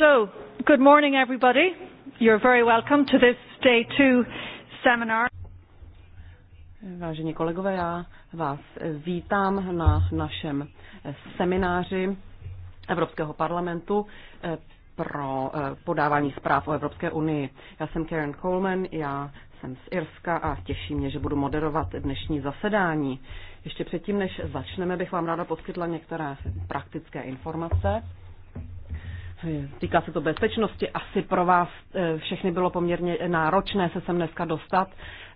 So, good morning, everybody. You're very welcome to this day two seminar. Vážení kolegové, já vás vítám na našem semináři Evropského parlamentu eh, pro eh, podávání zpráv o Evropské unii. Já jsem Karen Coleman, já jsem z Irska a těší mě, že budu moderovat dnešní zasedání. Ještě předtím, než začneme, bych vám ráda poskytla některé praktické informace. Týká se to bezpečnosti. Asi pro vás eh, všechny bylo poměrně náročné se sem dneska dostat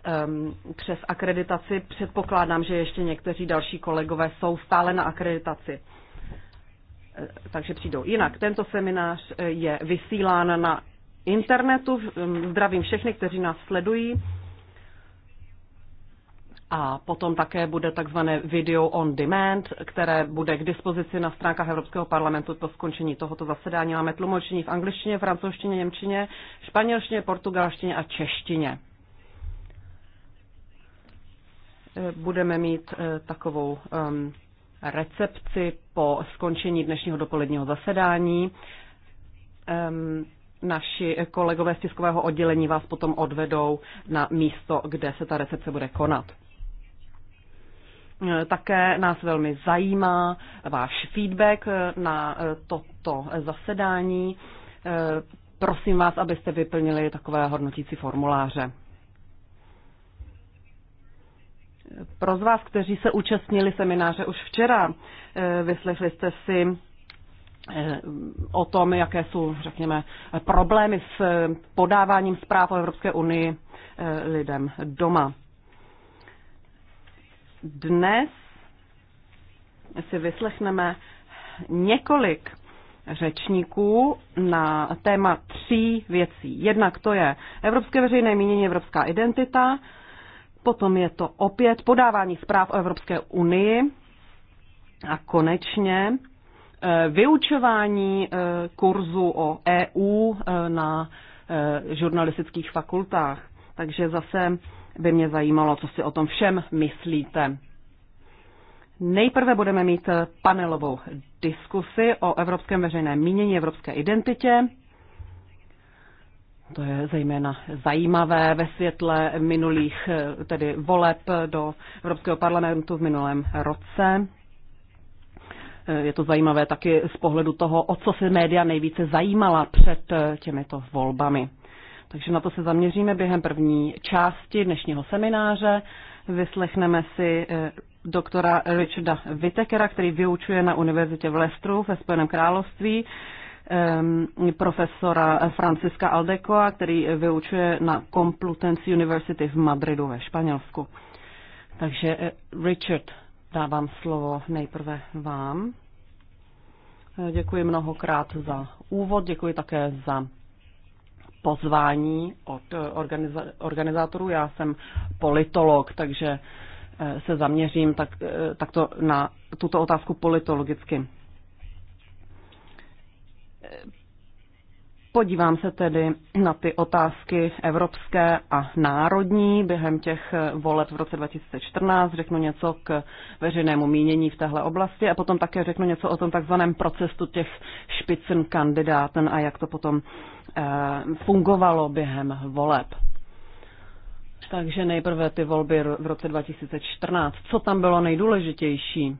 ehm, přes akreditaci. Předpokládám, že ještě někteří další kolegové jsou stále na akreditaci. Eh, takže přijdou. Jinak, tento seminář eh, je vysílán na internetu. Ehm, zdravím všechny, kteří nás sledují. A potom také bude takzvané video on demand, které bude k dispozici na stránkách Evropského parlamentu po skončení tohoto zasedání. Máme tlumočení v angličtině, francouzštině, němčině, španělštině, portugalštině a češtině. Eh, budeme mít eh, takovou um, recepci po skončení dnešního dopoledního zasedání. Um, naši kolegové z tiskového oddělení vás potom odvedou na místo, kde se ta recepce bude konat. Eh, také nás velmi zajímá váš feedback eh, na eh, toto zasedání. Prosím vás, abyste vyplnili takové hodnotící formuláře. Pro z vás, kteří se účastnili semináře už včera, vyslechli jste si o tom, jaké jsou, řekněme, problémy s podáváním zpráv o Evropské unii lidem doma. Dnes si vyslechneme několik řečníků na téma tří věcí. Jednak to je evropské veřejné mínění, evropská identita, potom je to opět podávání zpráv o Evropské unii a konečně eh, vyučování eh, kurzu o EU eh, na žurnalistických fakultách. Takže zase by mě zajímalo, co si o tom všem myslíte. Nejprve budeme mít panelovou diskusi o evropském veřejném mínění, evropské identitě. To je zejména zajímavé ve světle minulých tedy voleb do Evropského parlamentu v minulém roce. Je to zajímavé taky z pohledu toho, o co se média nejvíce zajímala před těmito volbami. Takže na to se zaměříme během první části dnešního semináře. Vyslechneme si eh, doktora Richarda Vitekera, který vyučuje na univerzitě v Lestru ve Spojeném království, ehm, profesora Franciska Aldekoa, který vyučuje na Complutense University v Madridu ve Španělsku. Takže eh, Richard, dávám slovo nejprve vám. Eh, děkuji mnohokrát za úvod, děkuji také za pozvání od eh, organiza- organizátorů. Já jsem politolog, takže eh, se zaměřím tak, eh, takto na tuto otázku politologicky. Podívám se tedy na ty otázky evropské a národní během těch voleb v roce 2014. Řeknu něco k veřejnému mínění v téhle oblasti a potom také řeknu něco o tom takzvaném procesu těch špicen kandidáten a jak to potom eh, fungovalo během voleb. Takže nejprve ty volby v roce 2014. Co tam bylo nejdůležitější?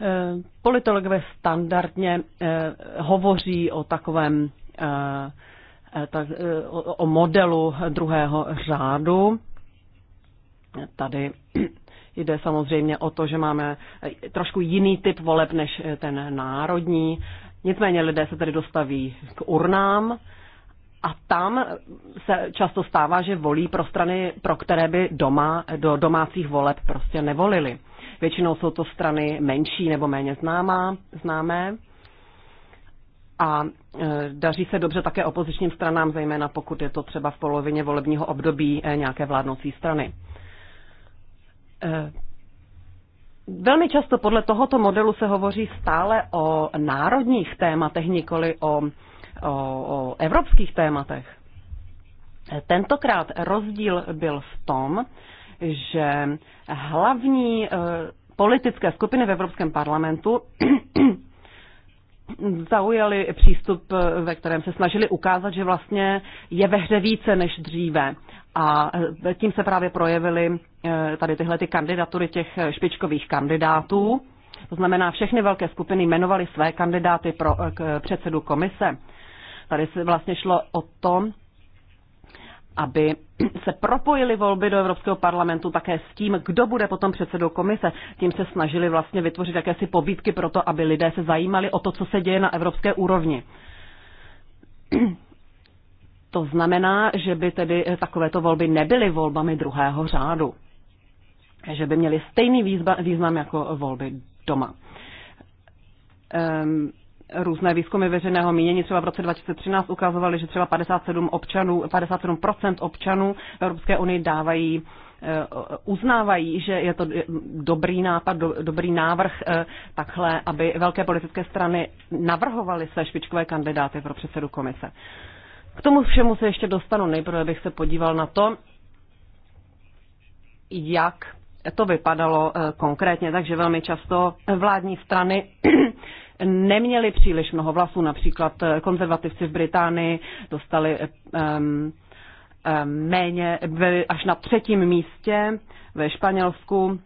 Eh, politologové standardně eh, hovoří o takovém eh, o modelu druhého řádu. Tady jde samozřejmě o to, že máme trošku jiný typ voleb než ten národní. Nicméně lidé se tady dostaví k urnám a tam se často stává, že volí pro strany, pro které by doma, do domácích voleb prostě nevolili. Většinou jsou to strany menší nebo méně známá, známé. A e, daří se dobře také opozičním stranám, zejména pokud je to třeba v polovině volebního období e, nějaké vládnoucí strany. E, velmi často podle tohoto modelu se hovoří stále o národních tématech, nikoli o, o, o evropských tématech. Tentokrát rozdíl byl v tom, že hlavní eh, politické skupiny v Evropském parlamentu zaujali přístup, eh, ve kterém se snažili ukázat, že vlastně je ve hře více než dříve. A eh, tím se právě projevily tady tyhle ty kandidatury těch špičkových kandidátů. To znamená, všechny velké skupiny jmenovaly své kandidáty pro k předsedu komise. Tady se vlastně šlo o to, aby se propojily volby do Evropského parlamentu také s tím, kdo bude potom předsedou komise. Tím se snažili vlastně vytvořit jakési pobídky pro to, aby lidé se zajímali o to, co se děje na evropské úrovni. To znamená, že by tedy takovéto volby nebyly volbami druhého řádu. Že by měly stejný význam jako volby doma. Um, různé výzkumy veřejného mínění třeba v roce 2013 ukazovaly, že třeba 57 občanů, 57% občanů v Evropské unii dávají eh, uznávají, že je to eh, dobrý nápad, do, dobrý návrh eh, takhle, aby velké politické strany navrhovaly své špičkové kandidáty pro předsedu komise. K tomu všemu se ještě dostanu. Nejprve bych se podíval na to, jak to vypadalo konkrétně. Takže velmi často vládní strany neměli příliš mnoho vlasů. Například eh, konzervativci v Británii dostali um, um, méně, byli až na třetím místě ve Španělsku.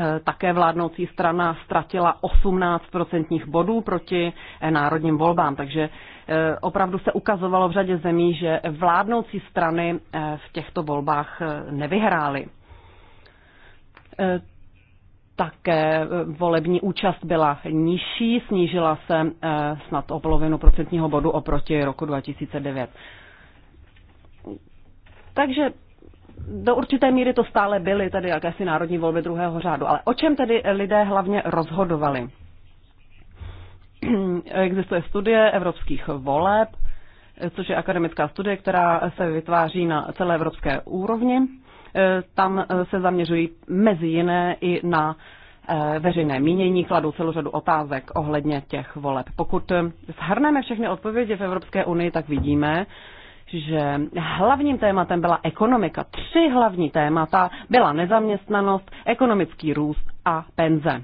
Eh, také vládnoucí strana ztratila 18 procentních bodů proti národním volbám, takže opravdu se ukazovalo v řadě zemí, že vládnoucí strany v těchto volbách nevyhrály také eh, volební účast byla nižší, snížila se eh, snad o polovinu procentního bodu oproti roku 2009. Takže do určité míry to stále byly tedy jakési národní volby druhého řádu. Ale o čem tedy lidé hlavně rozhodovali? Existuje studie evropských voleb, což je akademická studie, která se vytváří na celé evropské úrovni. Eh, tam eh, se zaměřují mezi jiné i na eh, veřejné mínění, kladou celou řadu otázek ohledně těch voleb. Pokud zhrneme všechny odpovědi v Evropské unii, tak vidíme, že hlavním tématem byla ekonomika. Tři hlavní témata byla nezaměstnanost, ekonomický růst a penze,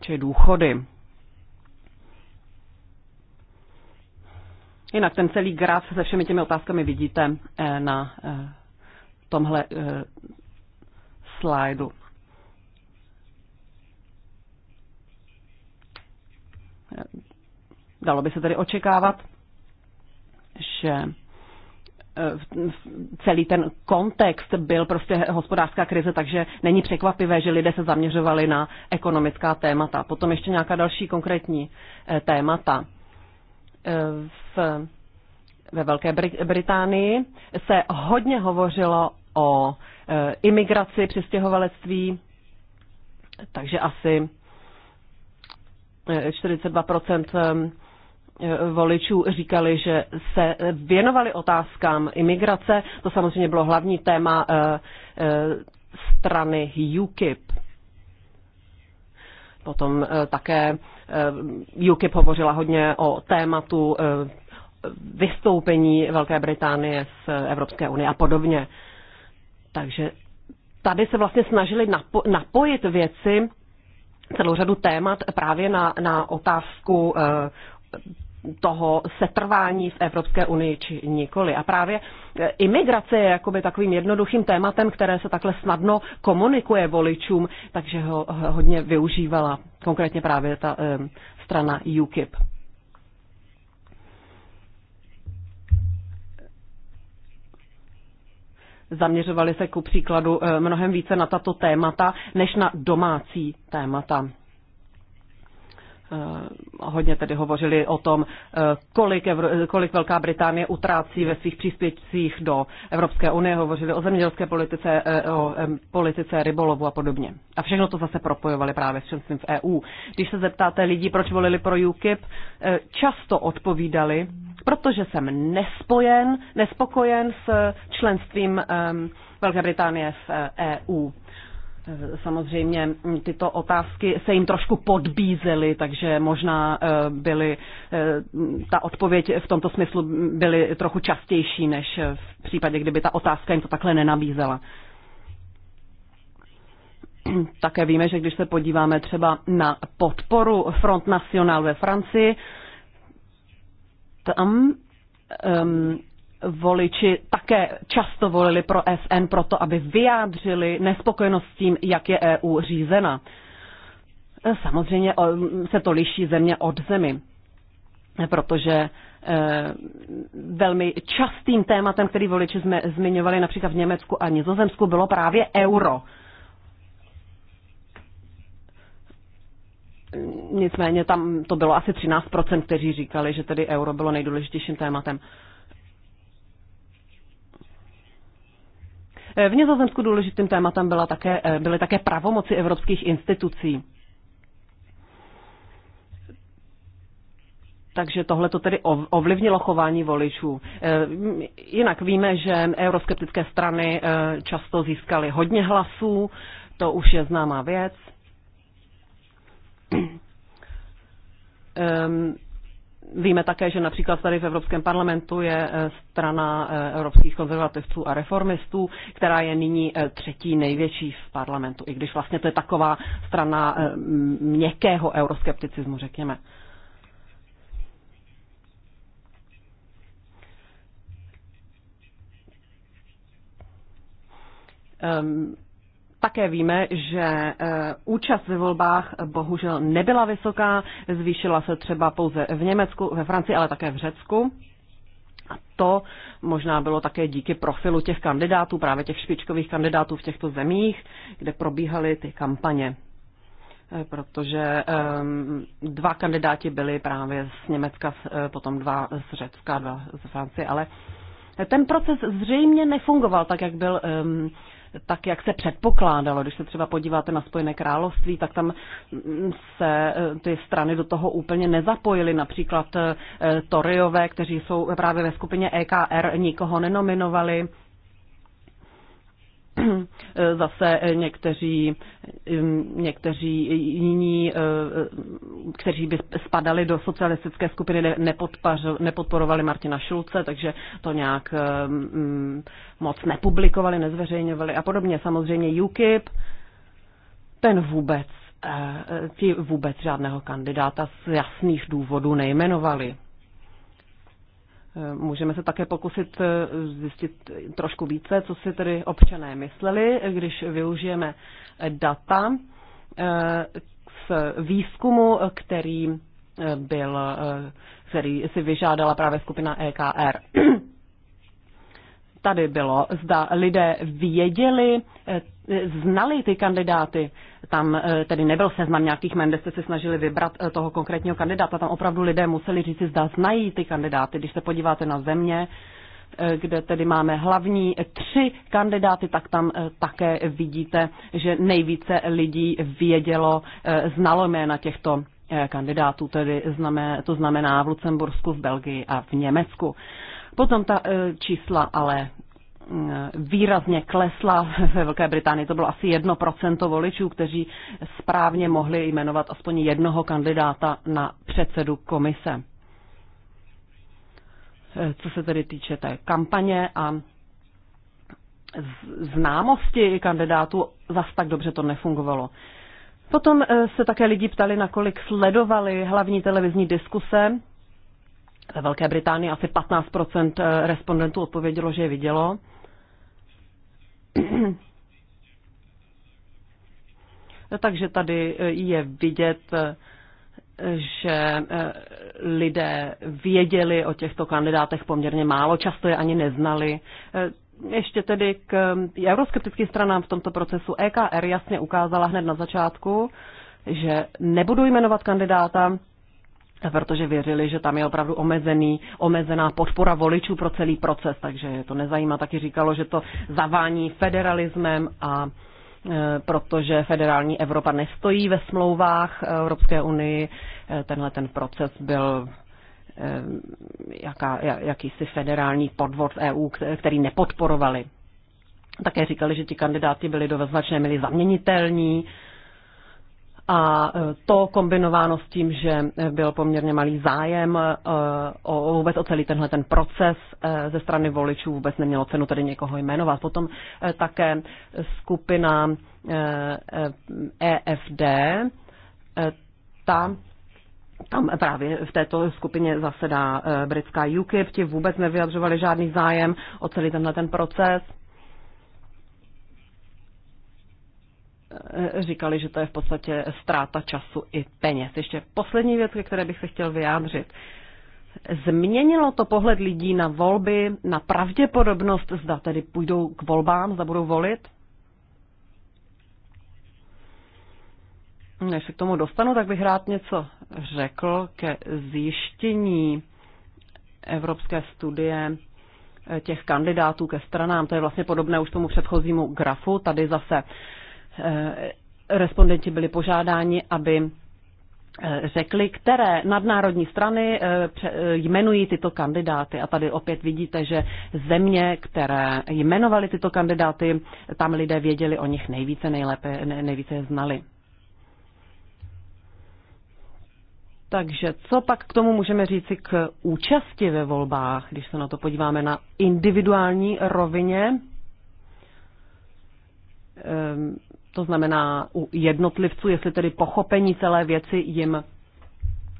či důchody. Jinak ten celý graf se všemi těmi otázkami vidíte na tomhle uh, slajdu. Dalo by se tedy očekávat, že eh, celý ten kontext byl prostě hospodářská krize, takže není překvapivé, že lidé se zaměřovali na ekonomická témata. Potom ještě nějaká další konkrétní eh, témata. V, ve Velké Británii se hodně hovořilo o e, imigraci, přistěhovalectví, takže asi 42% e, e, voličů říkali, že se věnovali otázkám imigrace. To samozřejmě bylo hlavní téma strany UKIP. Potom také UKIP hovořila hodně o tématu vystoupení Velké Británie z Evropské unie a podobně. Takže tady se vlastně snažili napo- napojit věci, celou řadu témat právě na, na otázku eh, toho setrvání v Evropské unii či nikoli. A právě eh, imigrace je jakoby takovým jednoduchým tématem, které se takhle snadno komunikuje voličům, takže ho hodně využívala konkrétně právě ta eh, strana UKIP. zaměřovali se ku příkladu eh, mnohem více na tato témata, než na domácí témata eh, hodně tedy hovořili o tom, eh, kolik, Evro, kolik Velká Británie utrácí ve svých příspěvcích do Evropské unie, hovořili o zemědělské politice, o politice rybolovu a podobně. A všechno to zase propojovali právě s členstvím v EU. Když se zeptáte lidí, proč volili pro UKIP, často odpovídali, protože jsem nespojen, nespokojen s členstvím Velké Británie v EU. Eh, e eh, samozřejmě tyto otázky se jim trošku podbízely, takže možná eh, byly, ta odpověď v tomto smyslu byly trochu častější, než v případě, kdyby ta otázka jim to takhle nenabízela. Také víme, že když se podíváme třeba na podporu Front National ve Francii, tam um, voliči také často volili pro SN proto, aby vyjádřili nespokojenost s tím, jak je EU řízena. E, samozřejmě se to liší země od zemi, protože e, velmi častým tématem, který voliči jsme zmiňovali například v Německu a Nizozemsku, bylo právě euro. Nicméně tam to bylo asi 13%, kteří říkali, že tedy euro bylo nejdůležitějším tématem. V Nizozemsku důležitým tématem byla také, byly také pravomoci evropských institucí. Takže tohle to tedy ovlivnilo chování voličů. Eh, jinak víme, že euroskeptické strany eh, často získaly hodně hlasů, to už je známá věc. Ehm, víme také, že například tady v Evropském parlamentu je eh, strana eh, evropských konzervativců a reformistů, která je nyní eh, třetí největší v parlamentu, i když vlastně to je taková strana měkkého euroskepticismu, řekněme. Um, také víme, že e, účast ve volbách bohužel nebyla vysoká, zvýšila se třeba pouze v Německu, ve Francii, ale také v Řecku. A to možná bylo také díky profilu těch kandidátů, právě těch špičkových kandidátů v těchto zemích, kde probíhaly ty kampaně. E, protože um, dva kandidáti byli právě z Německa, e, potom dva z Řecka, dva z Francie, ale ten proces zřejmě nefungoval tak, jak byl um, tak, jak se předpokládalo. Když se třeba podíváte na Spojené království, tak tam mm, se eh, ty strany do toho úplně nezapojily. Například eh, Toryové, kteří jsou právě ve skupině EKR, nikoho nenominovali. Eh, zase eh, někteří, mm, někteří jiní, eh, kteří by spadali do socialistické skupiny, nepodporovali Martina Šulce, takže to nějak mm, moc nepublikovali, nezveřejňovali a podobně. Samozřejmě UKIP, ten vůbec, ti vůbec žádného kandidáta z jasných důvodů nejmenovali. Eh, můžeme se také pokusit eh, zjistit trošku více, co si tedy občané mysleli, když využijeme data eh, z výzkumu, který, byl, který si vyžádala právě skupina EKR. Tady bylo, zda lidé věděli, znali ty kandidáty. Tam eh, tedy nebyl seznam nějakých jmen, kde jste se snažili vybrat eh, toho konkrétního kandidáta. Tam opravdu lidé museli říct, zda znají ty kandidáty. Když se podíváte na země, eh, kde tedy máme hlavní tři kandidáty, tak tam také vidíte, že nejvíce lidí vědělo, znalo jména těchto kandidátů, tedy znamená, to znamená v Lucembursku, v Belgii a v Německu. Potom ta čísla ale Eh, výrazně klesla. Ve Velké Británii to bylo asi 1% voličů, kteří správně mohli jmenovat aspoň jednoho kandidáta na předsedu komise. Eh, co se tedy týče té kampaně a známosti kandidátů, zas tak dobře to nefungovalo. Potom eh, se také lidi ptali, nakolik sledovali hlavní televizní diskuse. Ve Velké Británii asi 15% respondentů odpovědělo, že je vidělo. No, takže tady je vidět, že eh, lidé věděli o těchto kandidátech poměrně málo, často je ani neznali. Eh, ještě tedy k eh, euroskeptickým stranám v tomto procesu EKR jasně ukázala hned na začátku, že nebudu jmenovat kandidáta, protože věřili, že tam je opravdu omezený, omezená podpora voličů pro celý proces, takže to nezajímá. Taky říkalo, že to zavání federalismem a e, protože federální Evropa nestojí ve smlouvách Evropské unii. E, tenhle ten proces byl e, jaká, jakýsi federální podvod EU, který nepodporovali. Také říkali, že ti kandidáti byli do značné měli zaměnitelní, a e, to kombinováno s tím, že e, byl poměrně malý zájem e, o, vůbec o celý tenhle ten proces ze strany voličů vůbec nemělo cenu tedy někoho jmenovat. Potom také skupina EFD, ta tam právě v této skupině zasedá britská UKIP, ti vůbec nevyjadřovali žádný zájem o celý tenhle ten proces říkali, že to je v podstatě ztráta času i peněz. Ještě poslední věc, ke které bych se chtěl vyjádřit. Změnilo to pohled lidí na volby, na pravděpodobnost, zda tedy půjdou k volbám, zda budou volit? Než se k tomu dostanu, tak bych rád něco řekl ke zjištění evropské studie těch kandidátů ke stranám. To je vlastně podobné už tomu předchozímu grafu. Tady zase Eh, respondenti byli požádáni, aby eh, řekli, které nadnárodní strany eh, jmenují tyto kandidáty. A tady opět vidíte, že země, které jmenovaly tyto kandidáty, tam lidé věděli o nich nejvíce, nejlépe, nejvíce je znali. Takže co pak k tomu můžeme říci k účasti ve volbách, když se na to podíváme na individuální rovině? Ehm, to znamená u jednotlivců, jestli tedy pochopení celé věci jim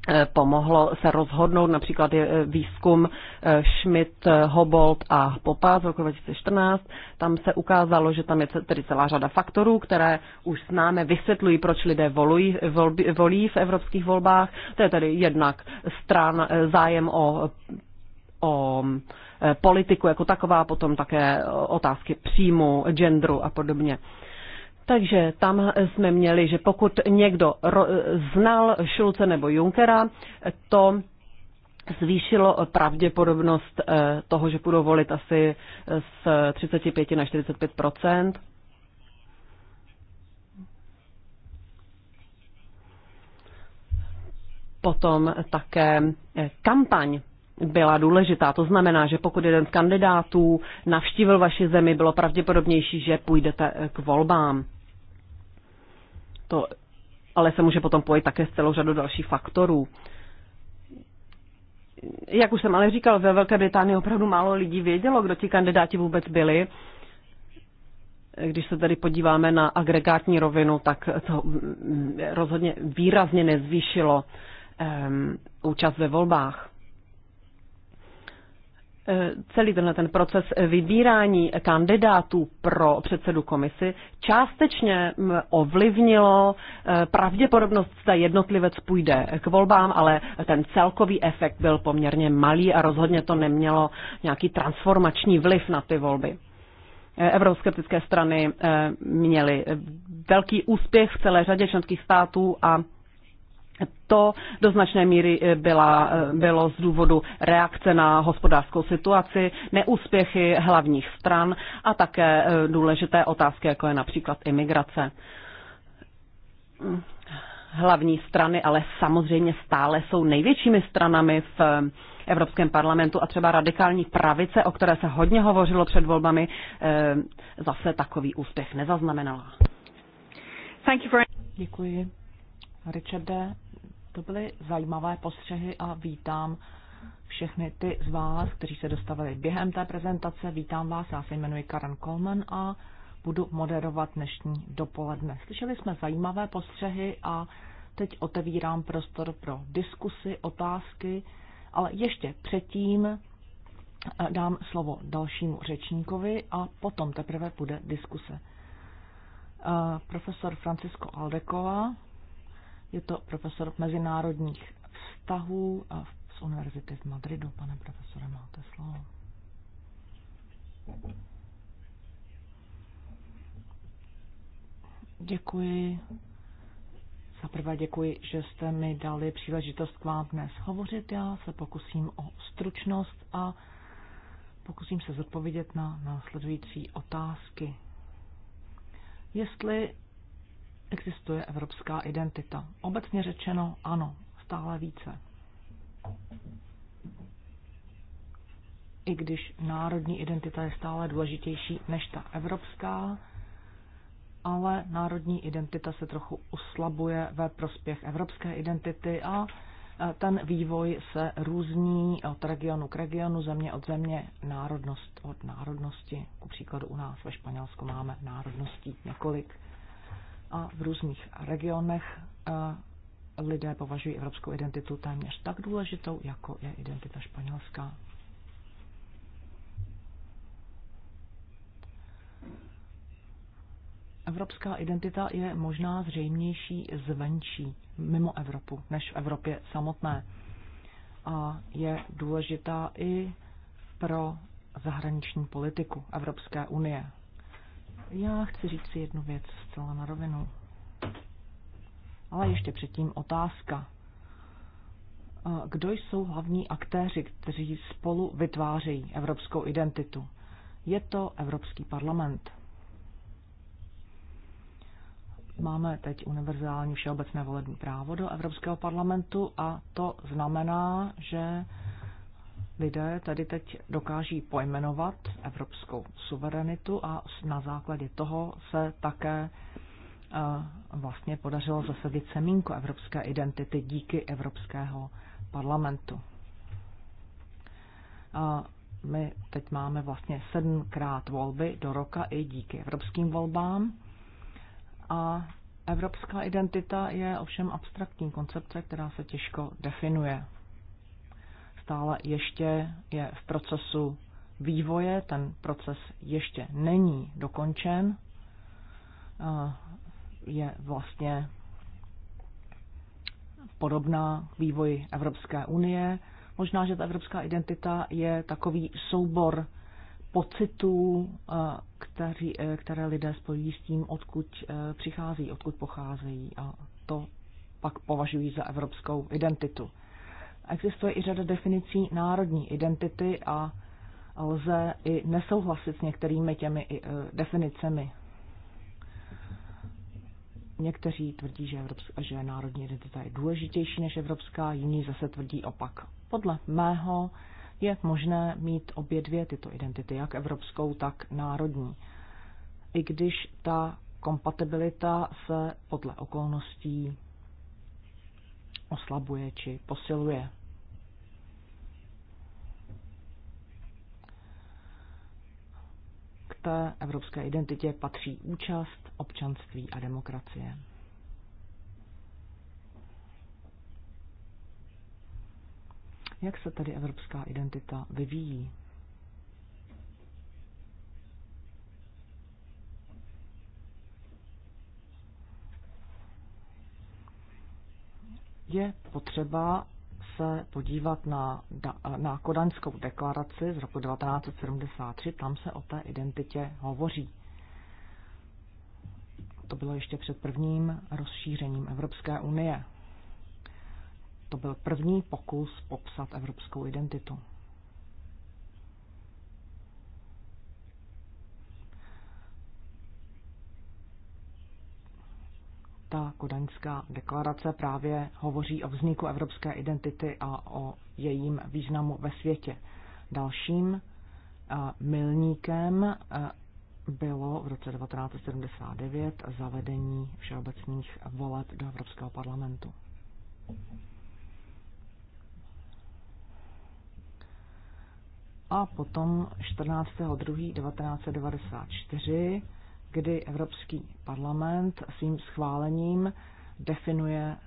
eh, pomohlo se rozhodnout, například je eh, výzkum eh, Schmidt, Hobolt a Popa z roku 2014. Tam se ukázalo, že tam je tedy celá řada faktorů, které už známe, vysvětlují, proč lidé volují, volby, volí v evropských volbách. To je tedy jednak stran, zájem o o politiku jako taková, potom také otázky příjmu, genderu a podobně. Takže tam jsme měli, že pokud někdo znal Šulce nebo Junkera, to zvýšilo pravděpodobnost eh, toho, že budou volit asi z 35 na 45 Potom také eh, kampaň byla důležitá. To znamená, že pokud jeden z kandidátů navštívil vaši zemi, bylo pravděpodobnější, že půjdete eh, k volbám. To ale se může potom pojít také s celou řadou dalších faktorů. Jak už jsem ale říkal, ve Velké Británii opravdu málo lidí vědělo, kdo ti kandidáti vůbec byli. Když se tady podíváme na agregátní rovinu, tak to mm, mm, rozhodně výrazně nezvýšilo um, účast ve volbách celý tenhle ten proces vybírání kandidátů pro předsedu komisy částečně ovlivnilo e, pravděpodobnost, zda jednotlivec půjde k volbám, ale ten celkový efekt byl poměrně malý a rozhodně to nemělo nějaký transformační vliv na ty volby e, euroskeptické strany e, měly velký úspěch v celé řadě členských států a to do značné míry eh, byla, eh, bylo z důvodu reakce na hospodářskou situaci, neúspěchy hlavních stran a také eh, důležité otázky, jako je například imigrace. Hlavní strany ale samozřejmě stále jsou největšími stranami v Evropském parlamentu a třeba radikální pravice, o které se hodně hovořilo před volbami, zase takový úspěch nezaznamenala. Děkuji. Richarde, to byly zajímavé postřehy a vítám všechny ty z vás, kteří se dostavili během té prezentace. Vítám vás, já se jmenuji Karen Coleman a budu moderovat dnešní dopoledne. Slyšeli jsme zajímavé postřehy a teď otevírám prostor pro diskusy, otázky, ale ještě předtím eh, dám slovo dalšímu řečníkovi a potom teprve bude diskuse. Eh, profesor Francisco Aldekova, je to profesor mezinárodních vztahů a z Univerzity v Madridu. Pane profesore, máte slovo. Děkuji. Za prvé děkuji, že jste mi dali příležitost k vám dnes hovořit. Já se pokusím o stručnost a pokusím se zodpovědět na následující otázky. Jestli existuje evropská identita. Obecně řečeno ano, stále více. I když národní identita je stále důležitější než ta evropská, ale národní identita se trochu uslabuje ve prospěch evropské identity a e, ten vývoj se různí od regionu k regionu, země od země, národnost od národnosti. Ku příkladu u nás ve Španělsku máme národností několik a v různých regionech eh, lidé považují evropskou identitu téměř tak důležitou, jako je identita španělská. Evropská identita je možná zřejmější zvenčí, mimo Evropu, než v Evropě samotné. A je důležitá i pro zahraniční politiku Evropské unie. Já chci říct si jednu věc zcela na rovinu. Ale ještě předtím otázka. Kdo jsou hlavní aktéři, kteří spolu vytvářejí evropskou identitu? Je to Evropský parlament. Máme teď univerzální všeobecné volební právo do Evropského parlamentu a to znamená, že lidé tady teď dokáží pojmenovat evropskou suverenitu a na základě toho se také eh, vlastně podařilo zasadit semínko evropské identity díky Evropského parlamentu. A my teď máme vlastně sedmkrát volby do roka i díky evropským volbám. A evropská identita je ovšem abstraktní koncepce, která se těžko definuje stále ještě je v procesu vývoje, ten proces ještě není dokončen, eh, je vlastně podobná vývoji Evropské unie. Možná, že ta evropská identita je takový soubor pocitů, eh, který, eh, které lidé spojí s tím, odkud přichází, odkud pocházejí a to pak považují za evropskou identitu. Existuje i řada definicí národní identity a lze i nesouhlasit s některými těmi e, definicemi. Někteří tvrdí, že, evropská, že národní identita je důležitější než evropská, jiní zase tvrdí opak. Podle mého je možné mít obě dvě tyto identity, jak evropskou, tak národní. I když ta kompatibilita se podle okolností oslabuje či posiluje. té evropské identitě patří účast, občanství a demokracie. Jak se tedy evropská identita vyvíjí? Je potřeba se podívat na, na kodaňskou deklaraci z roku 1973, tam se o té identitě hovoří. To bylo ještě před prvním rozšířením Evropské unie. To byl první pokus popsat evropskou identitu. ta kodaňská deklarace právě hovoří o vzniku evropské identity a o jejím významu ve světě. Dalším eh, milníkem eh, bylo v roce 1979 zavedení všeobecných voleb do Evropského parlamentu. A potom 14.2.1994 kdy Evropský parlament svým schválením definuje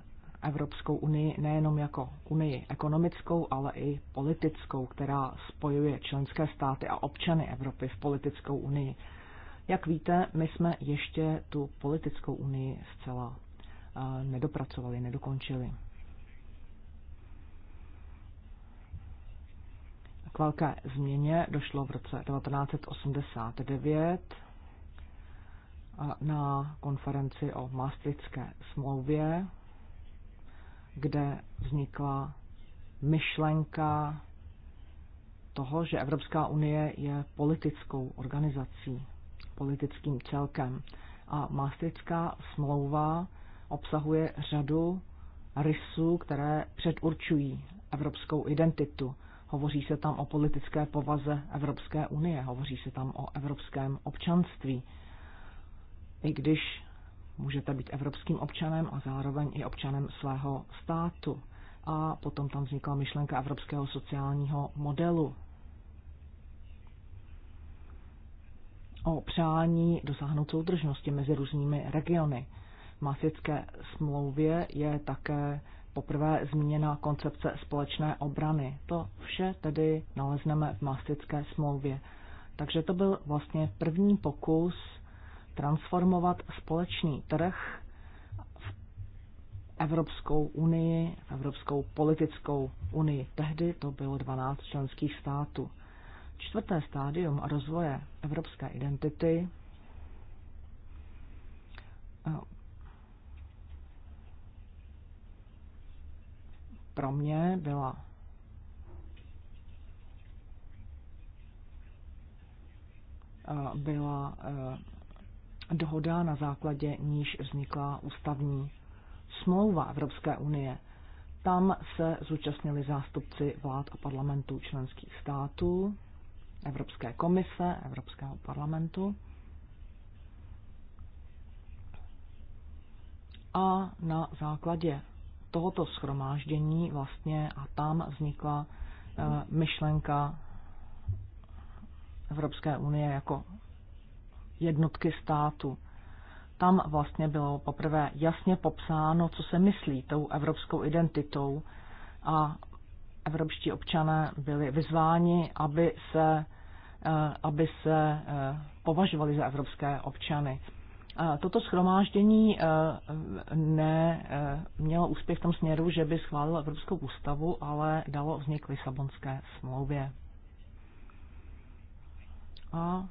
Evropskou unii nejenom jako unii ekonomickou, ale i politickou, která spojuje členské státy a občany Evropy v politickou unii. Jak víte, my jsme ještě tu politickou unii zcela eh, nedopracovali, nedokončili. K velké změně došlo v roce 1989 na konferenci o Maastrichtské smlouvě, kde vznikla myšlenka toho, že Evropská unie je politickou organizací, politickým celkem. A Maastrichtská smlouva obsahuje řadu rysů, které předurčují evropskou identitu. Hovoří se tam o politické povaze Evropské unie, hovoří se tam o evropském občanství, i když můžete být evropským občanem a zároveň i občanem svého státu. A potom tam vznikla myšlenka evropského sociálního modelu. O přání dosáhnout soudržnosti mezi různými regiony. V Masické smlouvě je také poprvé zmíněna koncepce společné obrany. To vše tedy nalezneme v masické smlouvě. Takže to byl vlastně první pokus transformovat společný trh v Evropskou unii, v Evropskou politickou unii. Tehdy to bylo 12 členských států. Čtvrté stádium rozvoje evropské identity eh, pro mě byla eh, byla eh, dohoda, na základě níž vznikla ústavní smlouva Evropské unie. Tam se zúčastnili zástupci vlád a parlamentů členských států, Evropské komise, Evropského parlamentu. A na základě tohoto schromáždění vlastně a tam vznikla eh, myšlenka Evropské unie jako jednotky státu. Tam vlastně bylo poprvé jasně popsáno, co se myslí tou evropskou identitou a evropští občané byli vyzváni, aby se, eh, aby se eh, považovali za evropské občany. Eh, toto schromáždění ne, mělo úspěch v tom směru, že by schválilo Evropskou ústavu, ale dalo vznik Lisabonské smlouvě. A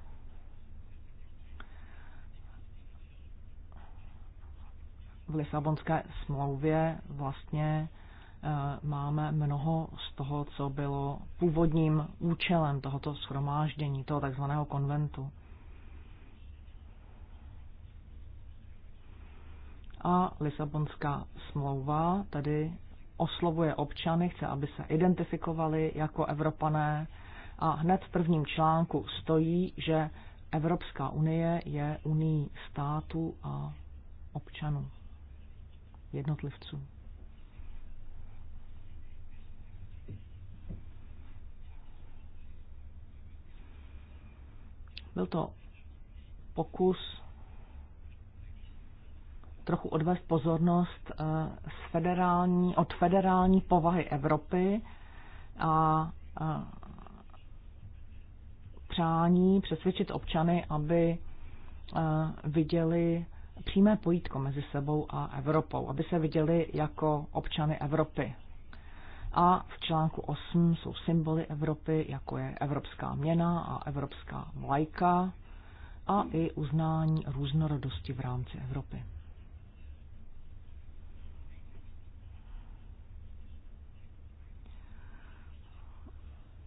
v Lisabonské smlouvě vlastně eh, máme mnoho z toho, co bylo původním účelem tohoto schromáždění, toho takzvaného konventu. A Lisabonská smlouva tedy oslovuje občany, chce, aby se identifikovali jako Evropané a hned v prvním článku stojí, že Evropská unie je unii států a občanů jednotlivců. Byl to pokus trochu odvést pozornost eh, z federální, od federální povahy Evropy a eh, přání přesvědčit občany, aby eh, viděli přímé pojítko mezi sebou a Evropou, aby se viděli jako občany Evropy. A v článku 8 jsou symboly Evropy, jako je evropská měna a evropská vlajka a i uznání různorodosti v rámci Evropy.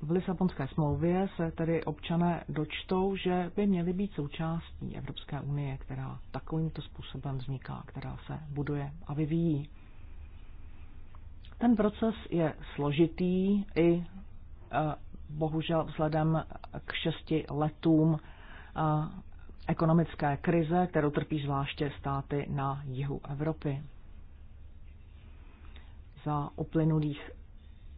v Lisabonské smlouvě se tedy občané dočtou, že by měli být součástí Evropské unie, která takovýmto způsobem vzniká, která se buduje a vyvíjí. Ten proces je složitý i eh, bohužel vzhledem k šesti letům eh, ekonomické krize, kterou trpí zvláště státy na jihu Evropy. Za uplynulých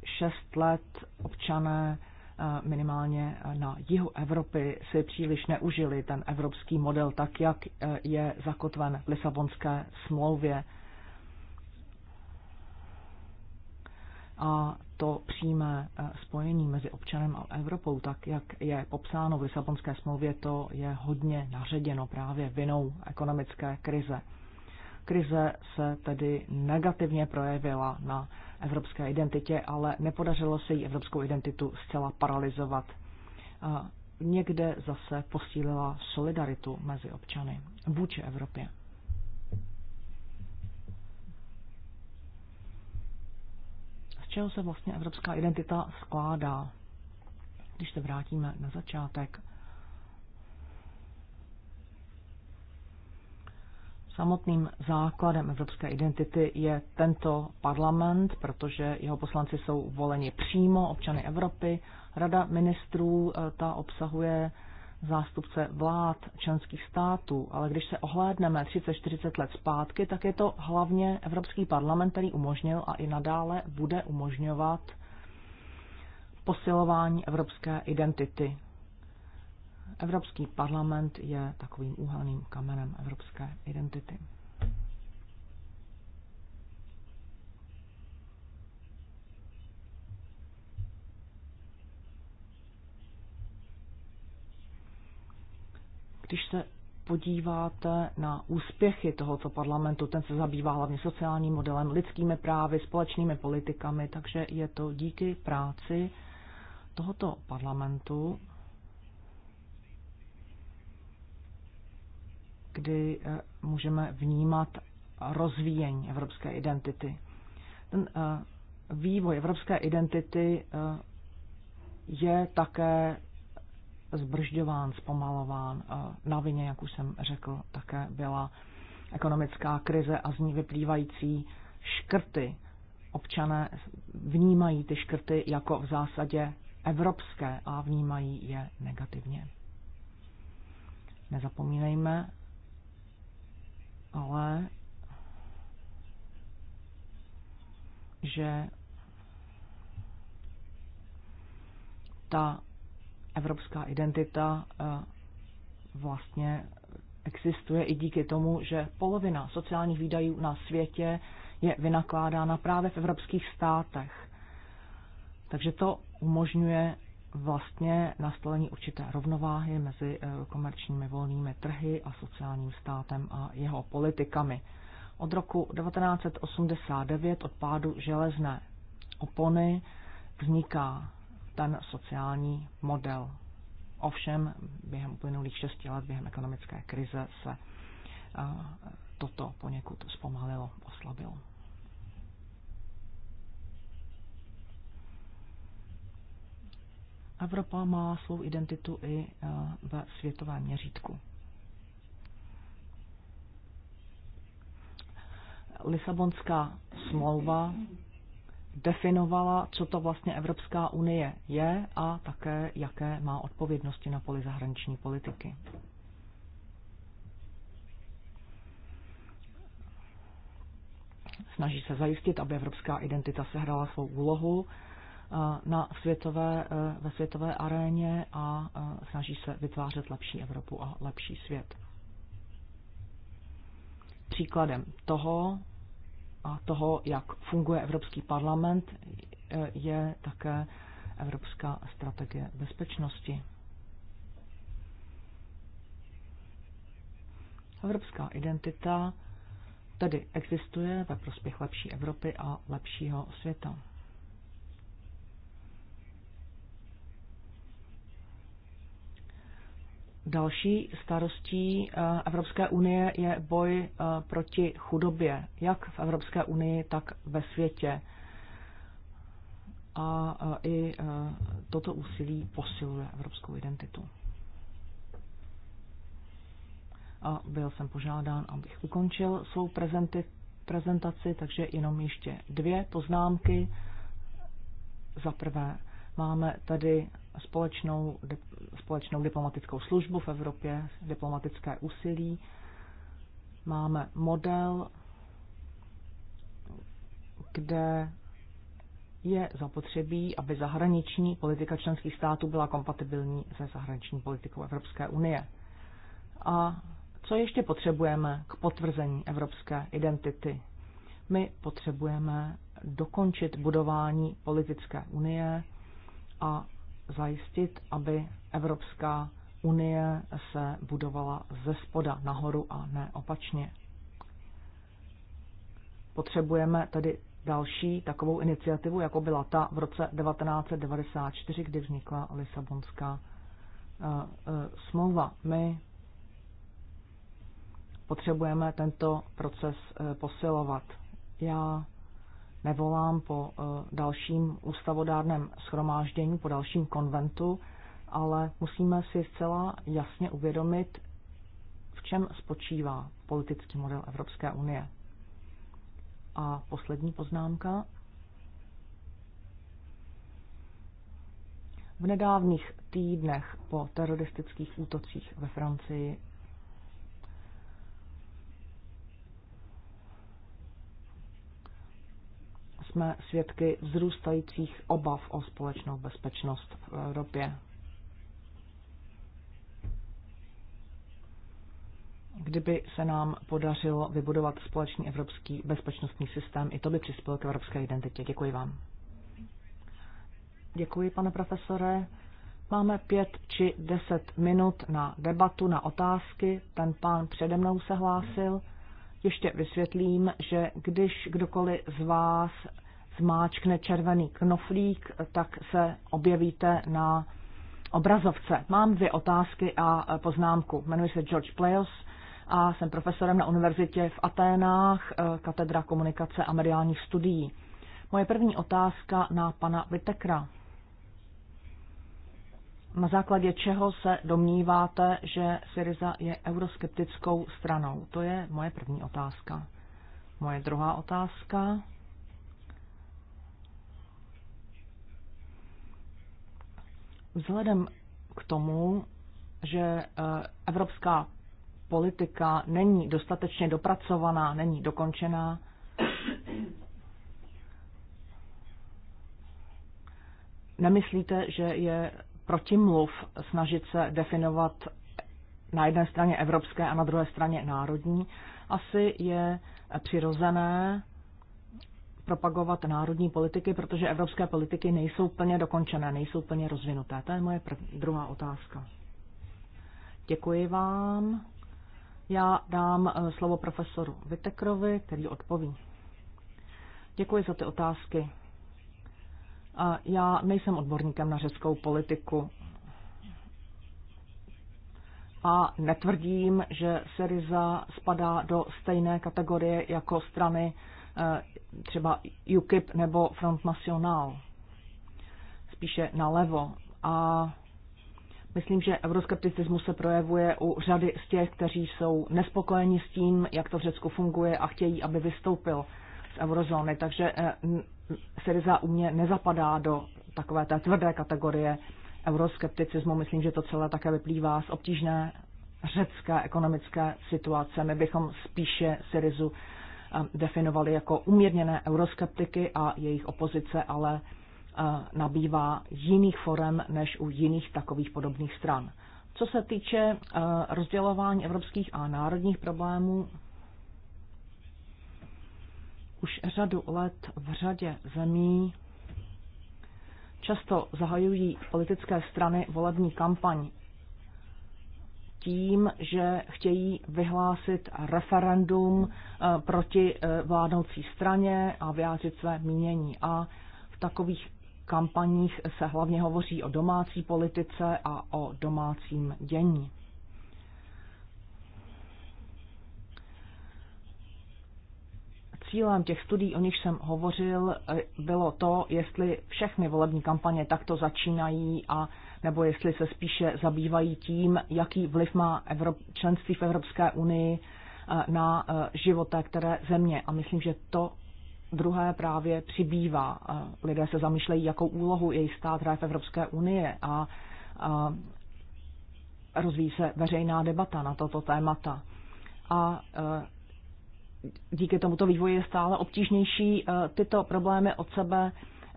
šest let občané eh, minimálně eh, na jihu Evropy si příliš neužili ten evropský model tak, jak eh, je zakotven v Lisabonské smlouvě. A to přímé spojení mezi občanem a Evropou, tak jak je popsáno v Lisabonské smlouvě, to je hodně naředěno právě vinou ekonomické krize. Krize se tedy negativně projevila na evropské identitě, ale nepodařilo se jí evropskou identitu zcela paralizovat. Někde zase posílila solidaritu mezi občany vůči Evropě. Z čeho se vlastně evropská identita skládá? Když se vrátíme na začátek, Samotným základem evropské identity je tento parlament, protože jeho poslanci jsou voleni přímo občany Evropy. Rada ministrů eh, ta obsahuje zástupce vlád členských států, ale když se ohlédneme 30-40 let zpátky, tak je to hlavně Evropský parlament, který umožnil a i nadále bude umožňovat posilování evropské identity. Evropský parlament je takovým úhelným kamenem evropské identity. Když se podíváte na úspěchy tohoto parlamentu, ten se zabývá hlavně sociálním modelem, lidskými právy, společnými politikami, takže je to díky práci tohoto parlamentu, kdy eh, můžeme vnímat rozvíjení evropské identity. Ten eh, vývoj evropské identity eh, je také zbržďován, zpomalován. Na vině, jak už jsem řekl, také byla ekonomická krize a z ní vyplývající škrty. Občané vnímají ty škrty jako v zásadě evropské a vnímají je negativně. Nezapomínejme, ale že ta evropská identita eh, vlastně existuje i díky tomu, že polovina sociálních výdajů na světě je vynakládána právě v evropských státech. Takže to umožňuje vlastně nastolení určité rovnováhy mezi eh, komerčními volnými trhy a sociálním státem a jeho politikami. Od roku 1989, od pádu železné opony, vzniká ten sociální model. Ovšem během uplynulých šesti let, během ekonomické krize, se eh, toto poněkud zpomalilo, oslabilo. Evropa má svou identitu i eh, ve světovém měřítku. Lisabonská smlouva definovala, co to vlastně Evropská unie je a také, jaké má odpovědnosti na poli zahraniční politiky. Snaží se zajistit, aby evropská identita sehrála svou úlohu na světové, e, ve světové aréně a e, snaží se vytvářet lepší Evropu a lepší svět. Příkladem toho a toho, jak funguje Evropský parlament, e, je také Evropská strategie bezpečnosti. Evropská identita tedy existuje ve prospěch lepší Evropy a lepšího světa. Další starostí eh, Evropské unie je boj eh, proti chudobě, jak v Evropské unii, tak ve světě. A eh, i toto úsilí posiluje evropskou identitu. A byl jsem požádán, abych ukončil svou prezentaci, takže jenom ještě dvě poznámky. Za prvé, máme tady společnou, společnou diplomatickou službu v Evropě, diplomatické úsilí. Máme model, kde je zapotřebí, aby zahraniční politika členských států byla kompatibilní se zahraniční politikou Evropské unie. A co ještě potřebujeme k potvrzení evropské identity? My potřebujeme dokončit budování politické unie a zajistit, aby Evropská unie se budovala ze spoda nahoru a ne opačně. Potřebujeme tedy další takovou iniciativu, jako byla ta v roce 1994, kdy vznikla Lisabonská eh, eh, smlouva. My potřebujeme tento proces eh, posilovat. Já nevolám po eh, dalším ústavodárném schromáždění, po dalším konventu, ale musíme si zcela jasně uvědomit, v čem spočívá politický model Evropské unie. A poslední poznámka. V nedávných týdnech po teroristických útocích ve Francii jsme svědky vzrůstajících obav o společnou bezpečnost v Evropě. Kdyby se nám podařilo vybudovat společný evropský bezpečnostní systém, i to by přispělo k evropské identitě. Děkuji vám. Děkuji, pane profesore. Máme pět či deset minut na debatu, na otázky. Ten pán přede mnou se hlásil. Ještě vysvětlím, že když kdokoliv z vás zmáčkne červený knoflík, tak se objevíte na obrazovce. Mám dvě otázky a e, poznámku. Jmenuji se George Playos a jsem profesorem na univerzitě v Aténách, e, katedra komunikace a mediálních studií. Moje první otázka na pana Vitekra. Na základě čeho se domníváte, že Syriza je euroskeptickou stranou? To je moje první otázka. Moje druhá otázka Vzhledem k tomu, že eh, evropská politika není dostatečně dopracovaná, není dokončená, nemyslíte, že je protimluv snažit se definovat na jedné straně evropské a na druhé straně národní? Asi je přirozené propagovat národní politiky, protože evropské politiky nejsou plně dokončené, nejsou plně rozvinuté. To je moje prv, druhá otázka. Děkuji vám. Já dám eh, slovo profesoru Vitekrovi, který odpoví. Děkuji za ty otázky. Já nejsem odborníkem na řeckou politiku a netvrdím, že Syriza spadá do stejné kategorie jako strany Eh, třeba UKIP nebo Front National, spíše nalevo. A myslím, že euroskepticismus se projevuje u řady z těch, kteří jsou nespokojeni s tím, jak to v Řecku funguje a chtějí, aby vystoupil z eurozóny. Takže eh, Syriza u mě nezapadá do takové té tvrdé kategorie euroskepticismu. Myslím, že to celé také vyplývá z obtížné řecké ekonomické situace. My bychom spíše Syrizu definovali jako umírněné euroskeptiky a jejich opozice ale nabývá jiných forem než u jiných takových podobných stran. Co se týče rozdělování evropských a národních problémů, už řadu let v řadě zemí často zahajují politické strany volební kampaň tím, že chtějí vyhlásit referendum eh, proti eh, vládnoucí straně a vyjádřit své mínění. A v takových kampaních se hlavně hovoří o domácí politice a o domácím dění. Cílem těch studií, o nich jsem hovořil, eh, bylo to, jestli všechny volební kampaně takto začínají a nebo jestli se spíše zabývají tím, jaký vliv má Evrop, členství v Evropské unii eh, na eh, život té které země. A myslím, že to druhé právě přibývá. Eh, lidé se zamýšlejí, jakou úlohu jejich stát hraje v Evropské unie a, a rozvíjí se veřejná debata na toto témata. A díky tomuto vývoji je stále obtížnější tyto problémy od sebe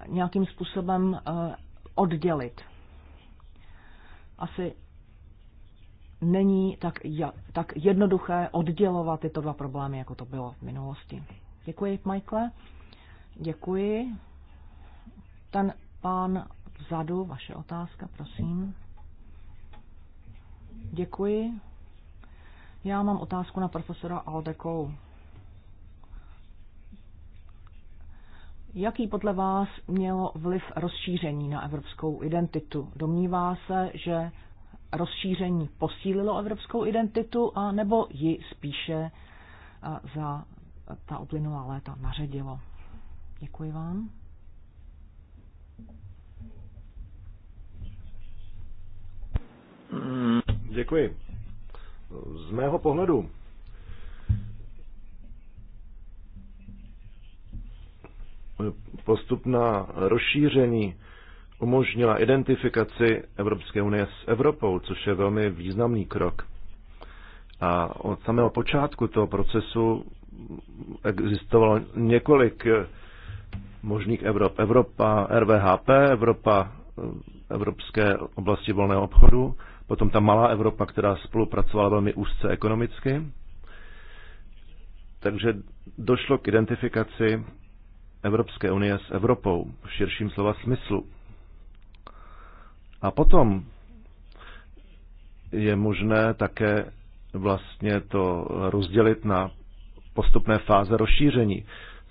nějakým způsobem oddělit asi není tak, tak jednoduché oddělovat tyto dva problémy, jako to bylo v minulosti. Děkuji, Michael. Děkuji. Ten pán vzadu, vaše otázka, prosím. Děkuji. Já mám otázku na profesora Aldekou. Jaký podle vás mělo vliv rozšíření na evropskou identitu? Domnívá se, že rozšíření posílilo evropskou identitu a nebo ji spíše za ta uplynulá léta naředilo? Děkuji vám. Děkuji. Z mého pohledu postupná rozšíření umožnila identifikaci Evropské unie s Evropou, což je velmi významný krok. A od samého počátku toho procesu existovalo několik možných Evrop. Evropa RVHP, Evropa Evropské oblasti volného obchodu, potom ta malá Evropa, která spolupracovala velmi úzce ekonomicky. Takže došlo k identifikaci Evropské unie s Evropou v širším slova smyslu. A potom je možné také vlastně to rozdělit na postupné fáze rozšíření.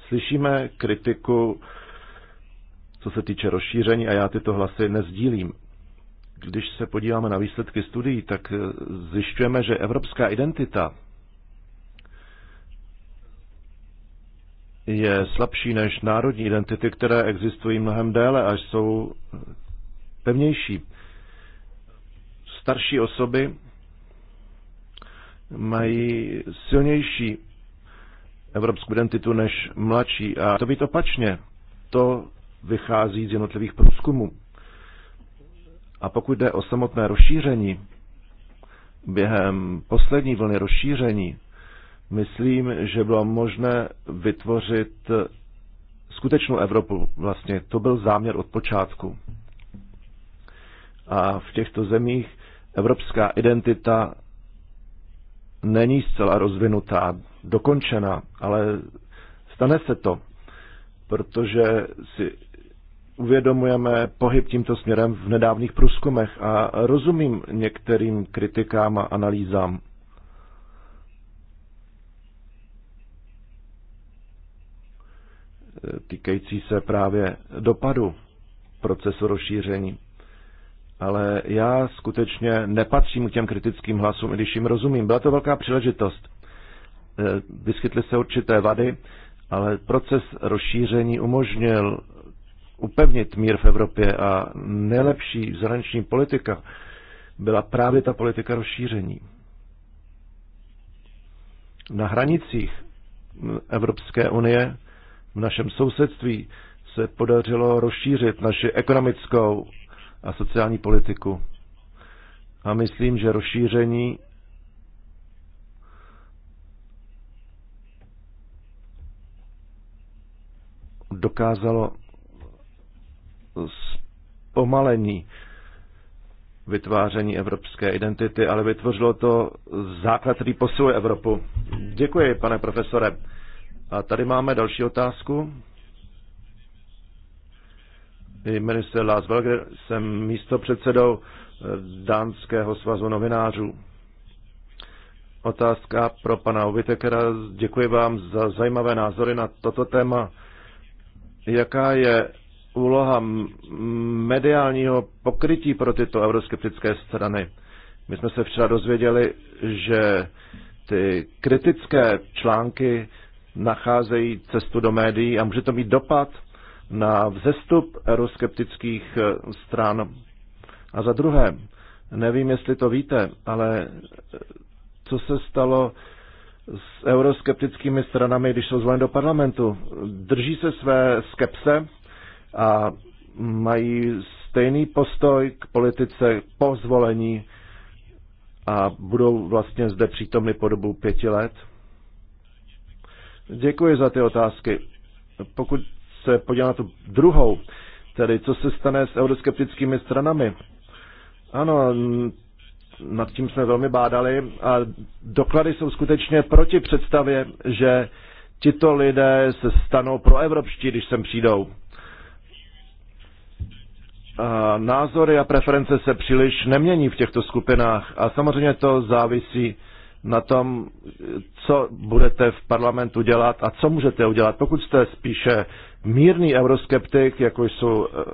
Slyšíme kritiku, co se týče rozšíření, a já tyto hlasy nezdílím. Když se podíváme na výsledky studií, tak zjišťujeme, že evropská identita je slabší než národní identity, které existují mnohem déle a jsou pevnější. Starší osoby mají silnější evropskou identitu než mladší. A to být opačně, to vychází z jednotlivých průzkumů. A pokud jde o samotné rozšíření, během poslední vlny rozšíření Myslím, že bylo možné vytvořit skutečnou Evropu vlastně. To byl záměr od počátku. A v těchto zemích evropská identita není zcela rozvinutá, dokončena, ale stane se to, protože si uvědomujeme pohyb tímto směrem v nedávných průzkumech a rozumím některým kritikám a analýzám. týkající se právě dopadu procesu rozšíření. Ale já skutečně nepatřím k těm kritickým hlasům, i když jim rozumím. Byla to velká příležitost. Eh, vyskytly se určité vady, ale proces rozšíření umožnil upevnit mír v Evropě a nejlepší zahraniční politika byla právě ta politika rozšíření. Na hranicích Evropské unie v našem sousedství se podařilo rozšířit naši ekonomickou a sociální politiku. A myslím, že rozšíření dokázalo zpomalení vytváření evropské identity, ale vytvořilo to základ, který posiluje Evropu. Děkuji, pane profesore. A tady máme další otázku. Jmenuji se Lars Belger, jsem místo předsedou eh, Dánského svazu novinářů. Otázka pro pana Ovitekera. Děkuji vám za zajímavé názory na toto téma. Jaká je úloha mediálního pokrytí pro tyto euroskeptické strany? My jsme se včera dozvěděli, že ty kritické články nacházejí cestu do médií a může to mít dopad na vzestup euroskeptických eh, stran. A za druhé, nevím, jestli to víte, ale eh, co se stalo s euroskeptickými stranami, když jsou zvoleny do parlamentu? Drží se své skepse a mají stejný postoj k politice po zvolení a budou vlastně zde přítomny po dobu pěti let? Děkuji za ty otázky. Pokud se podívám na tu druhou, tedy co se stane s euroskeptickými stranami. Ano, nad tím jsme velmi bádali a doklady jsou skutečně proti představě, že tito lidé se stanou proevropští, když sem přijdou. A názory a preference se příliš nemění v těchto skupinách a samozřejmě to závisí na tom, co budete v parlamentu dělat a co můžete udělat. Pokud jste spíše mírný euroskeptik, jako jsou eh,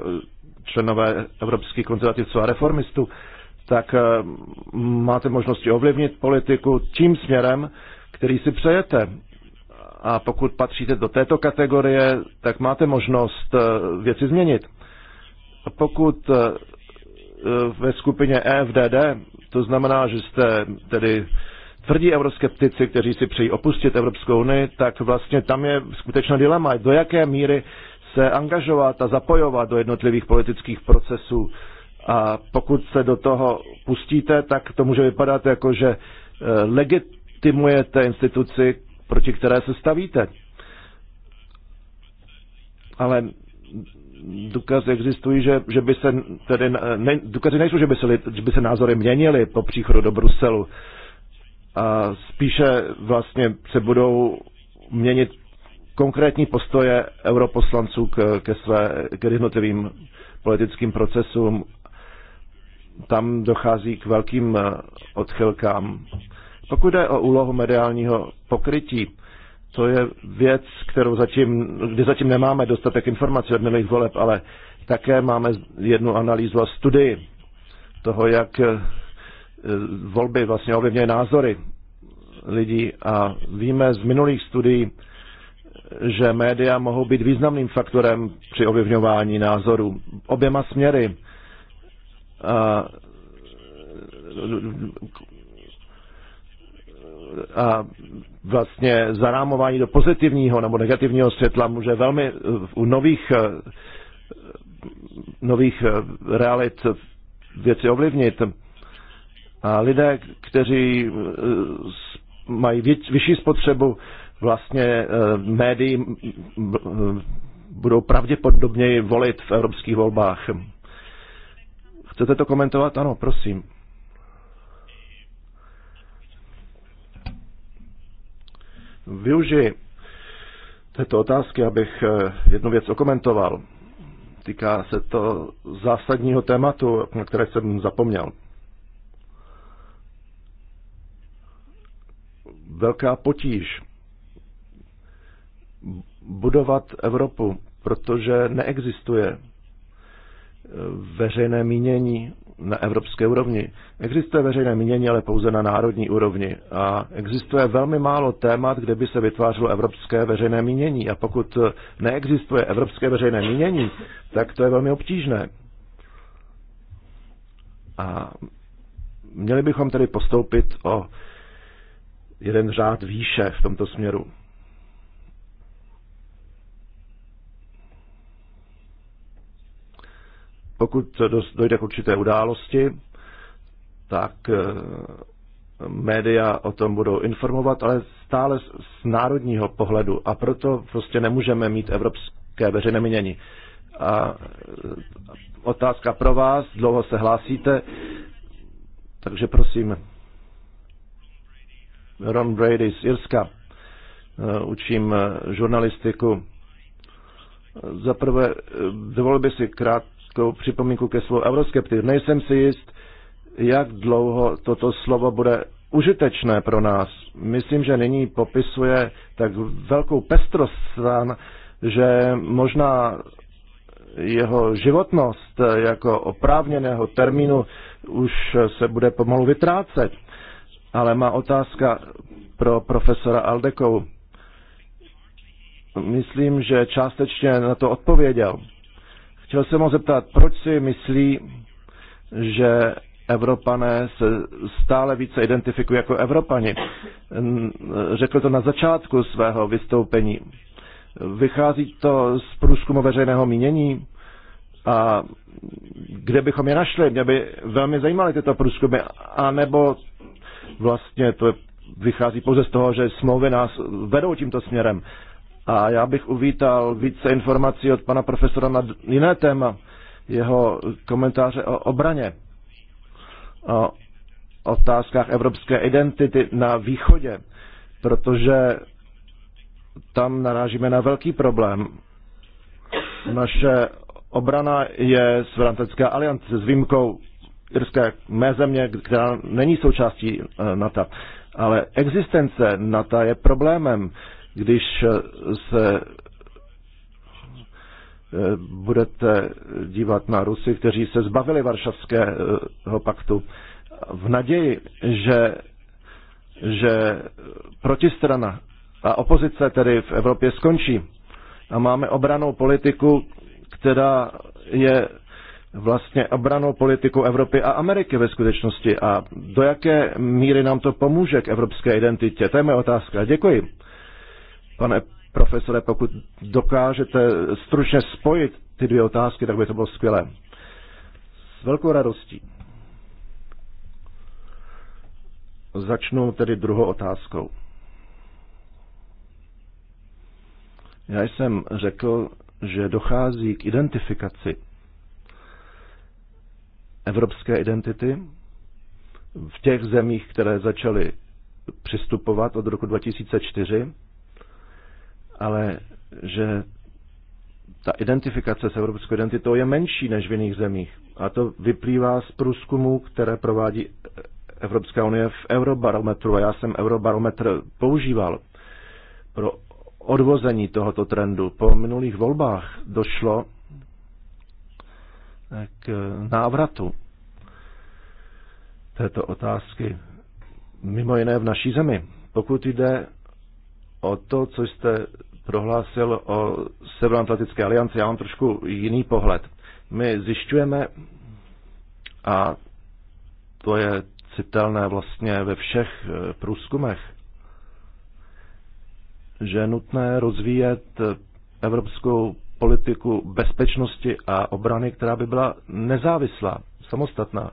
členové evropských konzervativců a reformistů, tak eh, máte možnosti ovlivnit politiku tím směrem, který si přejete. A pokud patříte do této kategorie, tak máte možnost eh, věci změnit. Pokud ve skupině EFDD, to znamená, že jste tedy tvrdí euroskeptici, kteří si přejí opustit Evropskou unii, tak vlastně tam je skutečná dilema, do jaké míry se angažovat a zapojovat do jednotlivých politických procesů. A pokud se do toho pustíte, tak to může vypadat jako, že eh, legitimujete instituci, proti které se stavíte. Ale důkazy existují, že, že by se, tedy, ne, důkazy nejsou, že by se, že by se názory měnily po příchodu do Bruselu a spíše vlastně se budou měnit konkrétní postoje europoslanců k, ke, své, k jednotlivým politickým procesům. Tam dochází k velkým eh, odchylkám. Pokud jde o úlohu mediálního pokrytí, to je věc, kterou zatím, kdy zatím nemáme dostatek informací od minulých voleb, ale také máme jednu analýzu a studii toho, jak eh, Eh, volby vlastně ovlivňuje názory lidí a víme z minulých studií, že média mohou být významným faktorem při ovlivňování názorů oběma směry. A, a vlastně zarámování do pozitivního nebo negativního světla může velmi eh, u nových, eh, nových realit věci ovlivnit. A lidé, kteří eh, mají vyšší spotřebu, vlastně eh, médií budou pravděpodobněji volit v evropských volbách. Chcete to komentovat? Ano, prosím. Využiji této otázky, abych eh, jednu věc okomentoval. Týká se to zásadního tématu, na které jsem zapomněl. velká potíž budovat Evropu, protože neexistuje eh, veřejné mínění na evropské úrovni. Existuje veřejné mínění, ale pouze na národní úrovni. A existuje velmi málo témat, kde by se vytvářelo evropské veřejné mínění. A pokud eh, neexistuje evropské veřejné mínění, tak to je velmi obtížné. A měli bychom tedy postoupit o jeden řád výše v tomto směru. Pokud dojde k určité události, tak eh, média o tom budou informovat, ale stále z národního pohledu a proto prostě nemůžeme mít evropské veřejné mínění. A eh, otázka pro vás, dlouho se hlásíte, takže prosím. Ron Brady z Irska. Eh, učím eh, žurnalistiku. Zaprvé eh, dovolil by si krátkou připomínku ke slovu euroskeptik. Nejsem si jist, jak dlouho toto slovo bude užitečné pro nás. Myslím, že nyní popisuje tak velkou pestrost stran, že možná jeho životnost jako oprávněného termínu už se bude pomalu vytrácet. Ale má otázka pro profesora Aldekou. Myslím, že částečně na to odpověděl. Chtěl jsem ho zeptat, proč si myslí, že Evropané se stále více identifikují jako Evropani. Řekl to na začátku svého vystoupení. Vychází to z průzkumu veřejného mínění a kde bychom je našli? Mě by velmi zajímaly tyto průzkumy. A nebo vlastně to vychází pouze z toho, že smlouvy nás vedou tímto směrem. A já bych uvítal více informací od pana profesora na jiné téma, jeho komentáře o obraně, o otázkách evropské identity na východě, protože tam narážíme na velký problém. Naše obrana je z Frantecké aliance s výjimkou Irska, mé země, která není součástí eh, NATO. Ale existence NATO je problémem, když eh, se eh, budete dívat na Rusy, kteří se zbavili Varšavského paktu v naději, že, že protistrana a opozice tedy v Evropě skončí. A máme obranou politiku, která je vlastně obranou politiku Evropy a Ameriky ve skutečnosti a do jaké míry nám to pomůže k evropské identitě? To je moje otázka. Děkuji. Pane profesore, pokud dokážete stručně spojit ty dvě otázky, tak by to bylo skvělé. S velkou radostí. Začnu tedy druhou otázkou. Já jsem řekl, že dochází k identifikaci evropské identity v těch zemích, které začaly přistupovat od roku 2004, ale že ta identifikace s evropskou identitou je menší než v jiných zemích. A to vyplývá z průzkumů, které provádí Evropská unie v Eurobarometru. A já jsem Eurobarometr používal pro odvození tohoto trendu. Po minulých volbách došlo k návratu této otázky, mimo jiné v naší zemi. Pokud jde o to, co jste prohlásil o Severoatlantické alianci, já mám trošku jiný pohled. My zjišťujeme, a to je citelné vlastně ve všech eh, průzkumech, že je nutné rozvíjet eh, evropskou politiku bezpečnosti a obrany, která by byla nezávislá, samostatná.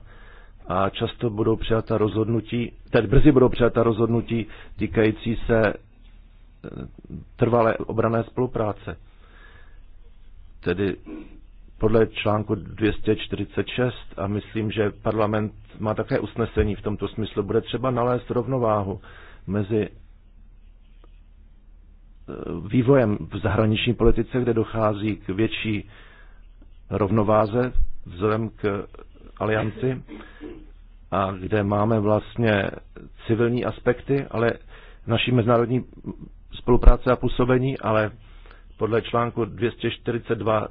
A často budou přijata rozhodnutí, tedy brzy budou přijata rozhodnutí týkající se eh, trvalé obrané spolupráce. Tedy podle článku 246 a myslím, že parlament má také usnesení v tomto smyslu, bude třeba nalézt rovnováhu mezi vývojem v zahraniční politice, kde dochází k větší rovnováze vzhledem k alianci a kde máme vlastně civilní aspekty, ale naší mezinárodní spolupráce a působení, ale podle článku 242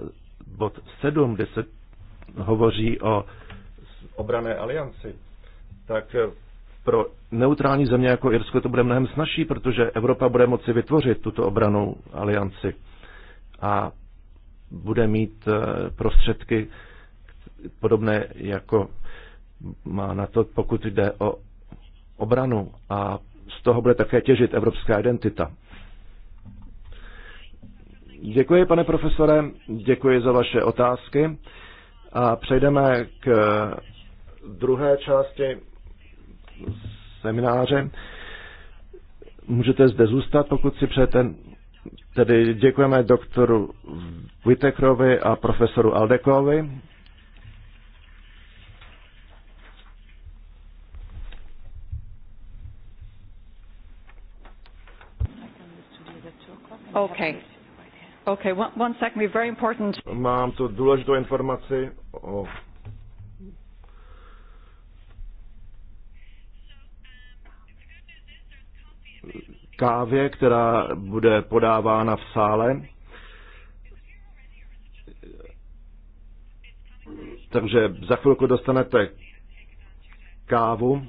bod 7, kde se hovoří o obrané alianci, tak pro neutrální země jako Irsko to bude mnohem snažší, protože Evropa bude moci vytvořit tuto obranou alianci a bude mít eh, prostředky podobné jako má na to, pokud jde o obranu a z toho bude také těžit evropská identita. Děkuji, pane profesore, děkuji za vaše otázky a přejdeme k eh, druhé části semináře. Můžete zde zůstat, pokud si přejete. Tedy děkujeme doktoru Vitekrovi a profesoru Aldekovi. Okay. Okay, one, one second, very important. Mám tu důležitou informaci o kávě, která bude podávána v sále. Takže za chvilku dostanete kávu,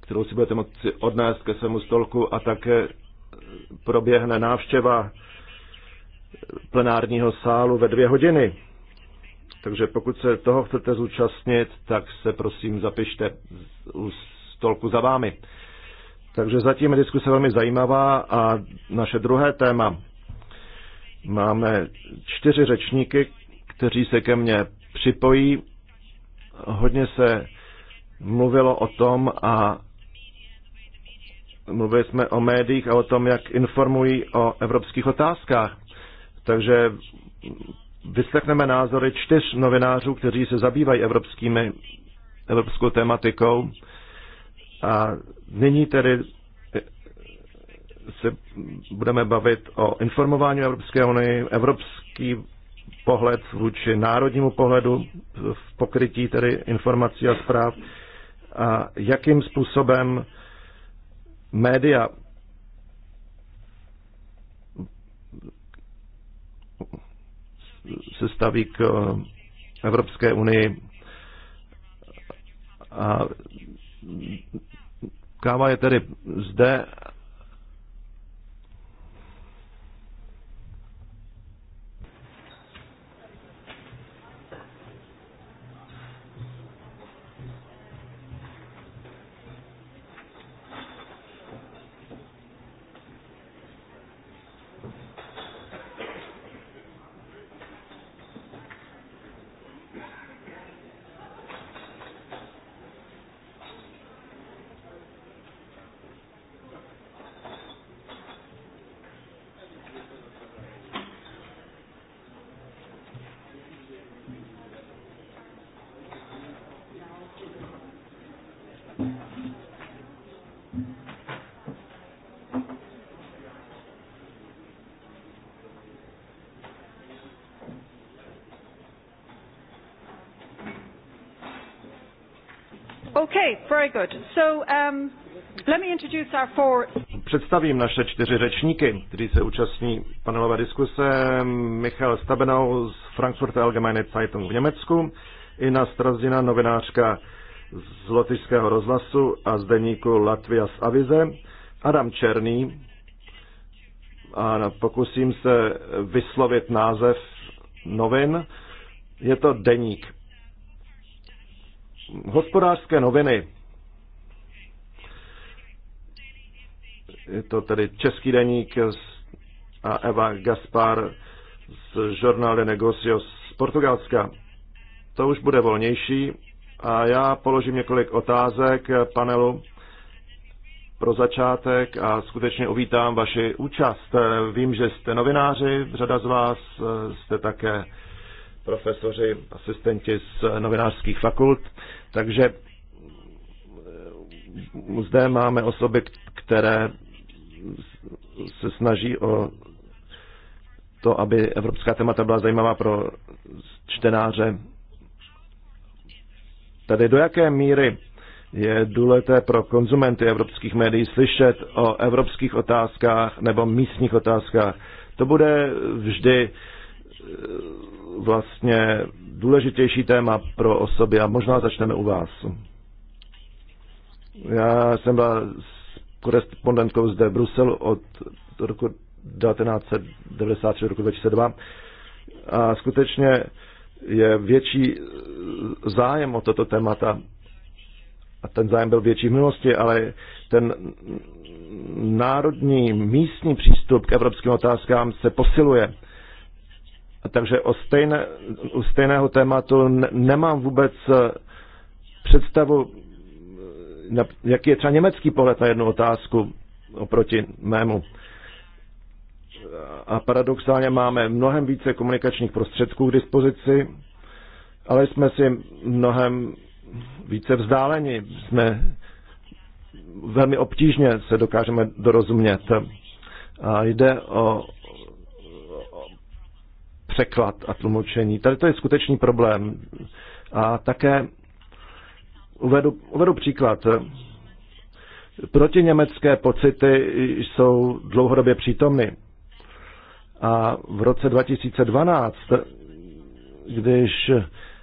kterou si budete moci odnést ke svému stolku a také proběhne návštěva plenárního sálu ve dvě hodiny. Takže pokud se toho chcete zúčastnit, tak se prosím zapište u stolku za vámi. Takže zatím je diskuse velmi zajímavá a naše druhé téma. Máme čtyři řečníky, kteří se ke mně připojí. Hodně se mluvilo o tom a mluvili jsme o médiích a o tom, jak informují o evropských otázkách. Takže vyslechneme názory čtyř novinářů, kteří se zabývají evropskými, evropskou tematikou a nyní tedy eh, se budeme bavit o informování Evropské unie, evropský pohled vůči národnímu pohledu v pokrytí tedy informací a zpráv a jakým způsobem média se staví k Evropské unii a Káva je tedy zde Představím naše čtyři řečníky, kteří se účastní panelové diskuse. Michal Stabenau z Frankfurter Allgemeine Zeitung v Německu, Ina Strazina, novinářka z Lotyšského rozhlasu a z deníku Latvia z Avize, Adam Černý, a pokusím se vyslovit název novin, je to deník. Hospodářské noviny Je to tedy český deník a Eva Gaspar z Jornal de Negocios z Portugalska. To už bude volnější a já položím několik otázek panelu pro začátek a skutečně uvítám vaši účast. Vím, že jste novináři, řada z vás jste také profesoři, asistenti z novinářských fakult, takže eh, zde máme osoby, které se snaží o to, aby evropská témata byla zajímavá pro čtenáře. Tady do jaké míry je důležité pro konzumenty evropských médií slyšet o evropských otázkách nebo místních otázkách. To bude vždy eh, vlastně důležitější téma pro osoby a možná začneme u vás. Já jsem byl korespondentkou zde v Bruselu od roku 1993 do roku 2002. A skutečně je větší zájem o toto témata a ten zájem byl větší v minulosti, ale ten národní místní přístup k evropským otázkám se posiluje. Takže o stejné, u stejného tématu nemám vůbec eh, představu, jaký je třeba německý pohled na jednu otázku oproti mému. A paradoxálně máme mnohem více komunikačních prostředků k dispozici, ale jsme si mnohem více vzdáleni. Jsme velmi obtížně se dokážeme dorozumět. A jde o překlad a tlumočení. Tady to je skutečný problém. A také Uvedu, uvedu příklad. Protiněmecké pocity jsou dlouhodobě přítomny. A v roce 2012, když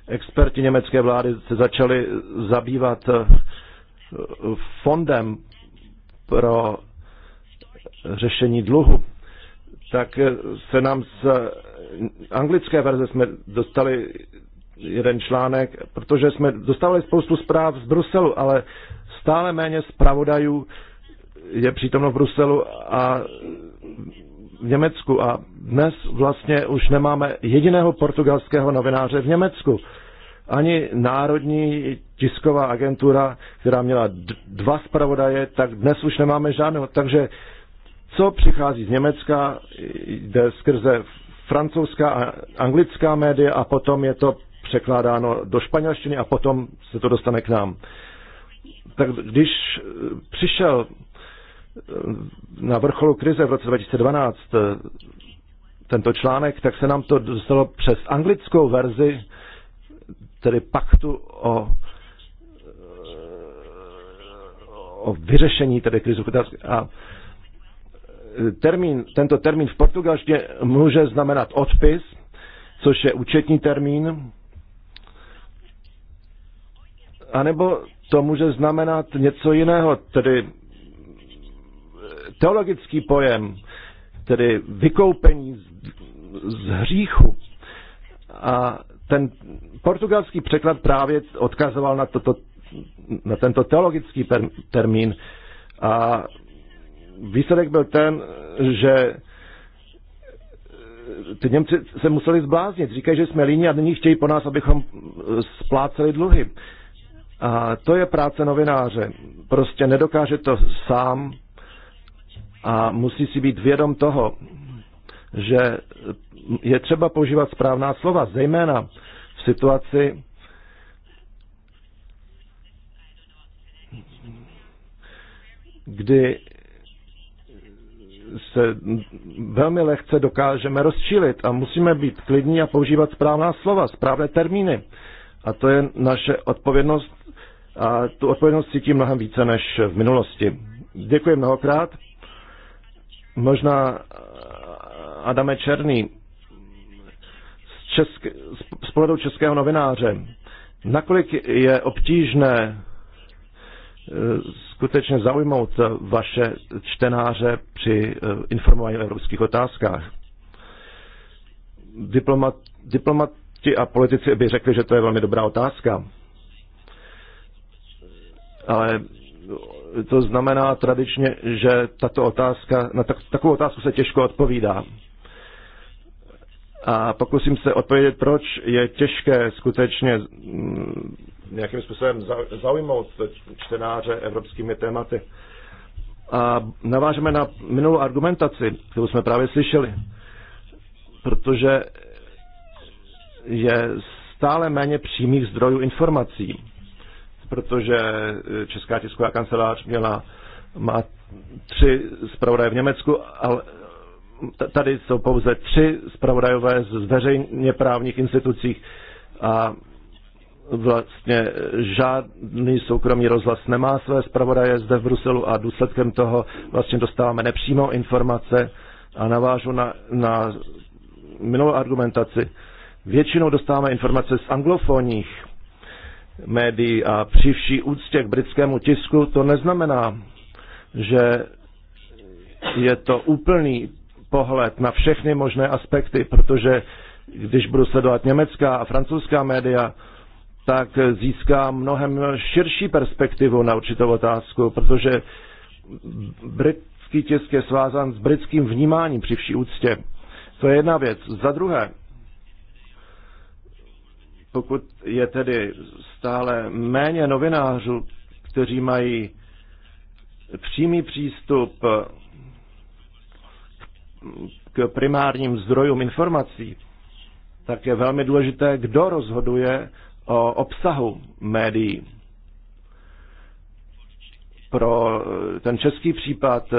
experti německé vlády se začali zabývat eh, fondem pro řešení dluhu, tak se nám z anglické verze jsme dostali jeden článek, protože jsme dostávali spoustu zpráv z Bruselu, ale stále méně zpravodajů je přítomno v Bruselu a v Německu a dnes vlastně už nemáme jediného portugalského novináře v Německu. Ani Národní tisková agentura, která měla dva zpravodaje, tak dnes už nemáme žádného. Takže co přichází z Německa, jde skrze francouzská a anglická média a potom je to překládáno do španělštiny a potom se to dostane k nám. Tak když eh, přišel eh, na vrcholu krize v roce 2012 eh, tento článek, tak se nám to dostalo přes anglickou verzi, tedy paktu o, o vyřešení tedy krizu. A termín, tento termín v portugalštině může znamenat odpis, což je účetní termín, anebo to může znamenat něco jiného, tedy eh, teologický pojem, tedy vykoupení z, z hříchu. A ten portugalský překlad právě odkazoval na, toto, na tento teologický per, termín. A výsledek byl ten, že eh, ty Němci se museli zbláznit. Říkají, že jsme líní a nyní chtějí po nás, abychom eh, spláceli dluhy. A to je práce novináře. Prostě nedokáže to sám a musí si být vědom toho, že je třeba používat správná slova, zejména v situaci, kdy se velmi lehce dokážeme rozčílit a musíme být klidní a používat správná slova, správné termíny. A to je naše odpovědnost a tu odpovědnost cítím mnohem více než v minulosti. Děkuji mnohokrát. Možná eh, Adame Černý z, česk, z pohledu českého novináře. Nakolik je obtížné eh, skutečně zaujmout vaše čtenáře při eh, informování o evropských otázkách? Diplomat, diplomati a politici by řekli, že to je velmi dobrá otázka ale to znamená tradičně, že tato otázka, na tak, takovou otázku se těžko odpovídá. A pokusím se odpovědět, proč je těžké skutečně mm, nějakým způsobem zaujmout čtenáře evropskými tématy. A navážeme na minulou argumentaci, kterou jsme právě slyšeli, protože je stále méně přímých zdrojů informací protože eh, Česká tisková kancelář měla, má tři zpravodaje v Německu, ale mm, tady jsou pouze tři zpravodajové z veřejně právních institucích a vlastně eh, žádný soukromý rozhlas nemá své zpravodaje zde v Bruselu a důsledkem toho vlastně dostáváme nepřímo informace a navážu na, na minulou argumentaci. Většinou dostáváme informace z anglofonních médií a při vší úctě k britskému tisku to neznamená, že je to úplný pohled na všechny možné aspekty, protože když budu sledovat německá a francouzská média, tak získá mnohem širší perspektivu na určitou otázku, protože britský tisk je svázan s britským vnímáním při vší úctě. To je jedna věc. Za druhé, pokud je tedy stále méně novinářů, kteří mají přímý přístup k primárním zdrojům informací, tak je velmi důležité, kdo rozhoduje o obsahu médií. Pro ten český případ,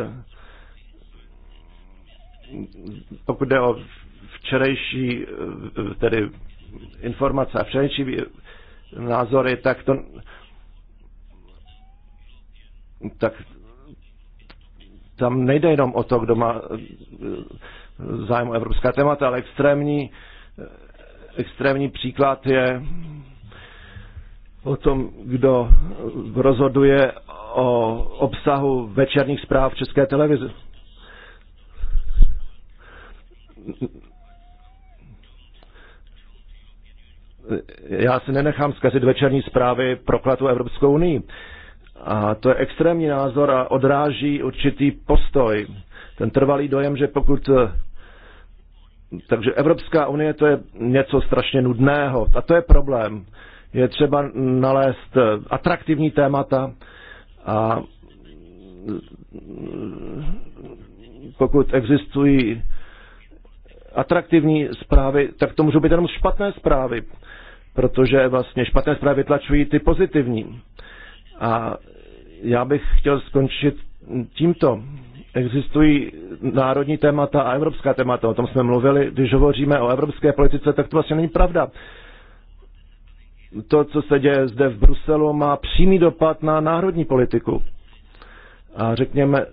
pokud jde o včerejší, tedy informace a přenčí názory, tak to tak tam nejde jenom o to, kdo má eh, zájem o evropská témata, ale extrémní, eh, extrémní příklad je o tom, kdo rozhoduje o obsahu večerních zpráv České televize. já si nenechám zkazit večerní zprávy proklatu Evropskou unii. A to je extrémní názor a odráží určitý postoj. Ten trvalý dojem, že pokud... Eh, takže Evropská unie to je něco strašně nudného. A to je problém. Je třeba nalézt eh, atraktivní témata a eh, pokud existují atraktivní zprávy, tak to můžou být jenom špatné zprávy protože vlastně špatné zprávy vytlačují ty pozitivní. A já bych chtěl skončit tímto. Existují národní témata a evropská témata, o tom jsme mluvili. Když hovoříme o evropské politice, tak to vlastně není pravda. To, co se děje zde v Bruselu, má přímý dopad na národní politiku. A řekněme,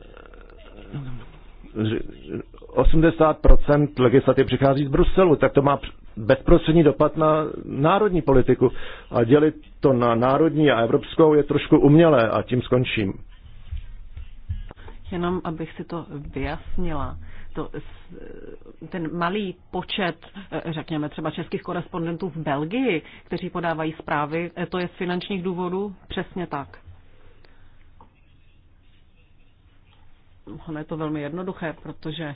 80% legislativy přichází z Bruselu, tak to má bezprostřední dopad na národní politiku. A dělit to na národní a evropskou je trošku umělé a tím skončím. Jenom abych si to vyjasnila to, ten malý počet, eh, řekněme třeba českých korespondentů v Belgii, kteří podávají zprávy, eh, to je z finančních důvodů? Přesně tak. ono je to velmi jednoduché, protože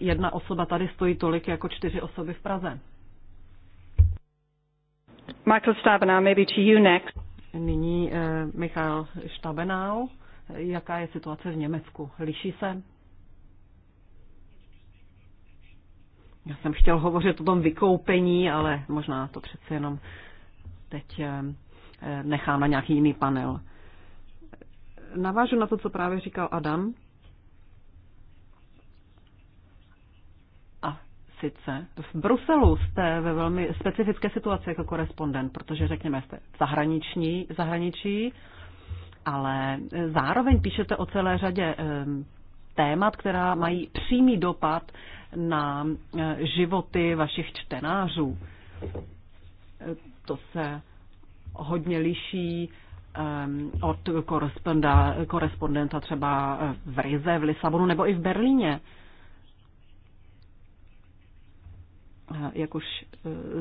jedna osoba tady stojí tolik jako čtyři osoby v Praze. Michael Stabenau, maybe to you next. Nyní eh, Michal Stabenau. Jaká je situace v Německu? Liší se? Já jsem chtěl hovořit o tom vykoupení, ale možná to přece jenom teď eh, eh, nechám na nějaký jiný panel. Navážu na to, co právě říkal Adam. sice v Bruselu jste ve velmi specifické situaci jako korespondent, protože řekněme jste v zahraniční, zahraničí, ale e, zároveň píšete o celé řadě e, témat, která mají přímý dopad na e, životy vašich čtenářů. To se hodně liší od korespondenta třeba v Rize, v Lisabonu nebo i v Berlíně. jak už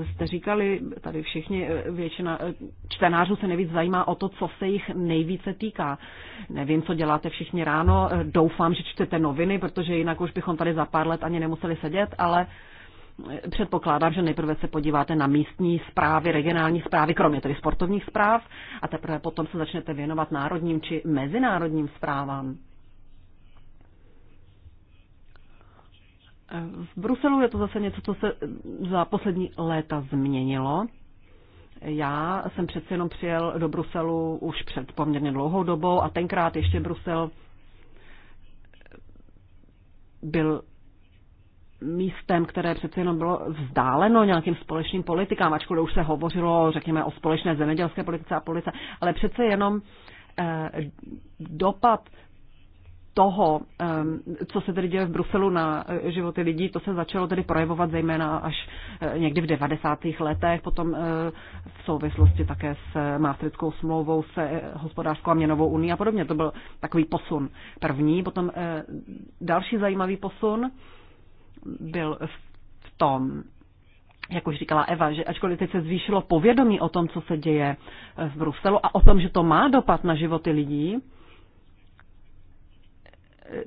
e, jste říkali, tady všichni, e, většina e, čtenářů se nejvíc zajímá o to, co se jich nejvíce týká. Nevím, co děláte všichni ráno, doufám, že čtete noviny, protože jinak už bychom tady za pár let ani nemuseli sedět, ale předpokládám, že nejprve se podíváte na místní zprávy, regionální zprávy, kromě tedy sportovních zpráv, a teprve potom se začnete věnovat národním či mezinárodním zprávám. V Bruselu je to zase něco, co se za poslední léta změnilo. Já jsem přece jenom přijel do Bruselu už před poměrně dlouhou dobou a tenkrát ještě Brusel byl místem, které přece jenom bylo vzdáleno nějakým společným politikám, ačkoliv už se hovořilo, řekněme, o společné zemědělské politice a politice, ale přece jenom eh, dopad toho, ehm, co se tedy děje v Bruselu na eh, životy lidí, to se začalo tedy projevovat zejména až eh, někdy v 90. letech, potom eh, v souvislosti také s Maastrickou smlouvou, se hospodářskou a měnovou unii a podobně. To byl takový posun první. Potom další zajímavý posun byl v tom, jak už říkala Eva, že ačkoliv teď se zvýšilo povědomí o tom, co se děje v Bruselu a o tom, že to má dopad na životy lidí,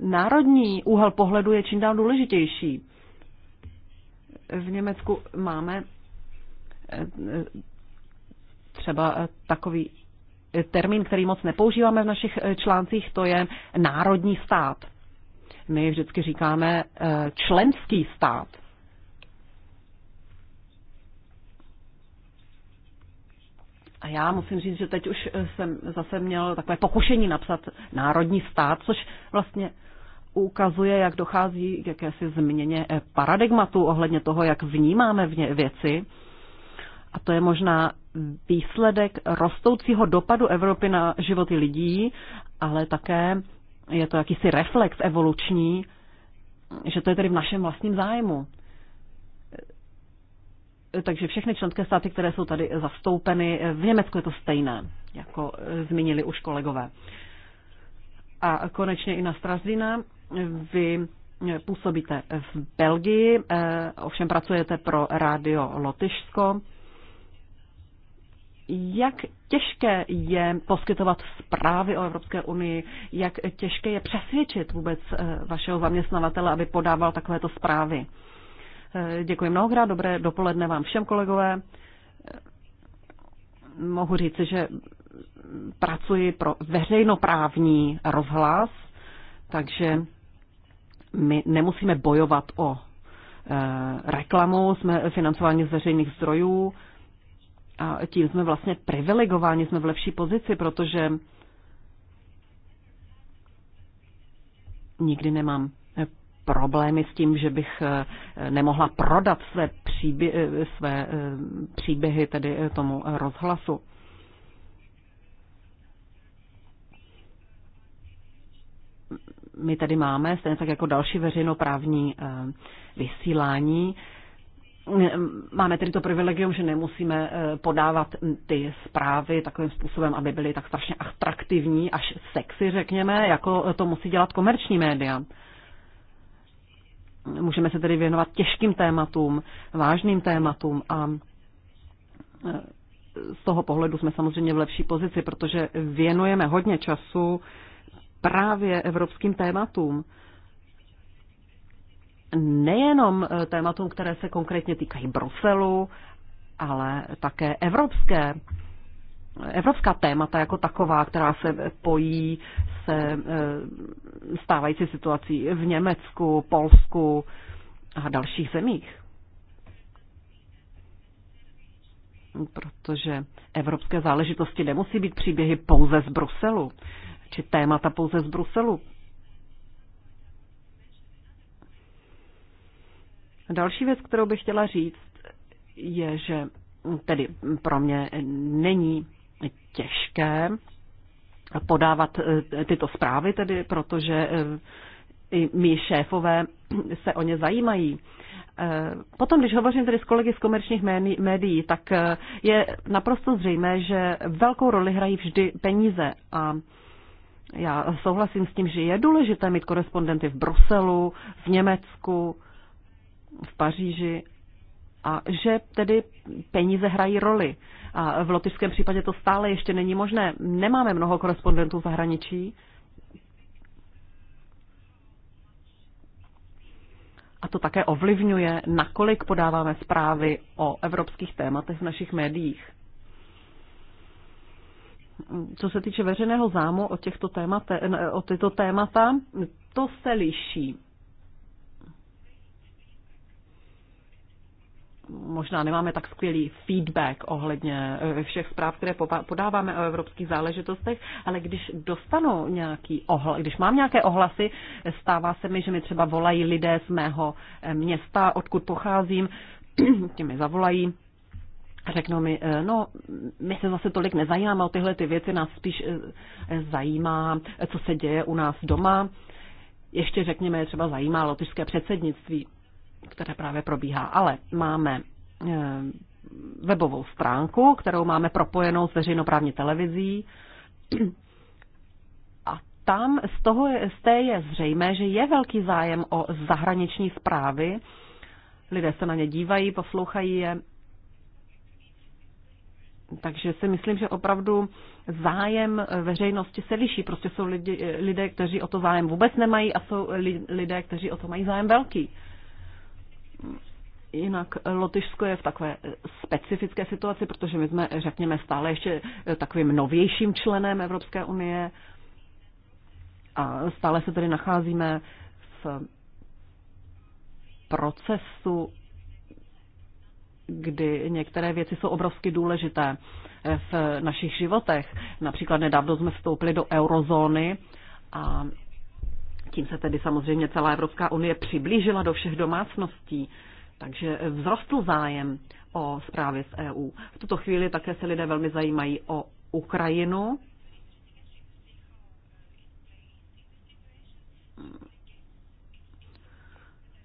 národní úhel pohledu je čím dál důležitější. V Německu máme eh, třeba eh, takový eh, termín, který moc nepoužíváme v našich článcích, to je národní stát. My vždycky říkáme členský stát. A já musím říct, že teď už eh, jsem zase měl takové pokušení napsat národní stát, což vlastně ukazuje, jak dochází k jakési změně eh, paradigmatu ohledně toho, jak vnímáme v věci. A to je možná výsledek rostoucího dopadu Evropy na životy lidí, ale také je to jakýsi reflex evoluční, že to je tedy v našem vlastním zájmu takže všechny členské státy, které jsou tady zastoupeny, v Německu je to stejné, jako eh, zmínili už kolegové. A konečně i na Strazdina vy eh, působíte v Belgii, eh, ovšem pracujete pro rádio Lotyšsko. Jak těžké je poskytovat zprávy o Evropské unii, jak těžké je přesvědčit vůbec vašeho zaměstnavatele, aby podával takovéto zprávy? Eh, děkuji mnohokrát, dobré dopoledne vám všem kolegové. Eh, mohu říci, že pracuji pro veřejnoprávní rozhlas, takže my nemusíme bojovat o eh, reklamu, jsme financováni z veřejných zdrojů a tím jsme vlastně privilegováni, jsme v lepší pozici, protože nikdy nemám problémy s tím, že bych eh, nemohla prodat své příběhy, eh, své eh, příběhy tedy tomu rozhlasu. My tady máme, stejně tak jako další veřejnoprávní vysílání, Máme tedy to privilegium, že nemusíme podávat ty zprávy takovým způsobem, aby byly tak strašně atraktivní, až sexy, řekněme, jako to musí dělat komerční média můžeme se tedy věnovat těžkým tématům, vážným tématům a e, z toho pohledu jsme samozřejmě v lepší pozici, protože věnujeme hodně času právě evropským tématům. Nejenom e, tématům, které se konkrétně týkají Bruselu, ale také evropské. Evropská témata jako taková, která se pojí se eh, stávající situací v Německu, Polsku a dalších zemích. Protože evropské záležitosti nemusí být příběhy pouze z Bruselu, či témata pouze z Bruselu. Další věc, kterou bych chtěla říct, je, že tedy pro mě není těžké podávat eh, tyto zprávy, tedy protože eh, i mý šéfové se o ně zajímají. Eh, potom, když hovořím tedy s kolegy z komerčních médií, tak je naprosto zřejmé, že velkou roli hrají vždy peníze a já souhlasím s tím, že je důležité mít korespondenty v Bruselu, v Německu, v Paříži a že tedy peníze hrají roli. A v lotyšském případě to stále ještě není možné. Nemáme mnoho korespondentů v zahraničí. A to také ovlivňuje, nakolik podáváme zprávy o evropských tématech v našich médiích. Co se týče veřejného zámu o, těchto témate, o tyto témata, to se liší. možná nemáme tak skvělý feedback ohledně eh, všech zpráv, které podáváme o evropských záležitostech, ale když dostanu nějaký ohl, když mám nějaké ohlasy, stává se mi, že mi třeba volají lidé z mého eh, města, odkud pocházím, ti mi zavolají, řeknou mi, eh, no, my se zase tolik nezajímáme o tyhle ty věci, nás spíš zajímá, co se děje u nás doma. Ještě, řekněme, třeba zajímá lotyšské předsednictví které právě probíhá. Ale máme eh, webovou stránku, kterou máme propojenou s veřejnoprávní televizí. A tam z, toho, z té je zřejmé, že je velký zájem o zahraniční zprávy. Lidé se na ně dívají, poslouchají je. Takže si myslím, že opravdu zájem veřejnosti se liší. Prostě jsou lidi, lidé, kteří o to zájem vůbec nemají a jsou lidé, kteří o to mají zájem velký. Jinak Lotyšsko je v takové specifické situaci, protože my jsme, řekněme, stále ještě eh, takovým novějším členem Evropské unie a stále se tedy nacházíme v procesu, kdy některé věci jsou obrovsky důležité eh, v našich životech. Například nedávno jsme vstoupili do eurozóny a tím se tedy samozřejmě celá Evropská unie přiblížila do všech domácností, takže vzrostl zájem o zprávy z EU. V tuto chvíli také se lidé velmi zajímají o Ukrajinu.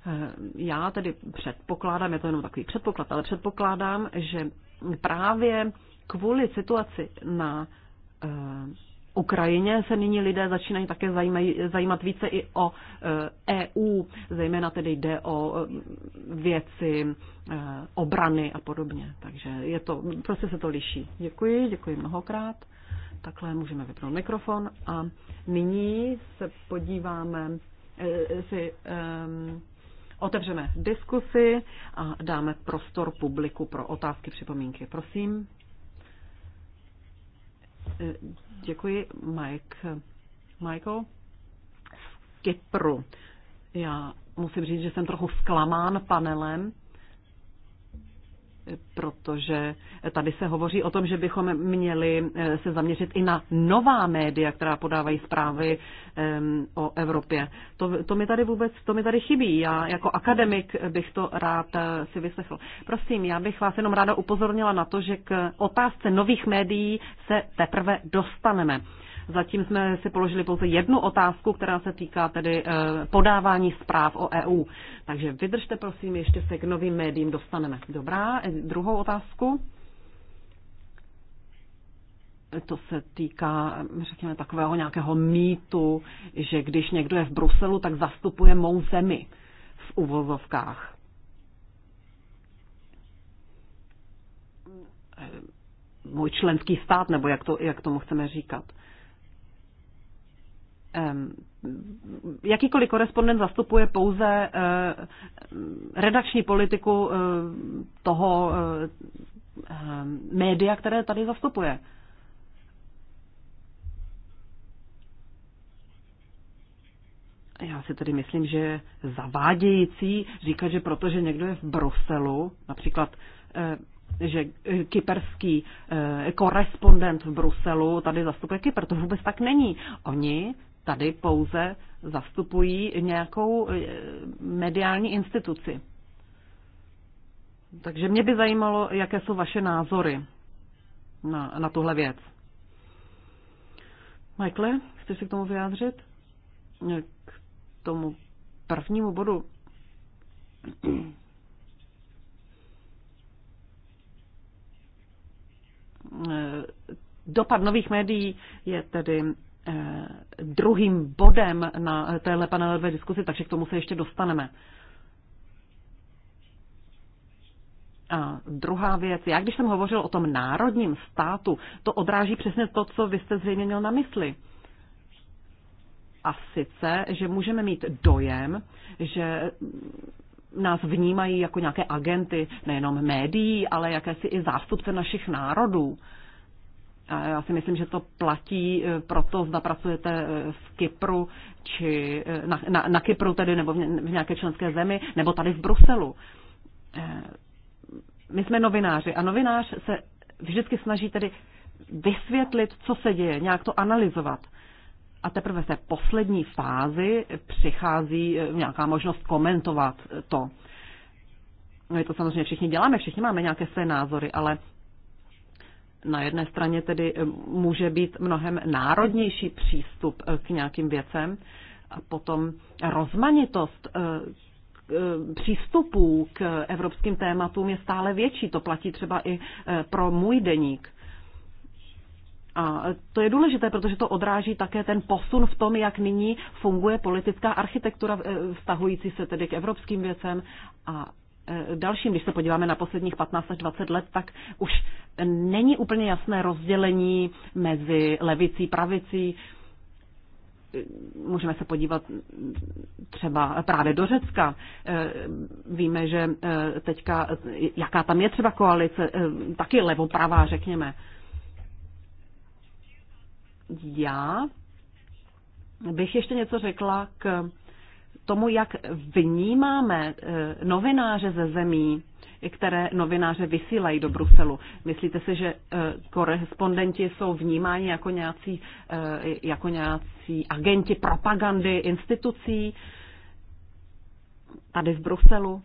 Eh, já tedy předpokládám, je to jenom takový předpoklad, ale předpokládám, že právě kvůli situaci na eh, Ukrajině se nyní lidé začínají také zajímají, zajímat více i o EU, eh, e zejména tedy jde o eh, věci eh, obrany a podobně. Takže je to, prostě se to liší. Děkuji, děkuji mnohokrát. Takhle můžeme vypnout mikrofon a nyní se podíváme, si um, otevřeme diskusi a dáme prostor publiku pro otázky, připomínky. Prosím. Eh, děkuji, Mike. Michael z Kypru. Já musím říct, že jsem trochu zklamán panelem protože tady se hovoří o tom, že bychom měli eh, se zaměřit i na nová média, která podávají zprávy o Evropě. To, to mi tady vůbec, to mi tady chybí. Já jako akademik bych to rád eh, si vyslechl. Prosím, já bych vás jenom ráda upozornila na to, že k otázce nových médií se teprve dostaneme. Zatím jsme si položili pouze jednu otázku, která se týká tedy eh, podávání zpráv o EU. Takže vydržte prosím, ještě se k novým médiím dostaneme. Dobrá, druhou otázku. To se týká, řekněme, takového nějakého mýtu, že když někdo je v Bruselu, tak zastupuje mou zemi v uvozovkách. Eh, můj členský stát, nebo jak, to, jak tomu chceme říkat jakýkoliv korespondent zastupuje pouze eh, redakční politiku eh, toho eh, média, které tady zastupuje. Já si tedy myslím, že je zavádějící říkat, že protože někdo je v Bruselu, například že kyperský korespondent v Bruselu tady zastupuje Kypr. To vůbec tak není. Oni Tady pouze zastupují nějakou eh, mediální instituci. Takže mě by zajímalo, jaké jsou vaše názory na, na tuhle věc. Michael, chceš se k tomu vyjádřit? K tomu prvnímu bodu. Eh, dopad nových médií je tedy Eh, druhým bodem na téhle panelové diskusi, takže k tomu se ještě dostaneme. A druhá věc, já když jsem hovořil o tom národním státu, to odráží přesně to, co vy jste zřejmě měl na mysli. A sice, že můžeme mít dojem, že nás vnímají jako nějaké agenty nejenom médií, ale jakési i zástupce našich národů. Uh, a já si myslím, že to platí eh, pro to, zda pracujete eh, v Kypru, či eh, na, na, na Kypru tedy, nebo v, v nějaké členské zemi, nebo tady v Bruselu. My jsme novináři a novinář se vždycky snaží tedy vysvětlit, co se děje, nějak to analyzovat. A teprve v té poslední fázi přichází nějaká možnost komentovat to. No to samozřejmě všichni děláme, všichni máme nějaké své názory, ale na jedné straně tedy eh, může být mnohem národnější přístup eh, k nějakým věcem a potom rozmanitost eh, přístupů k evropským tématům je stále větší. To platí třeba i pro můj deník. A to je důležité, protože to odráží také ten posun v tom, jak nyní funguje politická architektura vztahující se tedy k evropským věcem a Eh, dalším, když se podíváme na posledních 15 až 20 let, tak už není úplně jasné rozdělení mezi levicí, pravicí. Eh, můžeme se podívat třeba právě do Řecka. Eh, víme, že teďka, jaká tam je třeba koalice, taky levopravá, řekněme. Já bych ještě něco řekla k tomu, jak vnímáme eh, novináře ze zemí, které novináře vysílají do Bruselu. Myslíte si, že eh, korespondenti jsou vnímáni jako nějací, eh, jako nějací agenti propagandy institucí tady v Bruselu?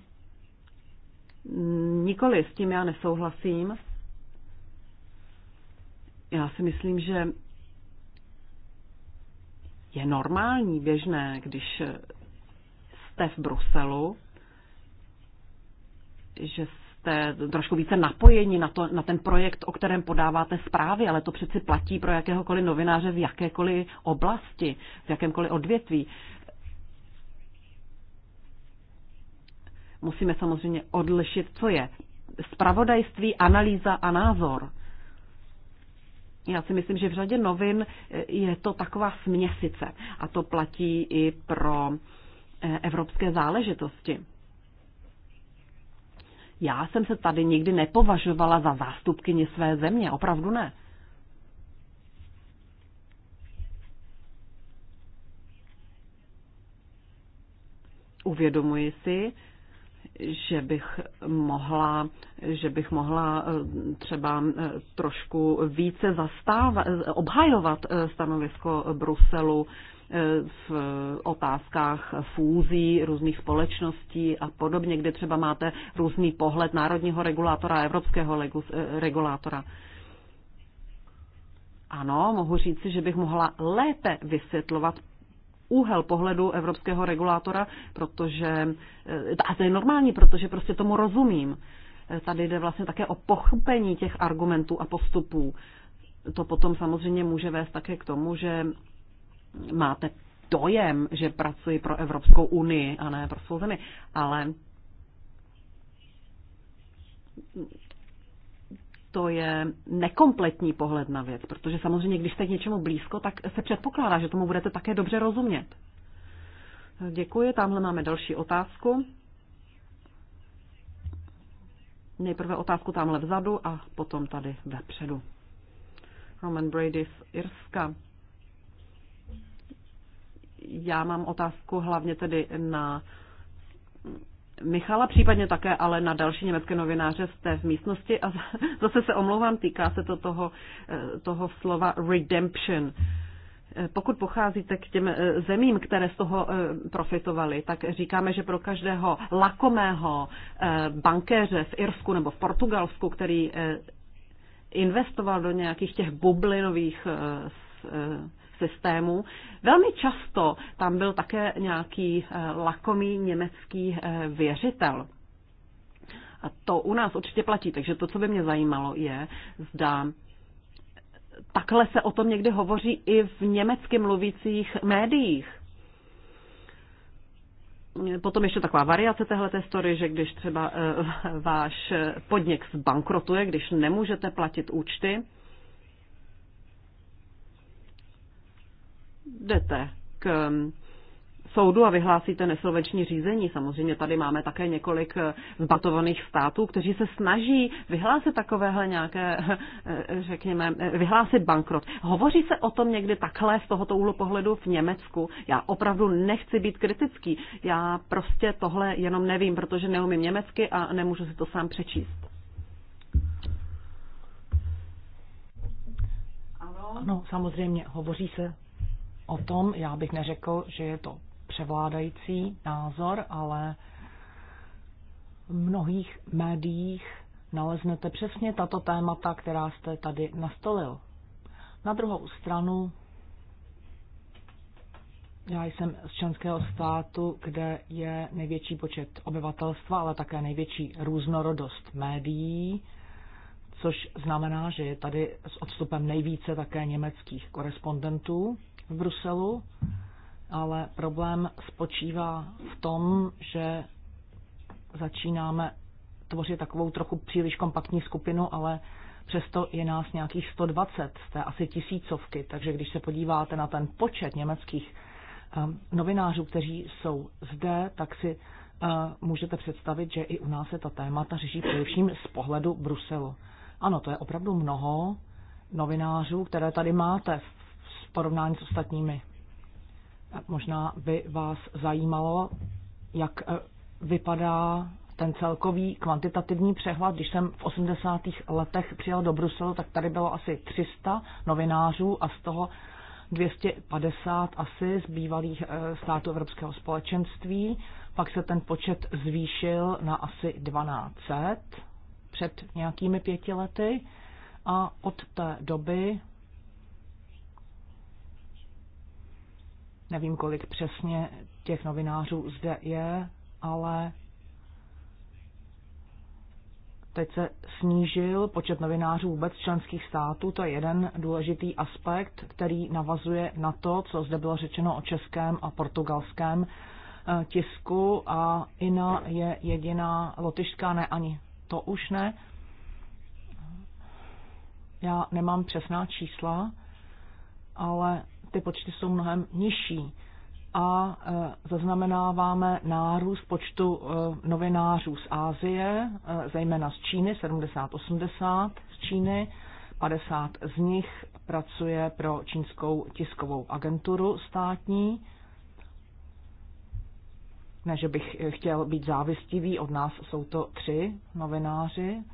Nikoli, s tím já nesouhlasím. Já si myslím, že je normální, běžné, když jste v Bruselu, že jste trošku více napojeni na, to, na ten projekt, o kterém podáváte zprávy, ale to přeci platí pro jakéhokoliv novináře v jakékoliv oblasti, v jakémkoliv odvětví. Musíme samozřejmě odlišit, co je spravodajství, analýza a názor. Já si myslím, že v řadě novin je to taková směsice a to platí i pro Eh, evropské záležitosti. Já jsem se tady nikdy nepovažovala za zástupkyni své země, opravdu ne. Uvědomuji si, že bych mohla, že bych mohla eh, třeba eh, trošku více zastávat, obhajovat stanovisko Bruselu v otázkách fúzí různých společností a podobně, kde třeba máte různý pohled národního regulátora a evropského regulátora. Ano, mohu říci, že bych mohla lépe vysvětlovat úhel pohledu evropského regulátora, protože, e, a to je normální, protože prostě tomu rozumím. E, tady jde vlastně také o pochopení těch argumentů a postupů. To potom samozřejmě může vést také k tomu, že máte dojem, že pracuji pro Evropskou unii a ne pro svou zemi, ale to je nekompletní pohled na věc, protože samozřejmě, když jste k něčemu blízko, tak se předpokládá, že tomu budete také dobře rozumět. Děkuji, tamhle máme další otázku. Nejprve otázku tamhle vzadu a potom tady vepředu. Roman Brady z Irska. Já mám otázku hlavně tedy na Michala, případně také ale na další německé novináře z té v místnosti. A zase se omlouvám, týká se to toho, eh, toho slova redemption. Eh, pokud pocházíte k těm eh, zemím, které z toho profitovaly, tak říkáme, že pro každého lakomého bankéře v Irsku nebo v Portugalsku, který investoval do nějakých těch bublinových systémů. Velmi často tam byl také nějaký eh, lakomý německý eh, věřitel. A to u nás určitě platí, takže to, co by mě zajímalo, je, zda takhle se o tom někdy hovoří i v německy mluvících médiích. Potom ještě taková variace téhle story, že když třeba eh, váš podnik zbankrotuje, když nemůžete platit účty, jdete k um, soudu a vyhlásíte nesolvenční řízení. Samozřejmě tady máme také několik eh, zbatovaných států, kteří se snaží vyhlásit takovéhle nějaké, eh, eh, řekněme, vyhlásit bankrot. Hovoří se o tom někdy takhle z tohoto úhlu pohledu v Německu. Já opravdu nechci být kritický. Já prostě tohle jenom nevím, protože neumím německy a nemůžu si to sám přečíst. Ano, samozřejmě, hovoří se o tom. Já bych neřekl, že je to převládající názor, ale v mnohých médiích naleznete přesně tato témata, která jste tady nastolil. Na druhou stranu, já jsem z členského státu, kde je největší počet obyvatelstva, ale také největší různorodost médií, což znamená, že je tady s odstupem nejvíce také německých korespondentů v Bruselu, ale problém spočívá v tom, že začínáme tvořit takovou trochu příliš kompaktní skupinu, ale přesto je nás nějakých 120 z té asi tisícovky, takže když se podíváte na ten počet německých ehm, novinářů, kteří jsou zde, tak si ehm, můžete představit, že i u nás se ta témata řeší především z pohledu Bruselu. Ano, to je opravdu mnoho novinářů, které tady máte porovnání s ostatními. Možná by vás zajímalo, jak eh, vypadá ten celkový kvantitativní přehled, když jsem v 80. letech přijel do Bruselu, tak tady bylo asi 300 novinářů a z toho 250 asi z bývalých eh, států Evropského společenství. Pak se ten počet zvýšil na asi 1200 před nějakými pěti lety a od té doby Nevím, kolik přesně těch novinářů zde je, ale teď se snížil počet novinářů vůbec členských států. To je jeden důležitý aspekt, který navazuje na to, co zde bylo řečeno o českém a portugalském eh, tisku a INA je jediná lotyšská, ne ani to už ne. Já nemám přesná čísla, ale ty počty jsou mnohem nižší a e, zaznamenáváme nárůst počtu e, novinářů z Ázie, e, zejména z Číny, 70-80 z Číny, 50 z nich pracuje pro čínskou tiskovou agenturu státní. Ne, že bych chtěl být závistivý, od nás jsou to tři novináři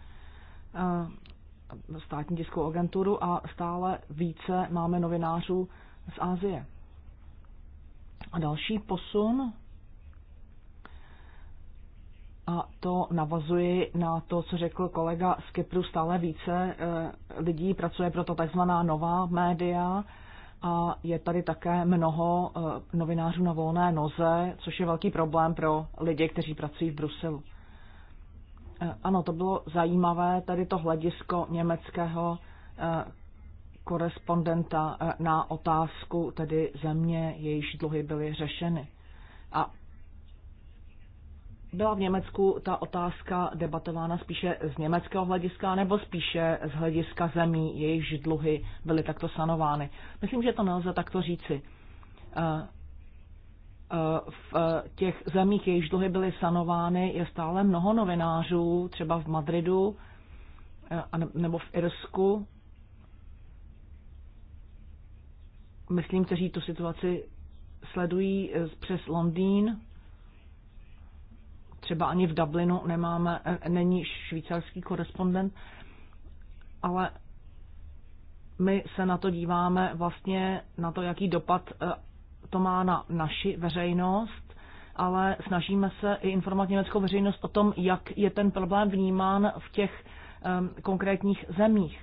státní tiskovou agenturu a stále více máme novinářů z Ázie. A další posun, a to navazuji na to, co řekl kolega z Kypru, stále více eh, lidí pracuje pro to takzvaná nová média a je tady také mnoho eh, novinářů na volné noze, což je velký problém pro lidi, kteří pracují v Bruselu. Eh, ano, to bylo zajímavé, tady to hledisko německého korespondenta eh, na otázku tedy země, jejíž dluhy byly řešeny. A byla v Německu ta otázka debatována spíše z německého hlediska nebo spíše z hlediska zemí, jejichž dluhy byly takto sanovány. Myslím, že to nelze takto říci. Eh, eh, v těch zemích, jejichž dluhy byly sanovány, je stále mnoho novinářů, třeba v Madridu nebo v Irsku, myslím, kteří tu situaci sledují eh, přes Londýn, třeba ani v Dublinu nemáme, eh, není švýcarský korespondent, ale my se na to díváme vlastně na to, jaký dopad eh, to má na naši veřejnost, ale snažíme se i informovat německou veřejnost o tom, jak je ten problém vnímán v těch ehm, konkrétních zemích.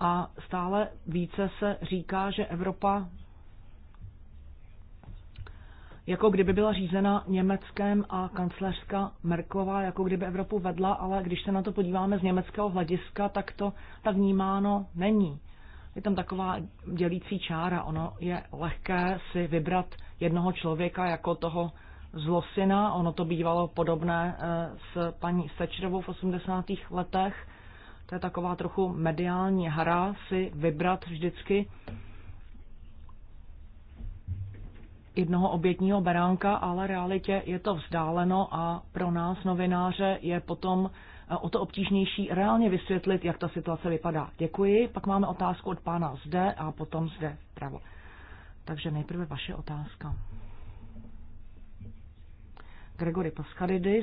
A stále více se říká, že Evropa jako kdyby byla řízena Německem a kancléřka Merklová, jako kdyby Evropu vedla, ale když se na to podíváme z německého hlediska, tak to tak vnímáno není. Je tam taková dělící čára, ono je lehké si vybrat jednoho člověka jako toho zlosina, ono to bývalo podobné eh, s paní Sečrovou v 80. letech, to je taková trochu mediální hra si vybrat vždycky jednoho obětního beránka, ale realitě je to vzdáleno a pro nás novináře je potom eh, o to obtížnější reálně vysvětlit, jak ta situace vypadá. Děkuji. Pak máme otázku od pána zde a potom zde pravo. Takže nejprve vaše otázka. Gregory a eh,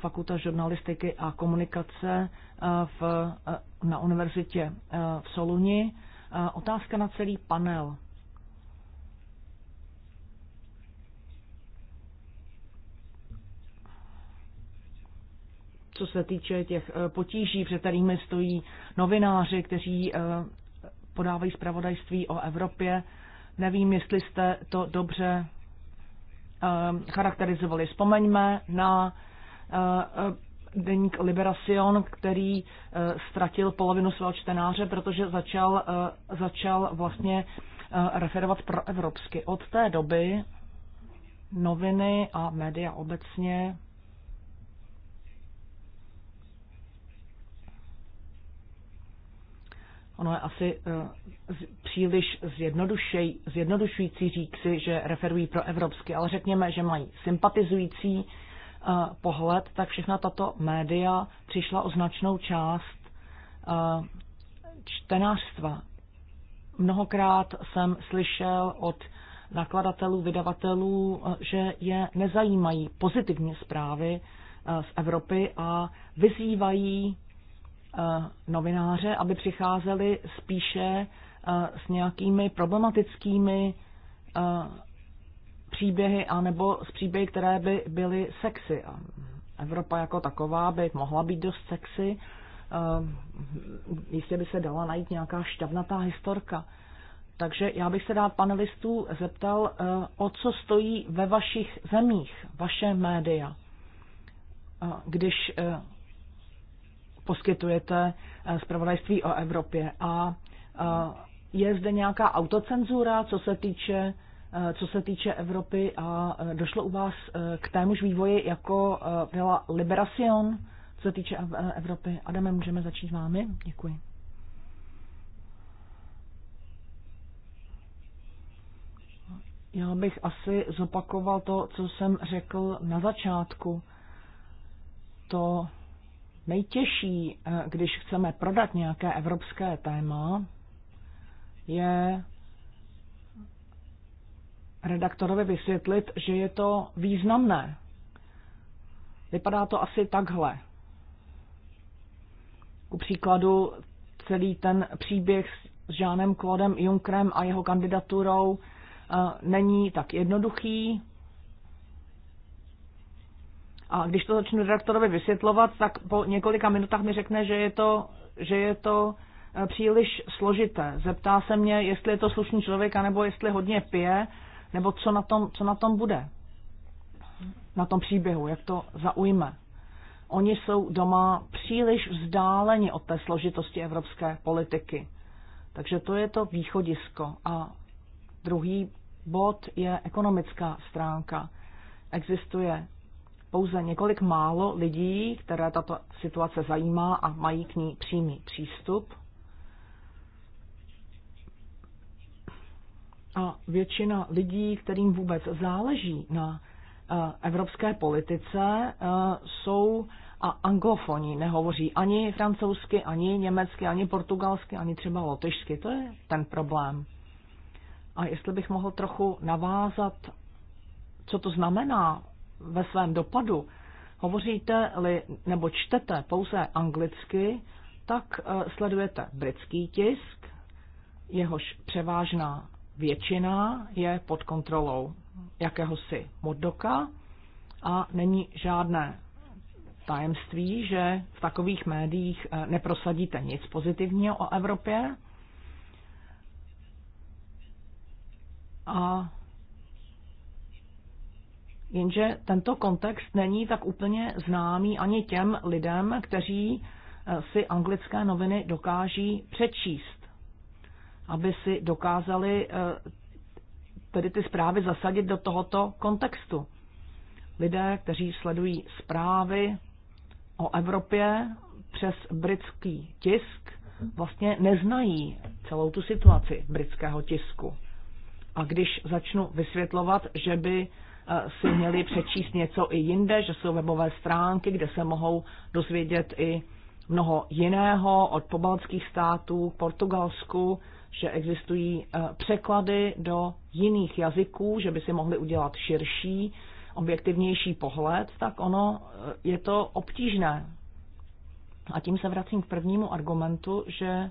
Fakulta žurnalistiky a komunikace eh, v, na univerzitě v Soluni. Otázka na celý panel. co se týče těch eh, potíží, před kterými stojí novináři, kteří eh, podávají zpravodajství o Evropě. Nevím, jestli jste to dobře eh, charakterizovali. Vzpomeňme na deník Liberacion, který ztratil polovinu svého čtenáře, protože začal, začal vlastně referovat pro evropsky. Od té doby noviny a média obecně Ono je asi eh, příliš zjednodušující říct si, že referují pro evropsky, ale řekněme, že mají sympatizující eh, pohled, tak všechna tato média přišla o značnou část eh, čtenářstva. Mnohokrát jsem slyšel od nakladatelů, vydavatelů, že je nezajímají pozitivní zprávy z Evropy a vyzývají Eh, novináře, aby přicházeli spíše eh, s nějakými problematickými eh, příběhy anebo s příběhy, které by byly sexy. Evropa jako taková by mohla být dost sexy, jistě by se dala najít nějaká šťavnatá historka. Takže já bych se rád panelistů zeptal, o co stojí ve vašich zemích vaše média, když poskytujete eh, zpravodajství o Evropě. A eh, je zde nějaká autocenzura, co se týče eh, co se týče Evropy a došlo u vás k témuž vývoji, jako byla Liberacion, co se týče Evropy. Adame, můžeme začít vámi? Děkuji. Já bych asi zopakoval to, co jsem řekl na začátku. To nejtěžší, eh, když chceme prodat nějaké evropské téma, je redaktorovi vysvětlit, že je to významné. Vypadá to asi takhle. Ku příkladu celý ten příběh s Žánem Klodem Junkrem a jeho kandidaturou eh, není tak jednoduchý, a když to začnu redaktorovi vysvětlovat, tak po několika minutách mi řekne, že je to, že je to eh, příliš složité. Zeptá se mě, jestli je to slušný člověk, nebo jestli hodně pije, nebo co na tom, co na tom bude. Na tom příběhu, jak to zaujme. Oni jsou doma příliš vzdáleni od té složitosti evropské politiky. Takže to je to východisko. A druhý bod je ekonomická stránka. Existuje pouze několik málo lidí, které tato situace zajímá a mají k ní přímý přístup. A většina lidí, kterým vůbec záleží na e, evropské politice, e, jsou a anglofoni nehovoří ani francouzsky, ani německy, ani portugalsky, ani třeba lotyšsky. To je ten problém. A jestli bych mohl trochu navázat, co to znamená ve svém dopadu, hovoříte-li nebo čtete pouze anglicky, tak eh, sledujete britský tisk, jehož převážná většina je pod kontrolou jakéhosi modoka a není žádné tajemství, že v takových médiích eh, neprosadíte nic pozitivního o Evropě. A Jenže tento kontext není tak úplně známý ani těm lidem, kteří eh, si anglické noviny dokáží přečíst, aby si dokázali eh, tedy ty zprávy zasadit do tohoto kontextu. Lidé, kteří sledují zprávy o Evropě přes britský tisk, vlastně neznají celou tu situaci britského tisku. A když začnu vysvětlovat, že by Eh, si měli přečíst něco i jinde, že jsou webové stránky, kde se mohou dozvědět i mnoho jiného od pobaltských států k Portugalsku, že existují eh, překlady do jiných jazyků, že by si mohli udělat širší, objektivnější pohled, tak ono eh, je to obtížné. A tím se vracím k prvnímu argumentu, že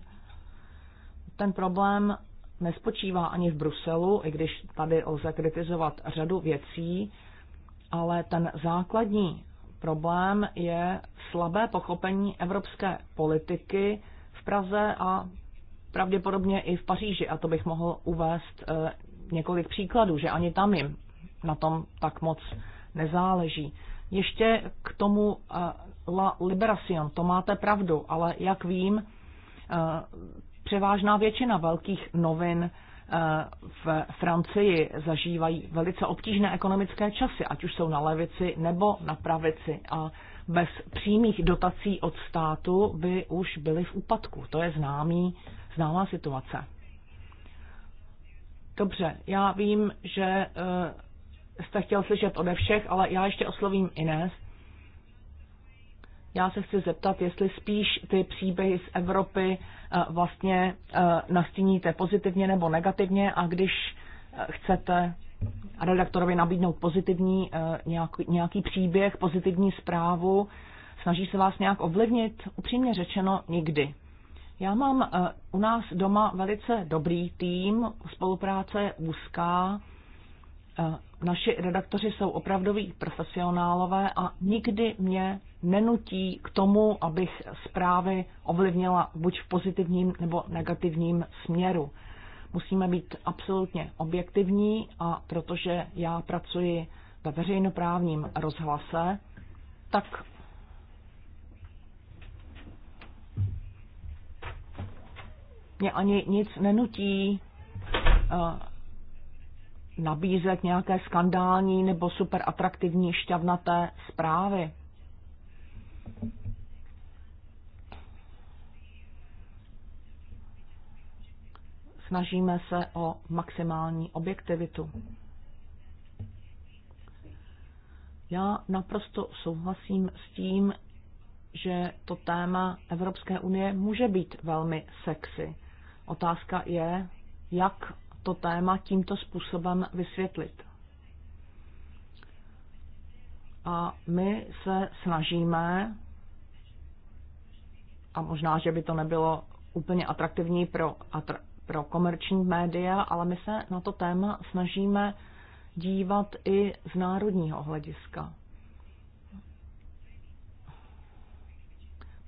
ten problém nespočívá ani v Bruselu, i když tady lze kritizovat řadu věcí, ale ten základní problém je slabé pochopení evropské politiky v Praze a pravděpodobně i v Paříži. A to bych mohl uvést eh, několik příkladů, že ani tam jim na tom tak moc nezáleží. Ještě k tomu eh, La Liberation, to máte pravdu, ale jak vím, eh, Převážná většina velkých novin eh, v Francii zažívají velice obtížné ekonomické časy, ať už jsou na levici nebo na pravici. A bez přímých dotací od státu by už byly v úpadku. To je známý, známá situace. Dobře, já vím, že eh, jste chtěl slyšet ode všech, ale já ještě oslovím Ines. Já se chci zeptat, jestli spíš ty příběhy z Evropy eh, vlastně eh, nastíníte pozitivně nebo negativně a když eh, chcete redaktorovi nabídnout pozitivní nějaký, příběh, pozitivní zprávu, snaží se vás nějak ovlivnit? Upřímně řečeno nikdy. Já mám u nás doma velice dobrý tým, spolupráce úzká, naši redaktoři jsou opravdoví profesionálové a nikdy mě nenutí k tomu, abych zprávy ovlivnila buď v pozitivním nebo negativním směru. Musíme být absolutně objektivní a protože já pracuji ve veřejnoprávním rozhlase, tak mě ani nic nenutí eh, nabízet nějaké skandální nebo super atraktivní šťavnaté zprávy. Snažíme se o maximální objektivitu. Já naprosto souhlasím s tím, že to téma Evropské unie může být velmi sexy. Otázka je, jak to téma tímto způsobem vysvětlit. A my se snažíme, a možná, že by to nebylo úplně atraktivní pro, atr- pro komerční média, ale my se na to téma snažíme dívat i z národního hlediska.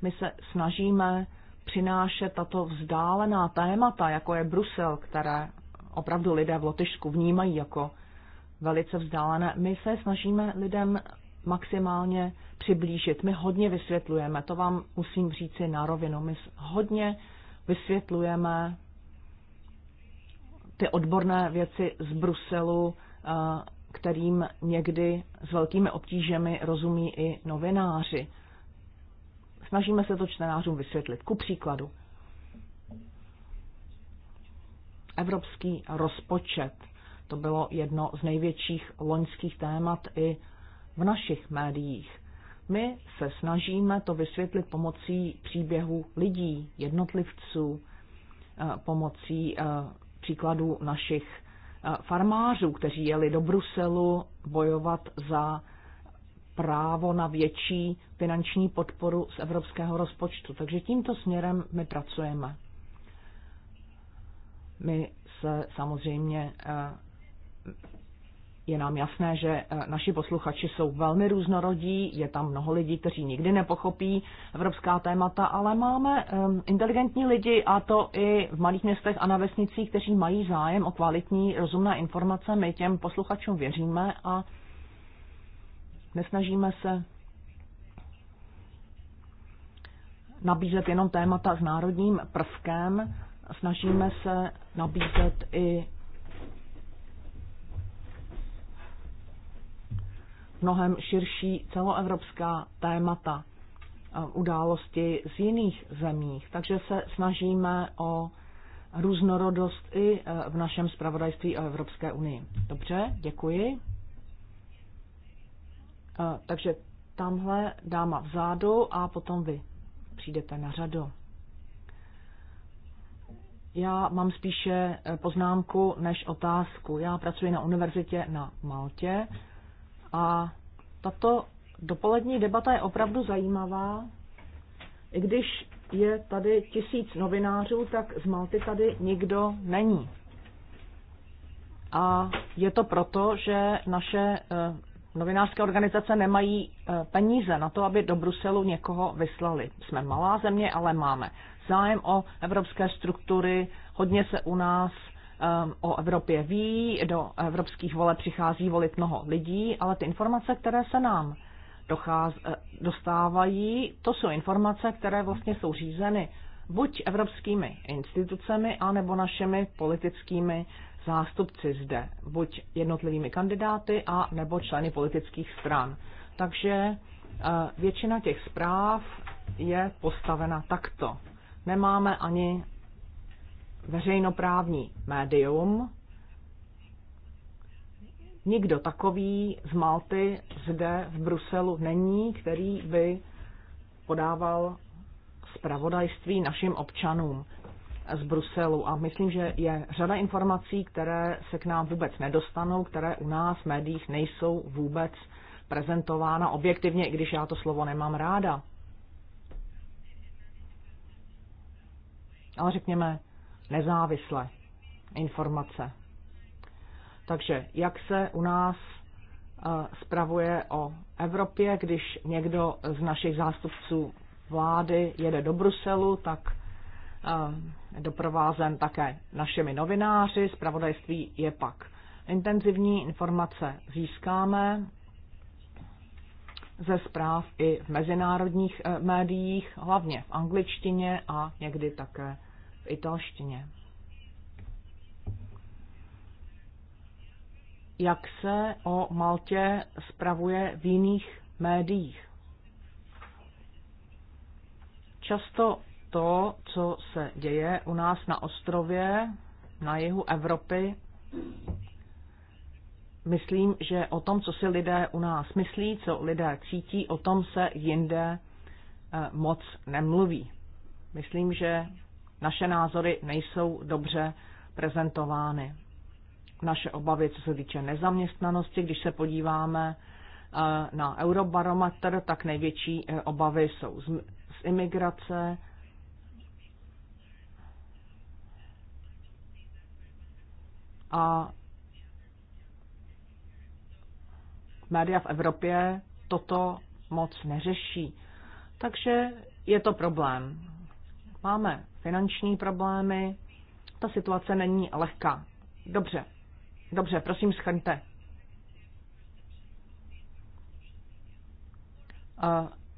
My se snažíme přinášet tato vzdálená témata, jako je Brusel, které opravdu lidé v Lotyšsku vnímají jako velice vzdálené. My se snažíme lidem maximálně přiblížit. My hodně vysvětlujeme, to vám musím říct si na rovinu. My hodně vysvětlujeme ty odborné věci z Bruselu, eh, kterým někdy s velkými obtížemi rozumí i novináři. Snažíme se to čtenářům vysvětlit. Ku příkladu, Evropský rozpočet. To bylo jedno z největších loňských témat i v našich médiích. My se snažíme to vysvětlit pomocí příběhu lidí, jednotlivců, eh, pomocí eh, příkladů našich eh, farmářů, kteří jeli do Bruselu bojovat za právo na větší finanční podporu z evropského rozpočtu. Takže tímto směrem my pracujeme. My se samozřejmě eh, je nám jasné, že eh, naši posluchači jsou velmi různorodí, je tam mnoho lidí, kteří nikdy nepochopí evropská témata, ale máme eh, inteligentní lidi a to i v malých městech a na vesnicích, kteří mají zájem o kvalitní, rozumné informace. My těm posluchačům věříme a nesnažíme se nabízet jenom témata s národním prvkem, snažíme se nabízet i mnohem širší celoevropská témata eh, události z jiných zemích. Takže se snažíme o různorodost i eh, v našem zpravodajství o Evropské unii. Dobře, děkuji. Eh, takže tamhle dáma vzadu a potom vy přijdete na řadu. Já mám spíše eh, poznámku než otázku. Já pracuji na univerzitě na Maltě a tato dopolední debata je opravdu zajímavá. I když je tady tisíc novinářů, tak z Malty tady nikdo není. A je to proto, že naše eh, novinářské organizace nemají eh, peníze na to, aby do Bruselu někoho vyslali. Jsme malá země, ale máme zájem o evropské struktury, hodně se u nás um, o Evropě ví, do evropských voleb přichází volit mnoho lidí, ale ty informace, které se nám docház, eh, dostávají, to jsou informace, které vlastně jsou řízeny buď evropskými institucemi, anebo našimi politickými zástupci zde, buď jednotlivými kandidáty a nebo členy politických stran. Takže eh, většina těch zpráv je postavena takto. Nemáme ani veřejnoprávní médium. Nikdo takový z Malty zde v Bruselu není, který by podával zpravodajství našim občanům z Bruselu. A myslím, že je řada informací, které se k nám vůbec nedostanou, které u nás v médiích nejsou vůbec prezentována objektivně, i když já to slovo nemám ráda. ale řekněme nezávisle informace. Takže jak se u nás eh, spravuje o Evropě, když někdo z našich zástupců vlády jede do Bruselu, tak eh, doprovázen také našimi novináři. zpravodajství je pak intenzivní, informace získáme ze zpráv i v mezinárodních eh, médiích, hlavně v angličtině a někdy také v italštině. Jak se o Maltě spravuje v jiných médiích? Často to, co se děje u nás na ostrově, na jihu Evropy, myslím, že o tom, co si lidé u nás myslí, co lidé cítí, o tom se jinde eh, moc nemluví. Myslím, že naše názory nejsou dobře prezentovány. Naše obavy, co se týče nezaměstnanosti, když se podíváme eh, na eurobarometr, tak největší eh, obavy jsou z, z imigrace, a média v Evropě toto moc neřeší. Takže je to problém. Máme finanční problémy. Ta situace není lehká. Dobře, dobře, prosím, schrňte.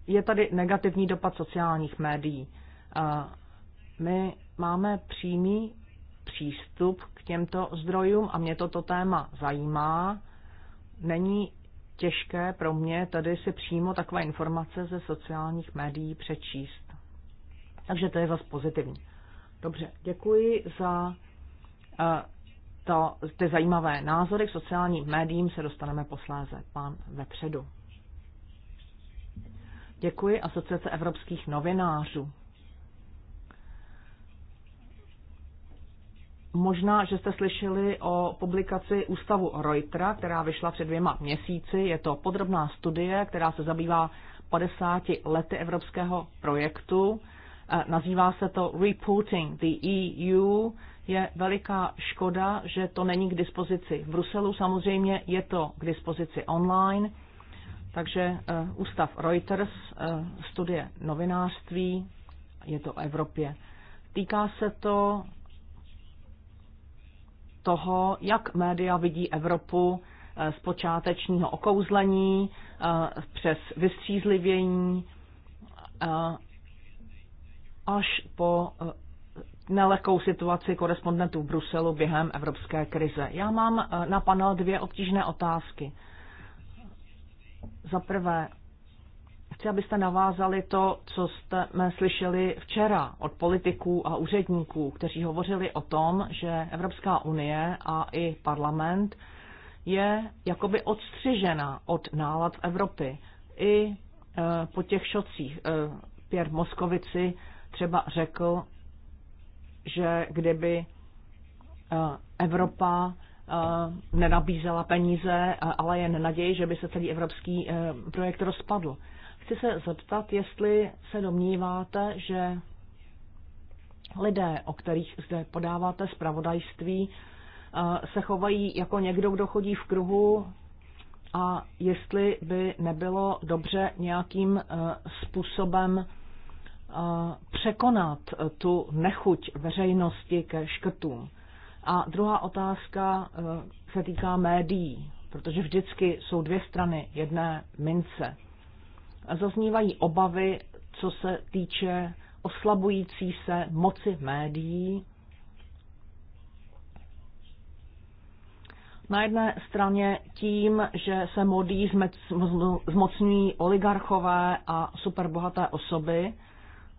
Je tady negativní dopad sociálních médií. My máme přímý přístup k těmto zdrojům a mě toto téma zajímá. Není těžké pro mě tady si přímo takové informace ze sociálních médií přečíst. Takže to je zase pozitivní. Dobře, děkuji za eh, to, ty zajímavé názory k sociálním médiím se dostaneme posléze. Pán vepředu. Děkuji Asociace evropských novinářů. Možná, že jste slyšeli o publikaci Ústavu Reutera, která vyšla před dvěma měsíci. Je to podrobná studie, která se zabývá 50 lety evropského projektu Nazývá se to reporting the EU. Je veliká škoda, že to není k dispozici. V Bruselu samozřejmě je to k dispozici online, takže eh, ústav Reuters eh, studie novinářství, je to o Evropě. Týká se to toho, jak média vidí Evropu eh, z počátečního okouzlení přes vystřízlivění až po eh, nelehkou situaci korespondentů v Bruselu během evropské krize. Já mám eh, na panel dvě obtížné otázky. Za prvé, chci, abyste navázali to, co jsme slyšeli včera od politiků a úředníků, kteří hovořili o tom, že Evropská unie a i parlament je jakoby odstřižena od nálad Evropy. I eh, po těch šocích Pierre Moskovici třeba řekl, že kdyby eh, Evropa eh, nenabízela peníze, eh, ale jen naději, že by se celý evropský projekt rozpadl. Chci se zeptat, jestli se domníváte, že lidé, o kterých zde podáváte zpravodajství, se chovají jako někdo, kdo chodí v kruhu a jestli by nebylo dobře nějakým způsobem překonat tu nechuť veřejnosti ke škrtům. A druhá otázka e, se týká médií, protože vždycky jsou dvě strany jedné mince. Zaznívají obavy, co se týče oslabující se moci médií. Na jedné straně tím, že se modí zmocňují oligarchové a superbohaté osoby,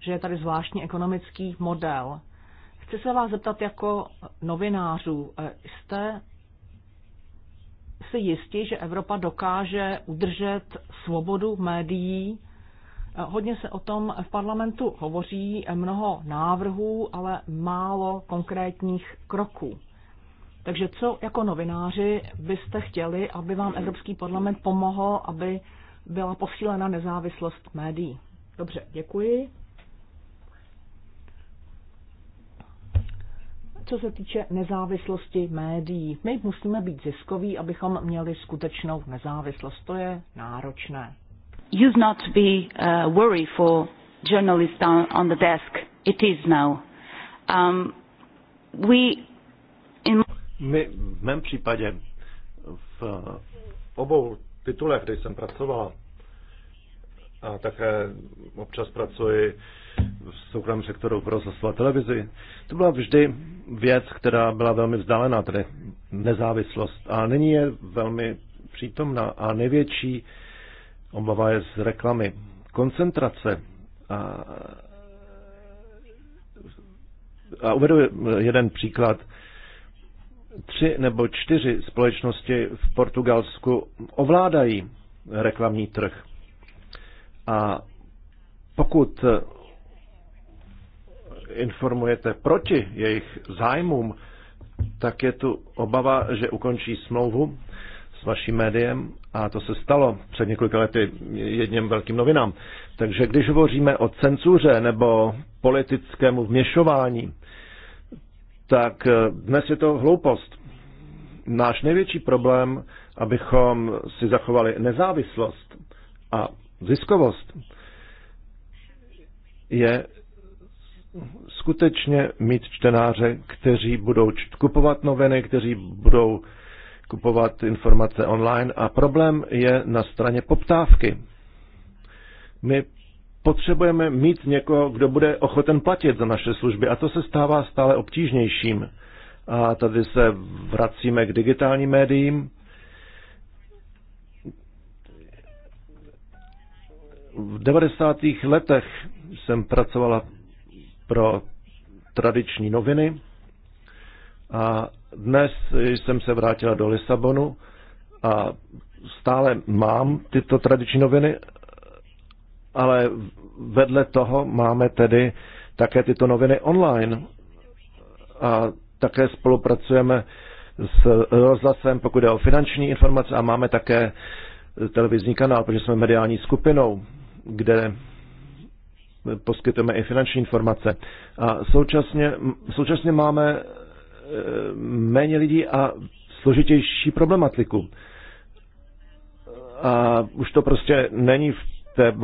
že je tady zvláštní ekonomický model. Chci se vás zeptat jako novinářů, eh, jste si jistí, že Evropa dokáže udržet svobodu médií? Eh, hodně se o tom v parlamentu hovoří, eh, mnoho návrhů, ale málo konkrétních kroků. Takže co jako novináři byste chtěli, aby vám Evropský parlament pomohl, aby byla posílena nezávislost médií? Dobře, děkuji. co se týče nezávislosti médií. My musíme být ziskoví, abychom měli skutečnou nezávislost. To je náročné. You not be uh, worry for journalists on, on the desk. It is now. Um, we in... My v mém případě v obou titulech, kde jsem pracovala, a také občas pracuji v soukromém sektoru pro zaslala televizi. To byla vždy věc, která byla velmi vzdálená, tedy nezávislost. A nyní je velmi přítomná a největší obava je z reklamy. Koncentrace a, a uvedu jeden příklad. Tři nebo čtyři společnosti v Portugalsku ovládají reklamní trh. A pokud informujete proti jejich zájmům, tak je tu obava, že ukončí smlouvu s vaším médiem a to se stalo před několika lety jedním velkým novinám. Takže když hovoříme o cenzuře nebo politickému vměšování, tak eh, dnes je to hloupost. Náš největší problém, abychom si zachovali nezávislost a ziskovost, je, skutečně mít čtenáře, kteří budou kupovat noviny, kteří budou kupovat informace online a problém je na straně poptávky. My potřebujeme mít někoho, kdo bude ochoten platit za naše služby a to se stává stále obtížnějším. A tady se vracíme k digitálním médiím. V 90. letech jsem pracovala pro tradiční noviny. A dnes jsem se vrátila do Lisabonu a stále mám tyto tradiční noviny, ale vedle toho máme tedy také tyto noviny online. A také spolupracujeme s rozhlasem, pokud je o finanční informace a máme také televizní kanál, protože jsme mediální skupinou, kde poskytujeme i finanční informace. A současně, současně máme e, méně lidí a složitější problematiku. A už to prostě není v té e,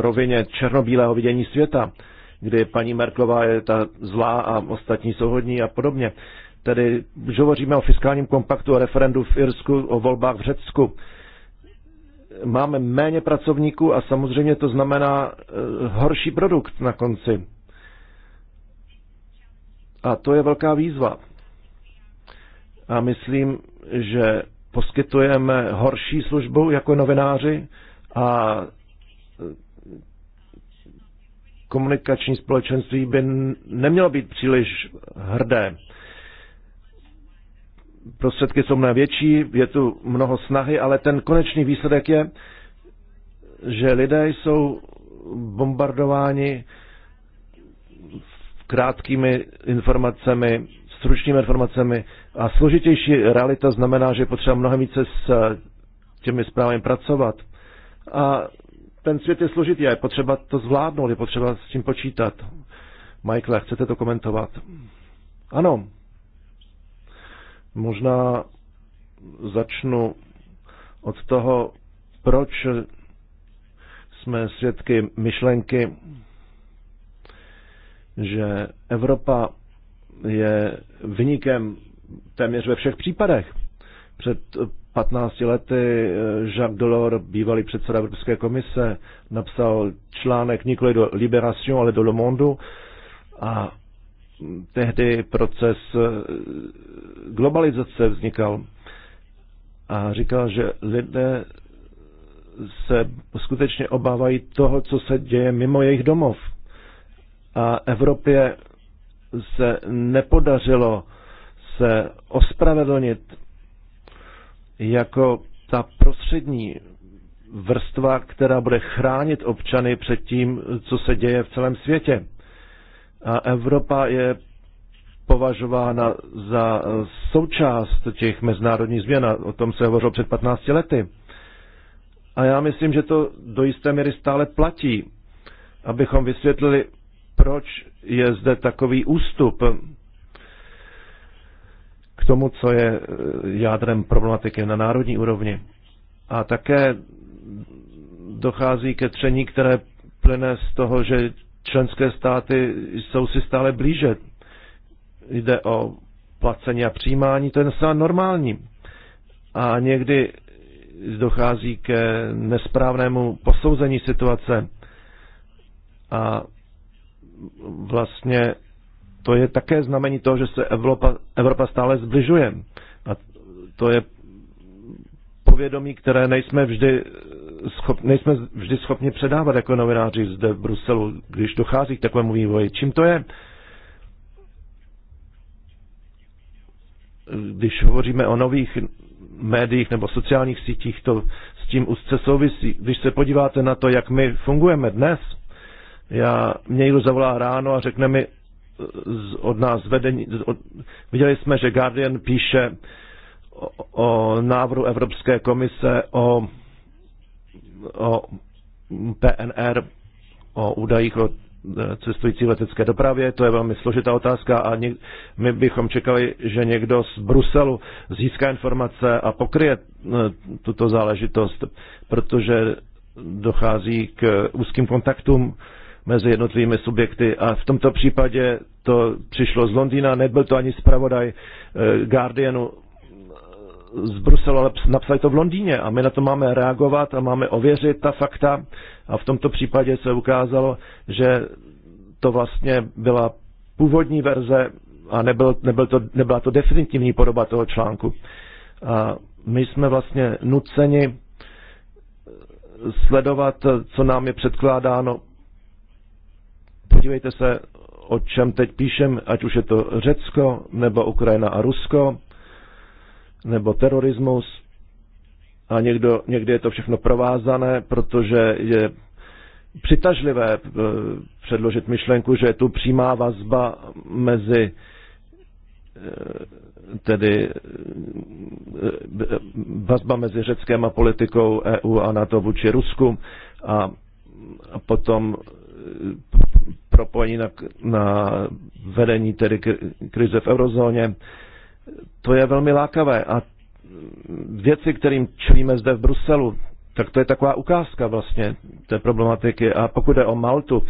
rovině černobílého vidění světa, kdy paní Merklová je ta zlá a ostatní jsou hodní a podobně. Tedy že hovoříme o fiskálním kompaktu, o referendu v Irsku, o volbách v Řecku máme méně pracovníků a samozřejmě to znamená eh, horší produkt na konci. A to je velká výzva. A myslím, že poskytujeme horší službu jako novináři a eh, komunikační společenství by nemělo být příliš hrdé prostředky jsou mnohem větší, je tu mnoho snahy, ale ten konečný výsledek je, že lidé jsou bombardováni krátkými informacemi, stručnými informacemi a složitější realita znamená, že je potřeba mnohem více s těmi zprávami pracovat. A ten svět je složitý a je potřeba to zvládnout, je potřeba s tím počítat. Michael, chcete to komentovat? Ano, Možná začnu od toho, proč jsme svědky myšlenky, že Evropa je vynikem téměř ve všech případech. Před 15 lety eh, Jacques Delors, bývalý předseda Evropské komise, napsal článek nikoli do Liberation, ale do Le Monde a tehdy proces eh, globalizace vznikal a říkal, že lidé se skutečně obávají toho, co se děje mimo jejich domov. A Evropě se nepodařilo se ospravedlnit jako ta prostřední vrstva, která bude chránit občany před tím, co se děje v celém světě. A Evropa je považována za součást těch mezinárodních změn. O tom se hovořilo před 15 lety. A já myslím, že to do jisté míry stále platí, abychom vysvětlili, proč je zde takový ústup k tomu, co je jádrem problematiky na národní úrovni. A také dochází ke tření, které plyne z toho, že členské státy jsou si stále blíže. Jde o placení a přijímání, to je zcela normální. A někdy dochází ke nesprávnému posouzení situace. A vlastně to je také znamení toho, že se Evropa, Evropa stále zbližuje. A to je povědomí, které nejsme vždy schop, nejsme vždy schopni předávat jako novináři zde v Bruselu, když dochází k takovému vývoji. Čím to je? Když hovoříme o nových médiích nebo sociálních sítích, to s tím úzce souvisí. Když se podíváte na to, jak my fungujeme dnes, já, mě někdo zavolá ráno a řekne mi z, od nás vedení, od, viděli jsme, že Guardian píše o, o návrhu Evropské komise o o PNR, o údajích o e, cestující letecké dopravě. To je velmi složitá otázka a my bychom čekali, že někdo z Bruselu získá informace a pokryje e, tuto záležitost, protože dochází k úzkým kontaktům mezi jednotlivými subjekty a v tomto případě to přišlo z Londýna, nebyl to ani zpravodaj e, Guardianu z Bruselu, ale napsali to v Londýně a my na to máme reagovat a máme ověřit ta fakta a v tomto případě se ukázalo, že to vlastně byla původní verze a nebyl, nebyl to, nebyla to definitivní podoba toho článku. A my jsme vlastně nuceni sledovat, co nám je předkládáno. Podívejte se, o čem teď píšem, ať už je to Řecko, nebo Ukrajina a Rusko, nebo terorismus. A někdo, někdy je to všechno provázané, protože je přitažlivé eh, předložit myšlenku, že je tu přímá vazba mezi eh, tedy eh, vazba mezi Řeckem a politikou EU a NATO vůči Rusku a potom propojení na, na vedení tedy krize v eurozóně to je velmi lákavé. A věci, kterým čelíme zde v Bruselu, tak to je taková ukázka vlastně té problematiky. A pokud jde o Maltu,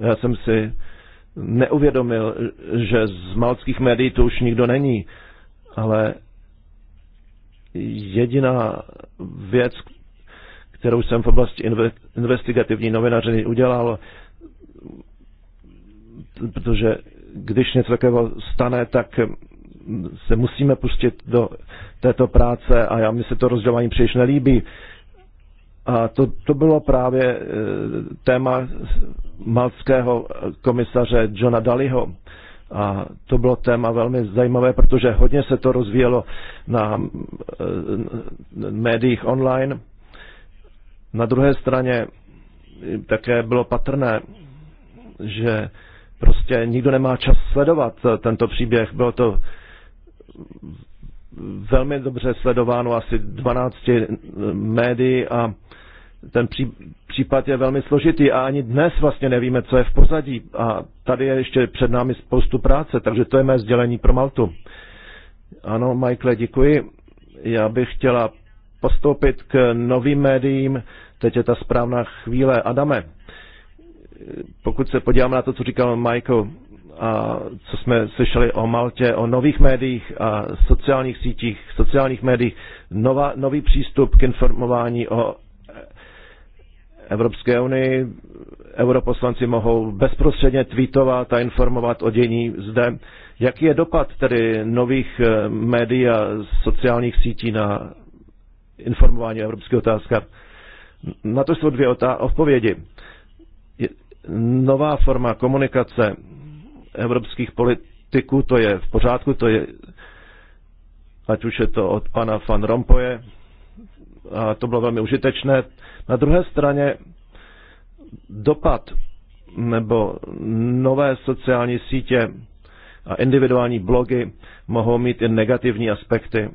já jsem si neuvědomil, že z maltských médií to už nikdo není, ale jediná věc, kterou jsem v oblasti investigativní novinařiny udělal, protože když něco takového stane, tak se musíme pustit do této práce a já mi se to rozdělování příliš nelíbí. A to, to bylo právě e, téma malckého komisaře Johna Daliho. A to bylo téma velmi zajímavé, protože hodně se to rozvíjelo na e, médiích online. Na druhé straně také bylo patrné, že prostě nikdo nemá čas sledovat tento příběh. Bylo to velmi dobře sledováno asi 12 médií a ten pří, případ je velmi složitý a ani dnes vlastně nevíme, co je v pozadí. A tady je ještě před námi spoustu práce, takže to je mé sdělení pro Maltu. Ano, Michael, děkuji. Já bych chtěla postoupit k novým médiím. Teď je ta správná chvíle. Adame, pokud se podíváme na to, co říkal Michael, a co jsme slyšeli o Maltě, o nových médiích a sociálních sítích, sociálních médiích, nová, nový přístup k informování o Evropské unii. Europoslanci mohou bezprostředně tweetovat a informovat o dění zde. Jaký je dopad tedy nových eh, médií a sociálních sítí na informování o evropských otázkách? Na to jsou dvě odpovědi nová forma komunikace evropských politiků, to je v pořádku, to je, ať už je to od pana Van Rompoje, a to bylo velmi užitečné. Na druhé straně dopad nebo nové sociální sítě a individuální blogy mohou mít i negativní aspekty.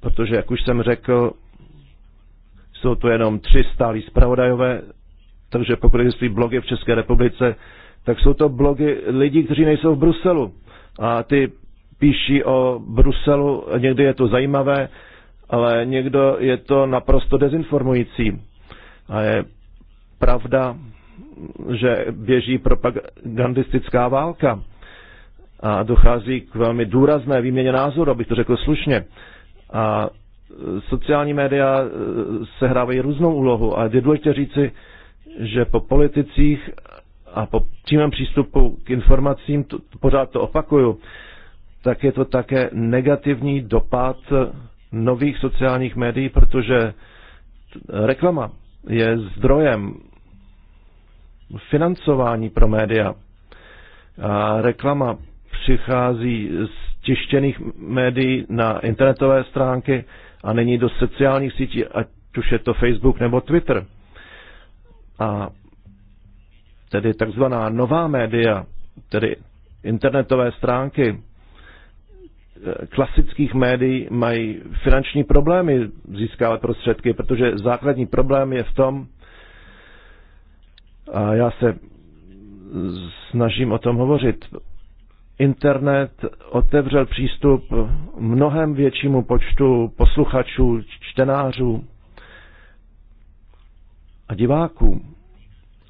Protože, jak už jsem řekl, jsou to jenom tři stálí zpravodajové takže pokud existují blogy v České republice, tak jsou to blogy lidí, kteří nejsou v Bruselu. A ty píší o Bruselu, někdy je to zajímavé, ale někdo je to naprosto dezinformující. A je pravda, že běží propagandistická válka a dochází k velmi důrazné výměně názoru, abych to řekl slušně. A sociální média sehrávají různou úlohu a je důležité říci, že po politicích a po přímém přístupu k informacím, to, pořád to opakuju, tak je to také negativní dopad nových sociálních médií, protože reklama je zdrojem financování pro média. A reklama přichází z tištěných médií na internetové stránky a není do sociálních sítí, ať už je to Facebook nebo Twitter. A tedy takzvaná nová média, tedy internetové stránky eh, klasických médií mají finanční problémy získávat prostředky, protože základní problém je v tom, a já se snažím o tom hovořit, internet otevřel přístup mnohem většímu počtu posluchačů, čtenářů, a diváků.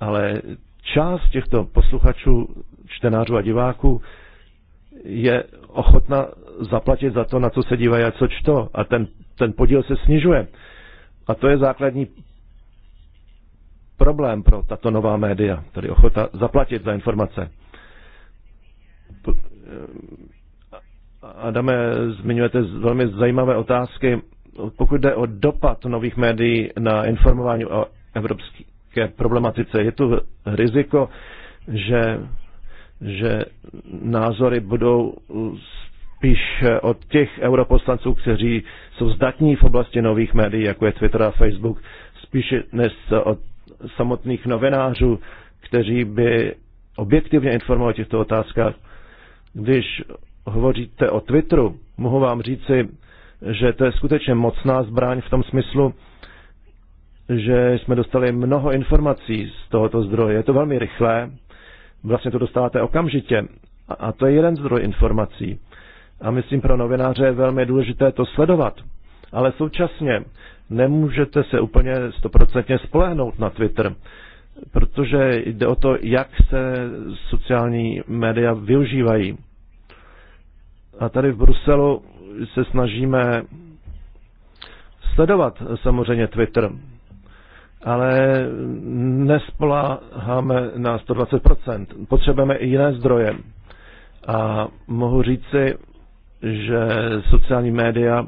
Ale část těchto posluchačů, čtenářů a diváků je ochotna zaplatit za to, na co se dívají a co čto. A ten, ten podíl se snižuje. A to je základní problém pro tato nová média, tedy ochota zaplatit za informace. Eh, Adame, zmiňujete velmi zajímavé otázky. Pokud jde o dopad nových médií na informování o evropské problematice. Je tu riziko, že, že názory budou spíš od těch europoslanců, kteří jsou zdatní v oblasti nových médií, jako je Twitter a Facebook, spíš než od samotných novinářů, kteří by objektivně informovali těchto otázkách. Když hovoříte o Twitteru, mohu vám říci, že to je skutečně mocná zbraň v tom smyslu, že jsme dostali mnoho informací z tohoto zdroje. Je to velmi rychlé, vlastně to dostáváte okamžitě a to je jeden zdroj informací. A myslím, pro novináře je velmi důležité to sledovat. Ale současně nemůžete se úplně stoprocentně spolehnout na Twitter, protože jde o to, jak se sociální média využívají. A tady v Bruselu se snažíme sledovat samozřejmě Twitter ale nespoláháme na 120%. Potřebujeme i jiné zdroje. A mohu říci, že sociální média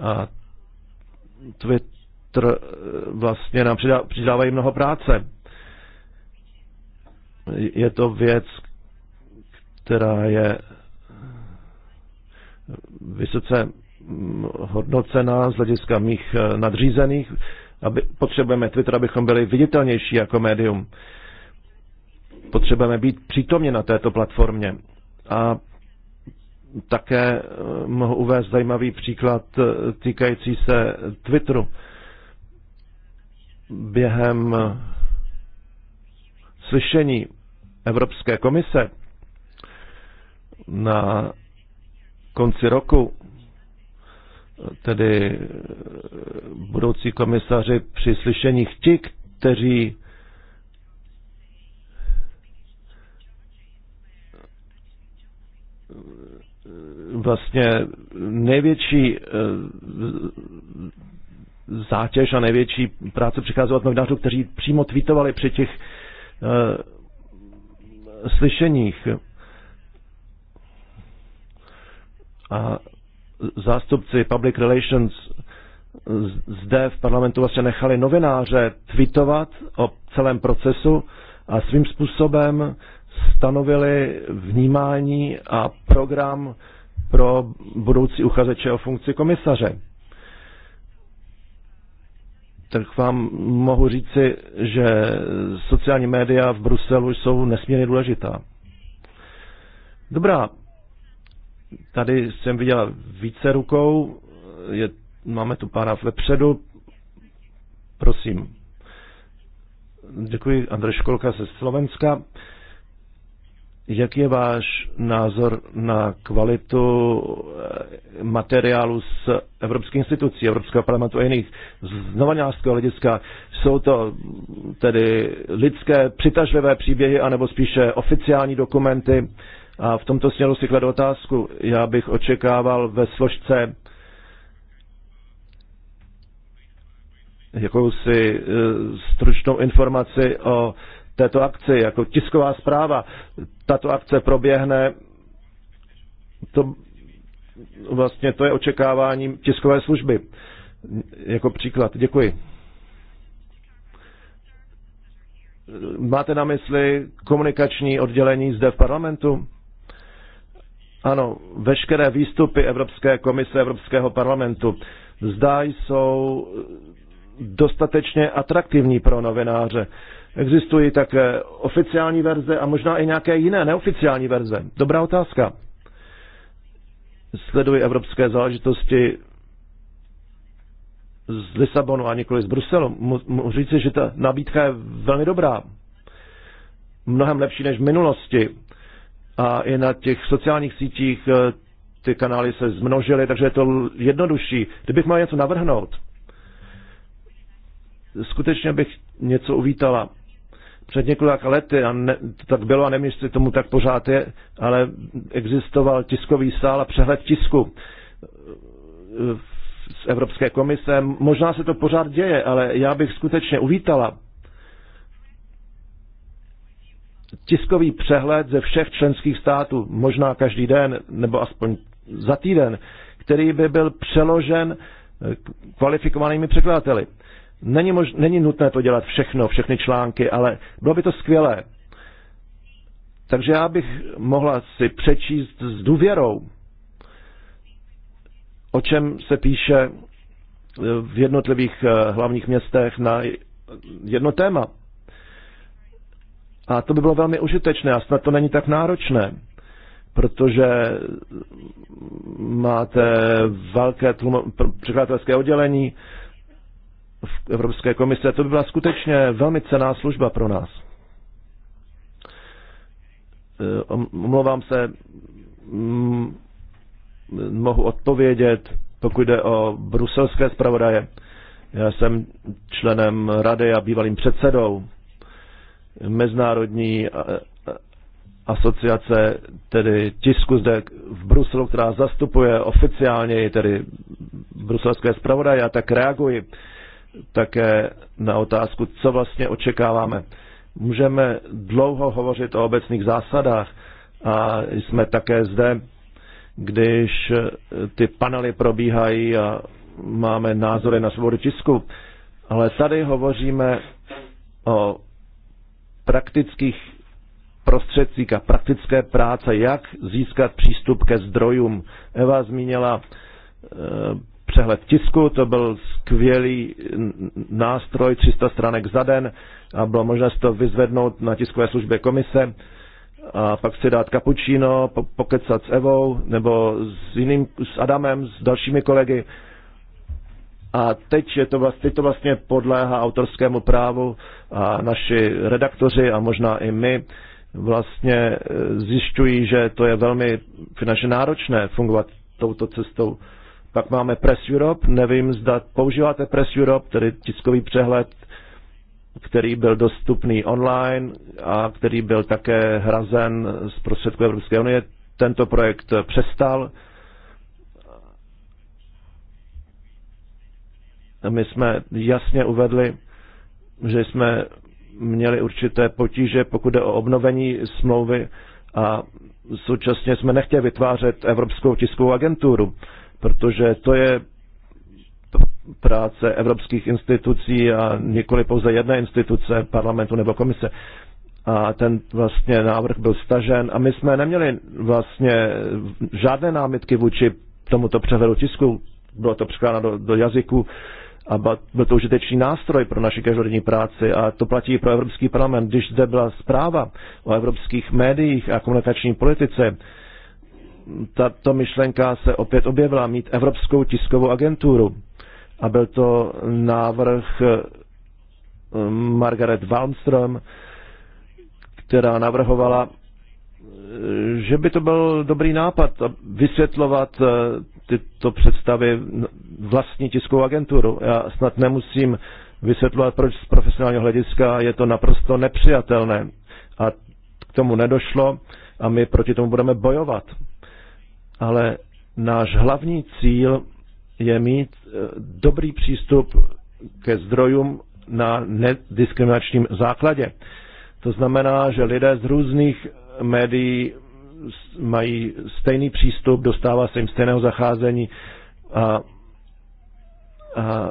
a Twitter vlastně nám přidávají mnoho práce. Je to věc, která je vysoce hodnocená z hlediska mých nadřízených aby, potřebujeme Twitter, abychom byli viditelnější jako médium. Potřebujeme být přítomně na této platformě. A také eh, mohu uvést zajímavý příklad eh, týkající se Twitteru. Během eh, slyšení Evropské komise na konci roku tedy eh, budoucí komisaři při slyšeních ti, kteří eh, vlastně největší eh, zátěž a největší práce přicházela od novinářů, kteří přímo tweetovali při těch slyšeních. A zástupci public relations zde v parlamentu vlastně nechali novináře tweetovat o celém procesu a svým způsobem stanovili vnímání a program pro budoucí uchazeče o funkci komisaře. Tak vám mohu říci, že sociální média v Bruselu jsou nesmírně důležitá. Dobrá, Tady jsem viděl více rukou, je, máme tu pána vepředu, prosím. Děkuji, Andrej Školka ze Slovenska. Jak je váš názor na kvalitu eh, materiálu z evropských institucí, Evropského parlamentu a jiných z novinářského hlediska? Jsou to tedy lidské přitažlivé příběhy anebo spíše oficiální dokumenty? A v tomto směru si kladu otázku. Já bych očekával ve složce jakousi e, stručnou informaci o této akci, jako tisková zpráva. Tato akce proběhne, to vlastně to je očekáváním tiskové služby. Jako příklad. Děkuji. Máte na mysli komunikační oddělení zde v parlamentu? Ano, veškeré výstupy Evropské komise, Evropského parlamentu zdá jsou dostatečně atraktivní pro novináře. Existují také oficiální verze a možná i nějaké jiné neoficiální verze. Dobrá otázka. Sleduji evropské záležitosti z Lisabonu a nikoli z Bruselu. Můžu říct, že ta nabídka je velmi dobrá. Mnohem lepší než v minulosti a i na těch sociálních sítích eh, ty kanály se zmnožily, takže je to jednodušší. Kdybych měl něco navrhnout, skutečně bych něco uvítala. Před několika lety, a ne, tak bylo a nevím, jestli tomu tak pořád je, ale existoval tiskový sál a přehled tisku eh, z Evropské komise. Možná se to pořád děje, ale já bych skutečně uvítala, tiskový přehled ze všech členských států, možná každý den, nebo aspoň za týden, který by byl přeložen eh, kvalifikovanými překladateli. Není, mož, není nutné to dělat všechno, všechny články, ale bylo by to skvělé. Takže já bych mohla si přečíst s důvěrou, o čem se píše eh, v jednotlivých eh, hlavních městech na jedno téma. A to by bylo velmi užitečné a snad to není tak náročné, protože máte velké překladatelské oddělení v Evropské komise. To by byla skutečně velmi cená služba pro nás. E, omlouvám se, mohu odpovědět, pokud jde o bruselské zpravodaje. Já jsem členem rady a bývalým předsedou mezinárodní eh, eh, asociace tedy tisku zde v Bruselu, která zastupuje oficiálně tedy bruselské zpravodaje a tak reaguji také na otázku, co vlastně očekáváme. Můžeme dlouho hovořit o obecných zásadách a jsme také zde, když eh, ty panely probíhají a máme názory na svobodu tisku, ale tady hovoříme o praktických prostředcích a praktické práce, jak získat přístup ke zdrojům. Eva zmínila e, přehled tisku, to byl skvělý nástroj, 300 stranek za den a bylo možné to vyzvednout na tiskové službě komise a pak si dát kapučíno, pokecat s Evou nebo s jiným, s Adamem, s dalšími kolegy a teď, je to, vlastně, teď to vlastně podléhá autorskému právu a naši redaktoři a možná i my vlastně e, zjišťují, že to je velmi finančně náročné fungovat touto cestou. Pak máme Press Europe, nevím, zda používáte Press Europe, tedy tiskový přehled, který byl dostupný online a který byl také hrazen z prostředku Evropské unie. Tento projekt přestal My jsme jasně uvedli, že jsme měli určité potíže, pokud jde o obnovení smlouvy a současně jsme nechtěli vytvářet Evropskou tiskovou agenturu, protože to je práce evropských institucí a nikoli pouze jedné instituce, parlamentu nebo komise. A ten vlastně návrh byl stažen a my jsme neměli vlastně žádné námitky vůči tomuto převedu tisku, bylo to překládáno do, do jazyku a byl to užitečný nástroj pro naši každodenní práci a to platí i pro Evropský parlament. Když zde byla zpráva o evropských médiích a komunikační politice, tato myšlenka se opět objevila mít Evropskou tiskovou agenturu. A byl to návrh eh, Margaret Malmström, která navrhovala, eh, že by to byl dobrý nápad vysvětlovat eh, tyto představy vlastní tiskovou agenturu. Já snad nemusím vysvětlovat, proč z profesionálního hlediska je to naprosto nepřijatelné. A k tomu nedošlo a my proti tomu budeme bojovat. Ale náš hlavní cíl je mít e, dobrý přístup ke zdrojům na nediskriminačním základě. To znamená, že lidé z různých médií mají stejný přístup, dostává se jim stejného zacházení a, a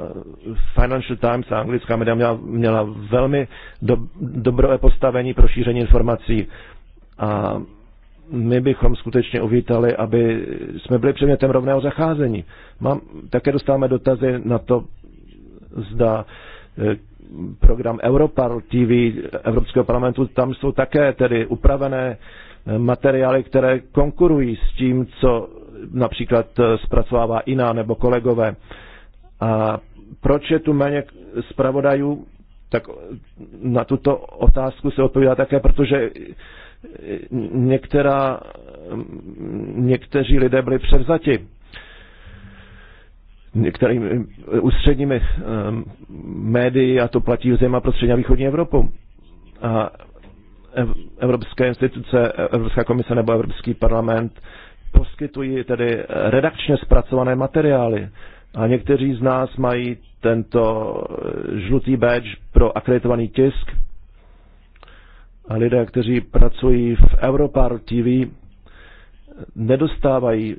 Financial Times, a anglická média, měla, měla velmi do, dobré postavení pro šíření informací a my bychom skutečně uvítali, aby jsme byli předmětem rovného zacházení. Mám, také dostáváme dotazy na to, zda eh, program Europarl TV Evropského parlamentu, tam jsou také tedy upravené materiály, které konkurují s tím, co například eh, zpracovává INA nebo kolegové. A proč je tu méně zpravodajů? Tak eh, na tuto otázku se odpovídá také, protože eh, některá, mm, někteří lidé byli převzati některými ústředními médii a to platí zejména pro střední a východní Evropu. A evropské instituce, Evropská komise nebo Evropský parlament poskytují tedy redakčně zpracované materiály. A někteří z nás mají tento žlutý badge pro akreditovaný tisk. A lidé, kteří pracují v Europar TV, nedostávají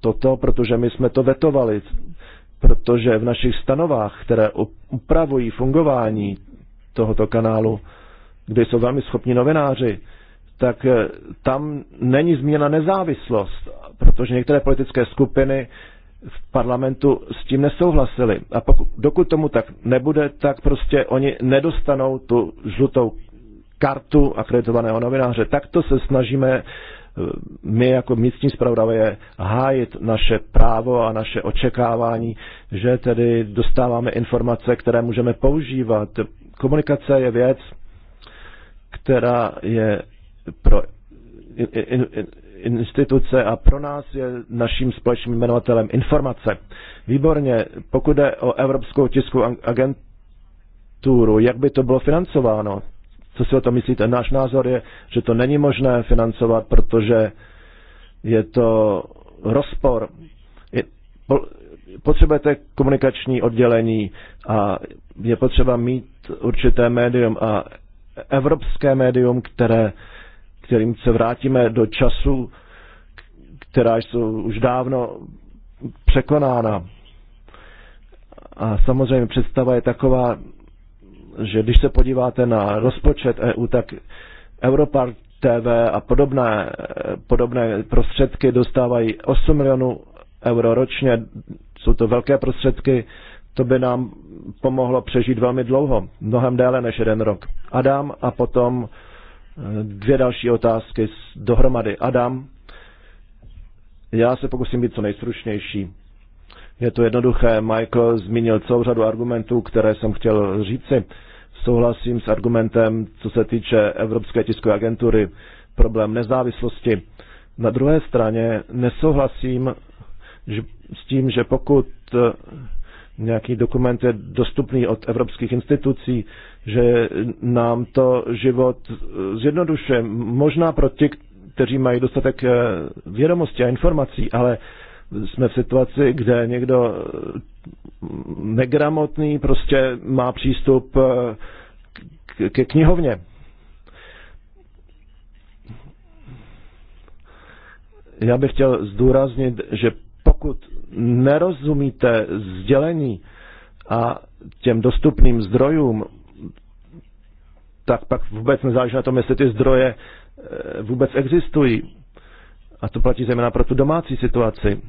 toto, protože my jsme to vetovali, protože v našich stanovách, které upravují fungování tohoto kanálu, kde jsou velmi schopní novináři, tak eh, tam není změna nezávislost, protože některé politické skupiny v parlamentu s tím nesouhlasili. A pokud, dokud tomu tak nebude, tak prostě oni nedostanou tu žlutou kartu akreditovaného novináře. Takto se snažíme eh, my jako místní zpravodaje hájit naše právo a naše očekávání, že tedy dostáváme informace, které můžeme používat. Komunikace je věc, která je pro in, in, instituce a pro nás je naším společným jmenovatelem informace. Výborně, pokud jde o Evropskou tiskovou agenturu, jak by to bylo financováno? Co si o to myslíte? Náš názor je, že to není možné financovat, protože je to rozpor. potřebujete komunikační oddělení a je potřeba mít určité médium a evropské médium, které, kterým se vrátíme do času, která jsou už dávno překonána. A samozřejmě představa je taková, že když se podíváte na rozpočet EU, tak Europar TV a podobné, podobné prostředky dostávají 8 milionů euro ročně. Jsou to velké prostředky, to by nám pomohlo přežít velmi dlouho, mnohem déle než jeden rok. Adam a potom eh, dvě další otázky dohromady. Adam, já se pokusím být co nejstručnější. Je to jednoduché. Michael zmínil celou řadu argumentů, které jsem chtěl říci. Souhlasím s argumentem, co se týče Evropské tiskové agentury, problém nezávislosti. Na druhé straně nesouhlasím s tím, že pokud eh, nějaký dokument je dostupný od evropských institucí, že nám to život zjednodušuje. Možná pro ty, kteří mají dostatek eh, vědomostí a informací, ale jsme v situaci, kde někdo mm, negramotný prostě má přístup eh, ke knihovně. Já bych chtěl zdůraznit, že pokud nerozumíte sdělení a těm dostupným zdrojům, tak pak vůbec nezáleží na tom, jestli ty zdroje eh, vůbec existují. A to platí zejména pro tu domácí situaci.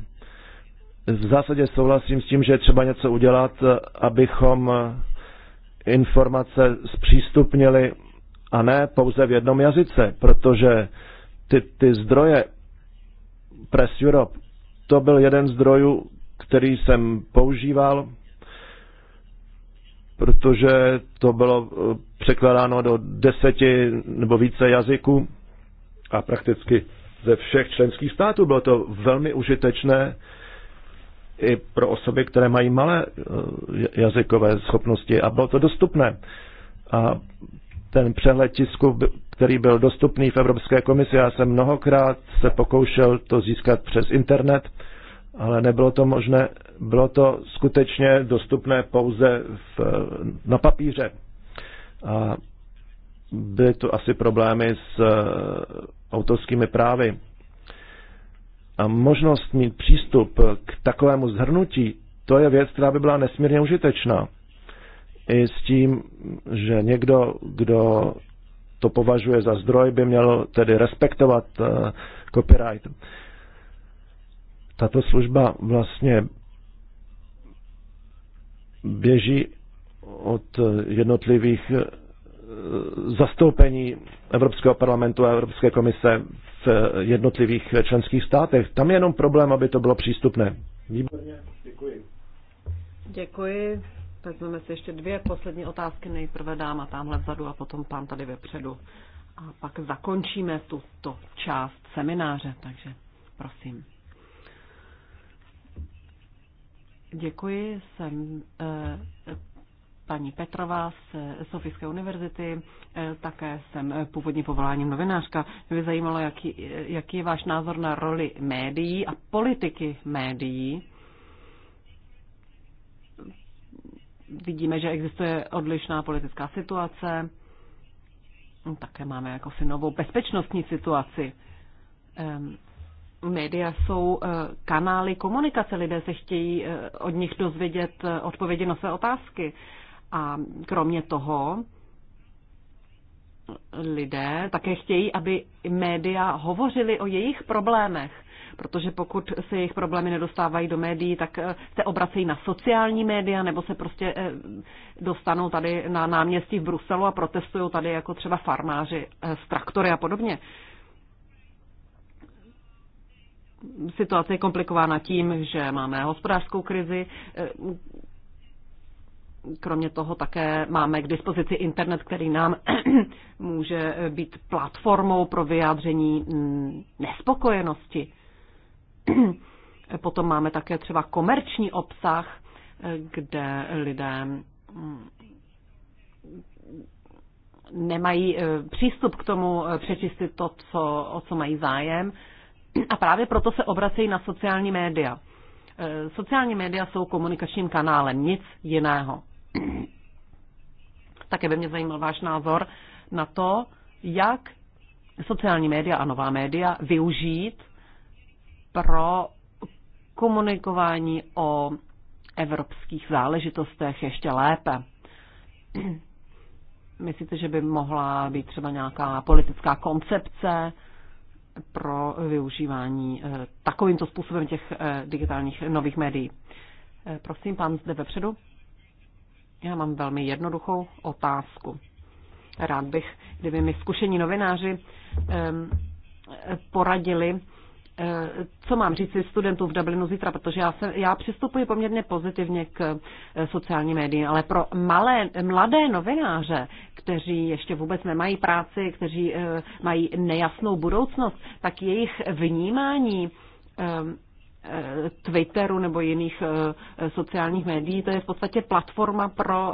V zásadě souhlasím s tím, že je třeba něco udělat, abychom eh, informace zpřístupnili a ne pouze v jednom jazyce, protože ty, ty zdroje Press Europe to byl jeden zdrojů, který jsem používal, protože to bylo eh, překládáno do deseti nebo více jazyků a prakticky ze všech členských států. Bylo to velmi užitečné i pro osoby, které mají malé eh, jazykové schopnosti a bylo to dostupné. A ten přehled tisku který byl dostupný v Evropské komisi. Já jsem mnohokrát se pokoušel to získat přes internet, ale nebylo to možné. Bylo to skutečně dostupné pouze v, na papíře. A byly tu asi problémy s eh, autorskými právy. A možnost mít přístup k takovému zhrnutí, to je věc, která by byla nesmírně užitečná. I s tím, že někdo, kdo to považuje za zdroj, by mělo tedy respektovat eh, copyright. Tato služba vlastně běží od jednotlivých eh, zastoupení Evropského parlamentu a Evropské komise v jednotlivých členských státech. Tam je jenom problém, aby to bylo přístupné. Výborně, děkuji. Děkuji Vezmeme si ještě dvě poslední otázky. Nejprve dáma tamhle vzadu a potom pán tady vepředu. A pak zakončíme tuto část semináře, takže prosím. Děkuji, jsem eh, paní Petrová z Sofijské univerzity, eh, také jsem původně povoláním novinářka. Mě by zajímalo, jaký, eh, jaký je váš názor na roli médií a politiky médií vidíme, že existuje odlišná politická situace. Také máme jakousi novou bezpečnostní situaci. Média jsou eh, kanály komunikace. Lidé se chtějí eh, od nich dozvědět eh, odpovědi na své otázky. A kromě toho lidé také chtějí, aby média hovořili o jejich problémech protože pokud se jejich problémy nedostávají do médií, tak eh, se obracejí na sociální média nebo se prostě eh, dostanou tady na náměstí v Bruselu a protestují tady jako třeba farmáři eh, z traktory a podobně. Situace je komplikována tím, že máme hospodářskou krizi, kromě toho také máme k dispozici internet, který nám může být platformou pro vyjádření mm, nespokojenosti. Potom máme také třeba komerční obsah, kde lidé mm, nemají eh, přístup k tomu eh, přečistit to, co, o co mají zájem. A právě proto se obracejí na sociální média. Eh, sociální média jsou komunikačním kanálem, nic jiného. Také by mě zajímal váš názor na to, jak sociální média a nová média využít pro komunikování o evropských záležitostech ještě lépe. Myslíte, že by mohla být třeba nějaká politická koncepce pro využívání eh, takovýmto způsobem těch eh, digitálních nových médií? Eh, prosím, pán zde vepředu. Já mám velmi jednoduchou otázku. Rád bych, kdyby mi zkušení novináři ehm, poradili, Eh, co mám říct studentům v Dublinu zítra, protože já, se, já přistupuji poměrně pozitivně k eh, sociálním médiím, ale pro malé, mladé novináře, kteří ještě vůbec nemají práci, kteří eh, mají nejasnou budoucnost, tak jejich vnímání Twitteru nebo jiných sociálních médií, to je v podstatě platforma pro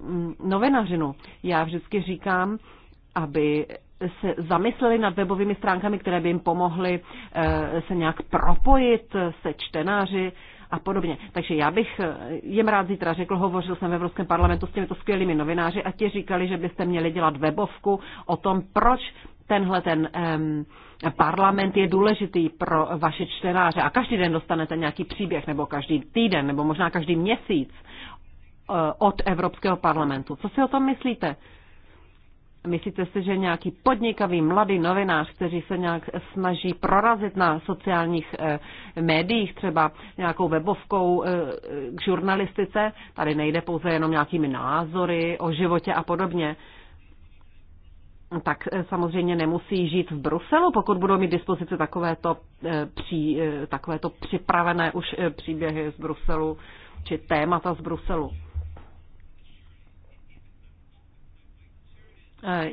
mm, novinařinu. Já vždycky říkám, aby se zamysleli nad webovými stránkami, které by jim pomohly eh, se nějak propojit se čtenáři a podobně. Takže já bych eh, jim rád zítra řekl, hovořil jsem v Evropském parlamentu s těmito skvělými novináři a ti říkali, že byste měli dělat webovku o tom, proč tenhle ten um, parlament je důležitý pro vaše čtenáře a každý den dostanete nějaký příběh, nebo každý týden, nebo možná každý měsíc uh, od Evropského parlamentu. Co si o tom myslíte? Myslíte si, že nějaký podnikavý mladý novinář, kteří se nějak snaží prorazit na sociálních eh, médiích, třeba nějakou webovkou eh, k žurnalistice, tady nejde pouze jenom nějakými názory o životě a podobně, tak eh, samozřejmě nemusí žít v Bruselu, pokud budou mít dispozici takovéto, e, takovéto připravené už příběhy z Bruselu či témata z Bruselu. E,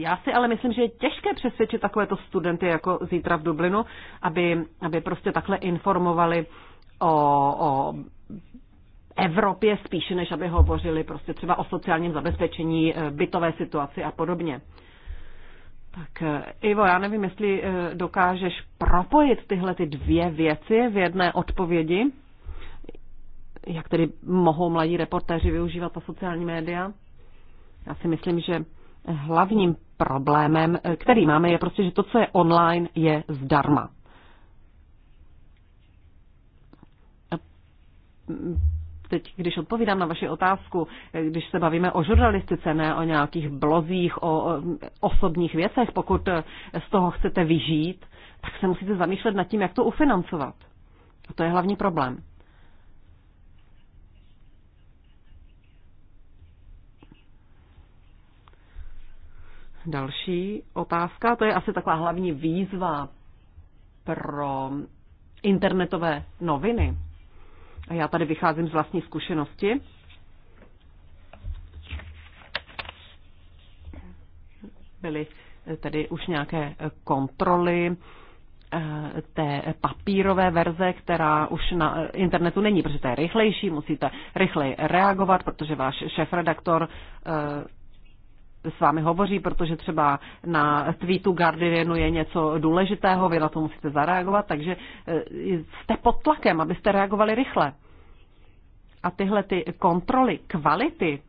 já si ale myslím, že je těžké přesvědčit takovéto studenty jako zítra v Dublinu, aby, aby prostě takhle informovali o, o Evropě spíše, než aby hovořili prostě třeba o sociálním zabezpečení, e, bytové situaci a podobně. Tak e, Ivo, já nevím, jestli dokážeš propojit tyhle ty dvě věci v jedné odpovědi, jak tedy mohou mladí reportéři využívat ta sociální média. Já si myslím, že hlavním problémem, eh, který máme, je prostě, že to, co je online, je zdarma. Eh, teď, když odpovídám na vaši otázku, eh, když se bavíme o žurnalistice, ne o nějakých blozích, o osobních věcech, pokud z toho chcete vyžít, tak se musíte zamýšlet nad tím, jak to ufinancovat. A to je hlavní problém. Další otázka, to je asi taková hlavní výzva pro internetové noviny. A já tady vycházím z vlastní zkušenosti. Byly tedy už nějaké kontroly eh, té papírové verze, která už na internetu není, protože to je rychlejší, musíte rychleji reagovat, protože váš šéf-redaktor eh, s vámi hovoří, protože třeba na tweetu Guardianu je něco důležitého, vy na to musíte zareagovat, takže eh, jste pod tlakem, abyste reagovali rychle. A tyhle ty kontroly kvality,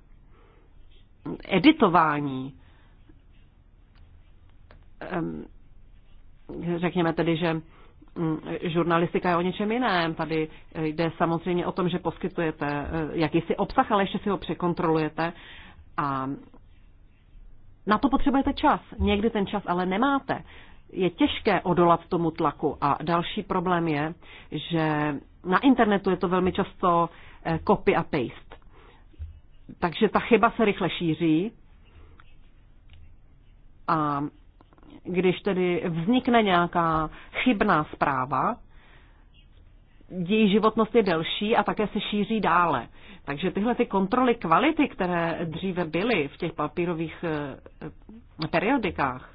editování, ehm, řekněme tedy, že mm, žurnalistika je o něčem jiném. Tady jde samozřejmě o tom, že poskytujete eh, jakýsi obsah, ale ještě si ho překontrolujete a na to potřebujete čas. Někdy ten čas ale nemáte. Je těžké odolat tomu tlaku. A další problém je, že na internetu je to velmi často eh, copy a paste. Takže ta chyba se rychle šíří a když tedy vznikne nějaká chybná zpráva, její životnost je delší a také se šíří dále. Takže tyhle ty kontroly kvality, které dříve byly v těch papírových eh, periodikách,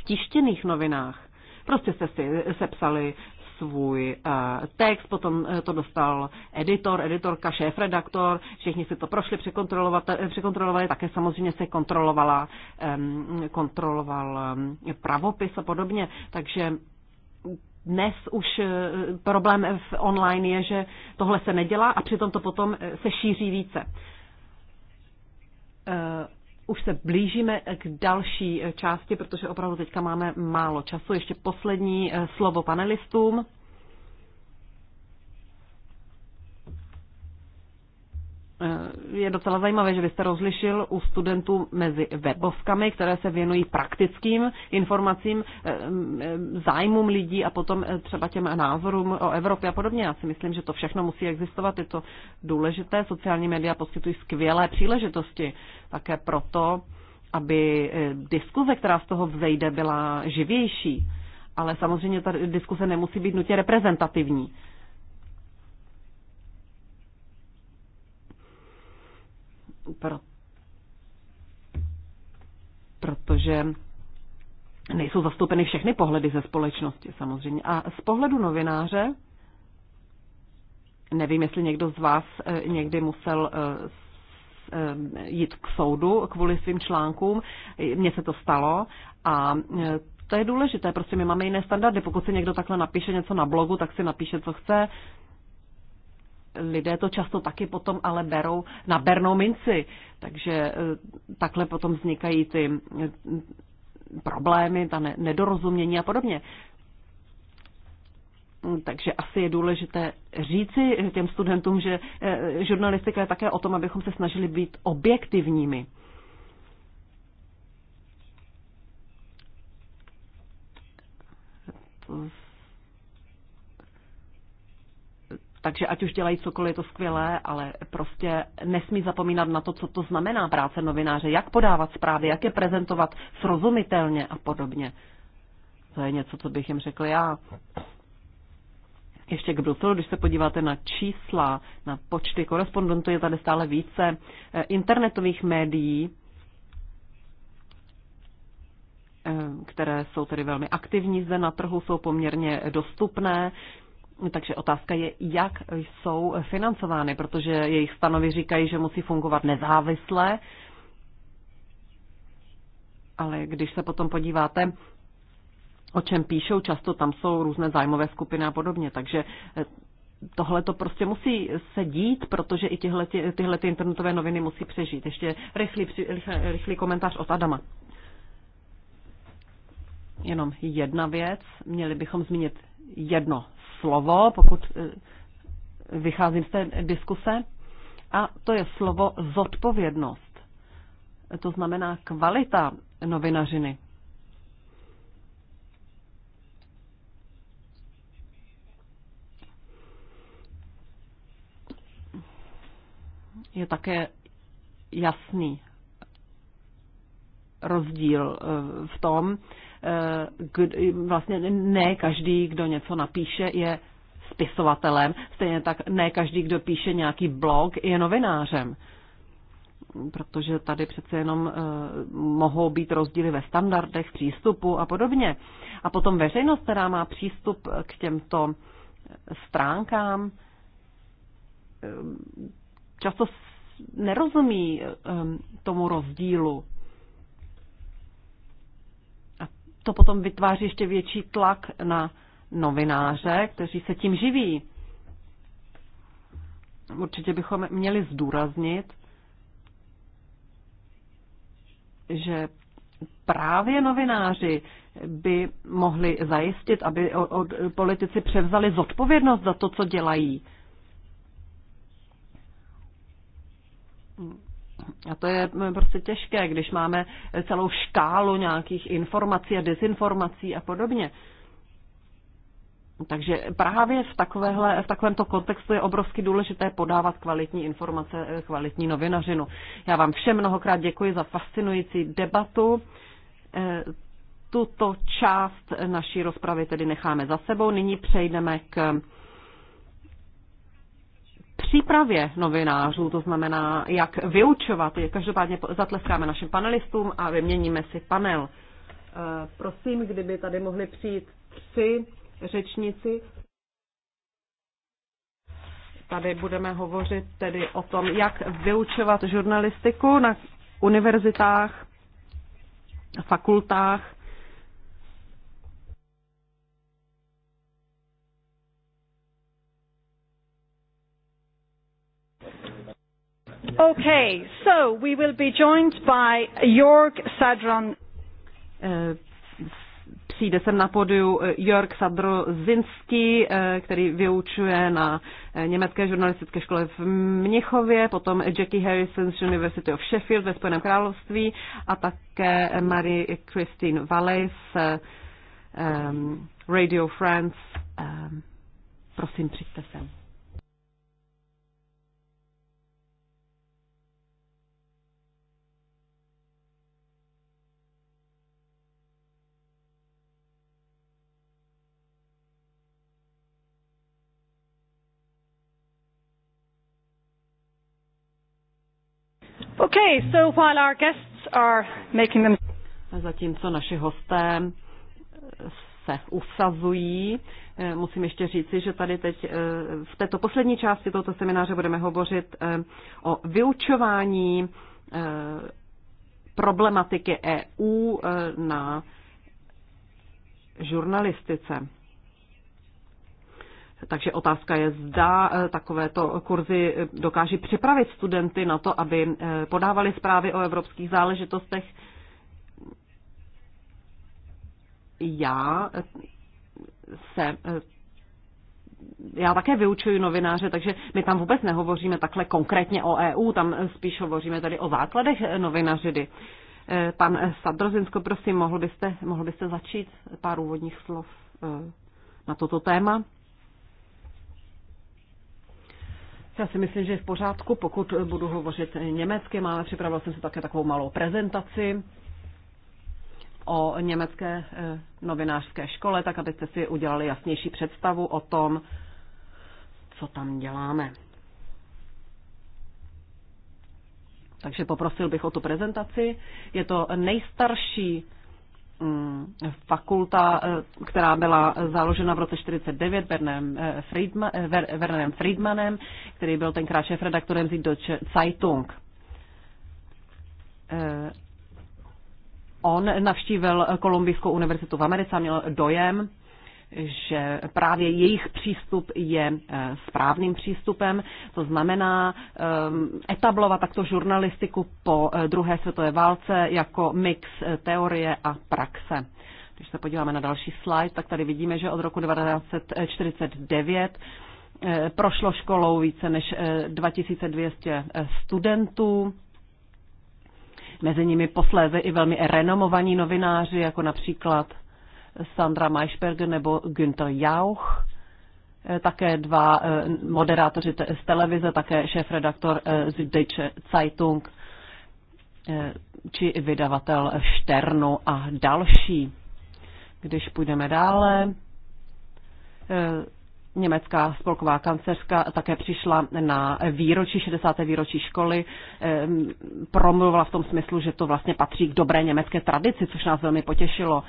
v tištěných novinách, prostě se si sepsali svůj eh, text, potom eh, to dostal editor, editorka, šéf-redaktor, všichni si to prošli, překontrolovali, také samozřejmě se kontrolovala, kontroloval pravopis a podobně, takže dnes už eh, problém v online je, že tohle se nedělá a přitom to potom eh, se šíří více. Eh, už se blížíme k další části, protože opravdu teďka máme málo času. Ještě poslední slovo panelistům. Eh, je docela zajímavé, že vy jste rozlišil u studentů mezi webovkami, které se věnují praktickým informacím, eh, eh, zájmům lidí a potom třeba těm názorům o Evropě a podobně. Já si myslím, že to všechno musí existovat, je to důležité. Sociální média poskytují skvělé příležitosti také proto, aby diskuze, která z toho vzejde, byla živější. Ale samozřejmě ta diskuse nemusí být nutně reprezentativní pro, protože nejsou zastoupeny všechny pohledy ze společnosti samozřejmě. A z pohledu novináře, nevím, jestli někdo z vás eh, někdy musel eh, eh, jít k soudu kvůli svým článkům. Mně se to stalo a to je důležité, prostě my máme jiné standardy. Pokud si někdo takhle napíše něco na blogu, tak si napíše, co chce lidé to často taky potom ale berou na bernou minci. Takže e, takhle potom vznikají ty e, problémy, ta nedorozumění a podobně. Takže asi je důležité říci těm studentům, že e, žurnalistika je také o tom, abychom se snažili být objektivními. To Takže ať už dělají cokoliv, je to skvělé, ale prostě nesmí zapomínat na to, co to znamená práce novináře, jak podávat zprávy, jak je prezentovat srozumitelně a podobně. To je něco, co bych jim řekl já. Ještě k Bruselu, když se podíváte na čísla, na počty korespondentů, je tady stále více eh, internetových médií, eh, které jsou tedy velmi aktivní zde na trhu, jsou poměrně dostupné, takže otázka je, jak jsou financovány, protože jejich stanovy říkají, že musí fungovat nezávisle, ale když se potom podíváte, o čem píšou, často tam jsou různé zájmové skupiny a podobně, takže eh, tohle to prostě musí se dít, protože i tyhle, tyhle ty internetové noviny musí přežít. Ještě rychlý, rychlý komentář od Adama. Jenom jedna věc, měli bychom zmínit jedno slovo, pokud eh, vycházím z té diskuse, a to je slovo zodpovědnost. To znamená kvalita novinařiny. Je také jasný rozdíl eh, v tom, vlastně ne každý, kdo něco napíše, je spisovatelem, stejně tak ne každý, kdo píše nějaký blog, je novinářem. Protože tady přece jenom eh, mohou být rozdíly ve standardech, přístupu a podobně. A potom veřejnost, která má přístup k těmto stránkám, eh, často nerozumí eh, tomu rozdílu. to potom vytváří ještě větší tlak na novináře, kteří se tím živí. Určitě bychom měli zdůraznit, že právě novináři by mohli zajistit, aby politici převzali zodpovědnost za to, co dělají. A to je eh, prostě těžké, když máme celou škálu nějakých informací a dezinformací a podobně. Takže právě v, takovéhle, v takovémto kontextu je obrovsky důležité podávat kvalitní informace, eh, kvalitní novinařinu. Já vám všem mnohokrát děkuji za fascinující debatu. Eh, tuto část naší rozpravy tedy necháme za sebou. Nyní přejdeme k přípravě novinářů, to znamená, jak vyučovat. Každopádně zatleskáme našim panelistům a vyměníme si panel. Eh, prosím, kdyby tady mohli přijít tři řečníci. Tady budeme hovořit tedy o tom, jak vyučovat žurnalistiku na univerzitách, fakultách Okay, so we will be joined by Jörg Sadron. Eh, přijde sem na podiu eh, Jörg Sadrozinský, eh, který vyučuje na německé žurnalistické škole v Mnichově, potom Jackie Harrison z University of Sheffield ve Spojeném království a také Marie Christine Valley z Radio France. prosím, přijďte sem. Okay, so while our guests are making them... Zatímco naši hosté se usazují, eh, musím ještě říci, že tady teď eh, v této poslední části tohoto semináře budeme hovořit eh, o vyučování problematiky EU na žurnalistice. Takže otázka je, zda eh, takovéto kurzy eh, dokáží připravit studenty na to, aby eh, podávali zprávy o evropských záležitostech. Já se já také vyučuju novináře, takže my tam vůbec nehovoříme takhle konkrétně o EU, tam spíš hovoříme tady o základech novinařidy. Pan Sadrozinsko, prosím, mohl byste, mohl byste začít pár úvodních slov na toto téma? Já si myslím, že je v pořádku, pokud budu hovořit německy. Máme, připravil jsem si také takovou malou prezentaci o německé eh, novinářské škole, tak abyste si udělali jasnější představu o tom, co tam děláme. Takže poprosil bych o tu prezentaci. Je to nejstarší Mm, fakulta, eh, která byla založena v roce 49 Bernem eh, Friedman, Wernerem eh, Friedmanem, který byl tenkrát šéf-redaktorem Süddeutsche Zeitung. On navštívil Kolumbijskou univerzitu v Americe a měl dojem, že právě jejich přístup je eh, správným přístupem, to znamená eh, etablovat takto žurnalistiku po eh, druhé světové válce jako mix teorie a praxe. Když se podíváme na další slide, tak tady vidíme, že od roku 1949 prošlo školou více než 2200 studentů. Mezi nimi posléze i velmi renomovaní novináři, jako například Sandra Maischberger nebo Günther Jauch, eh, také dva eh, moderátoři z televize, také šéf-redaktor Süddeutsche eh, Zeitung či vydavatel Šternu a další. Když půjdeme dále, německá spolková kanceřka také přišla na výročí, 60. výročí školy, promluvila v tom smyslu, že to vlastně patří k dobré německé tradici, což nás velmi potěšilo.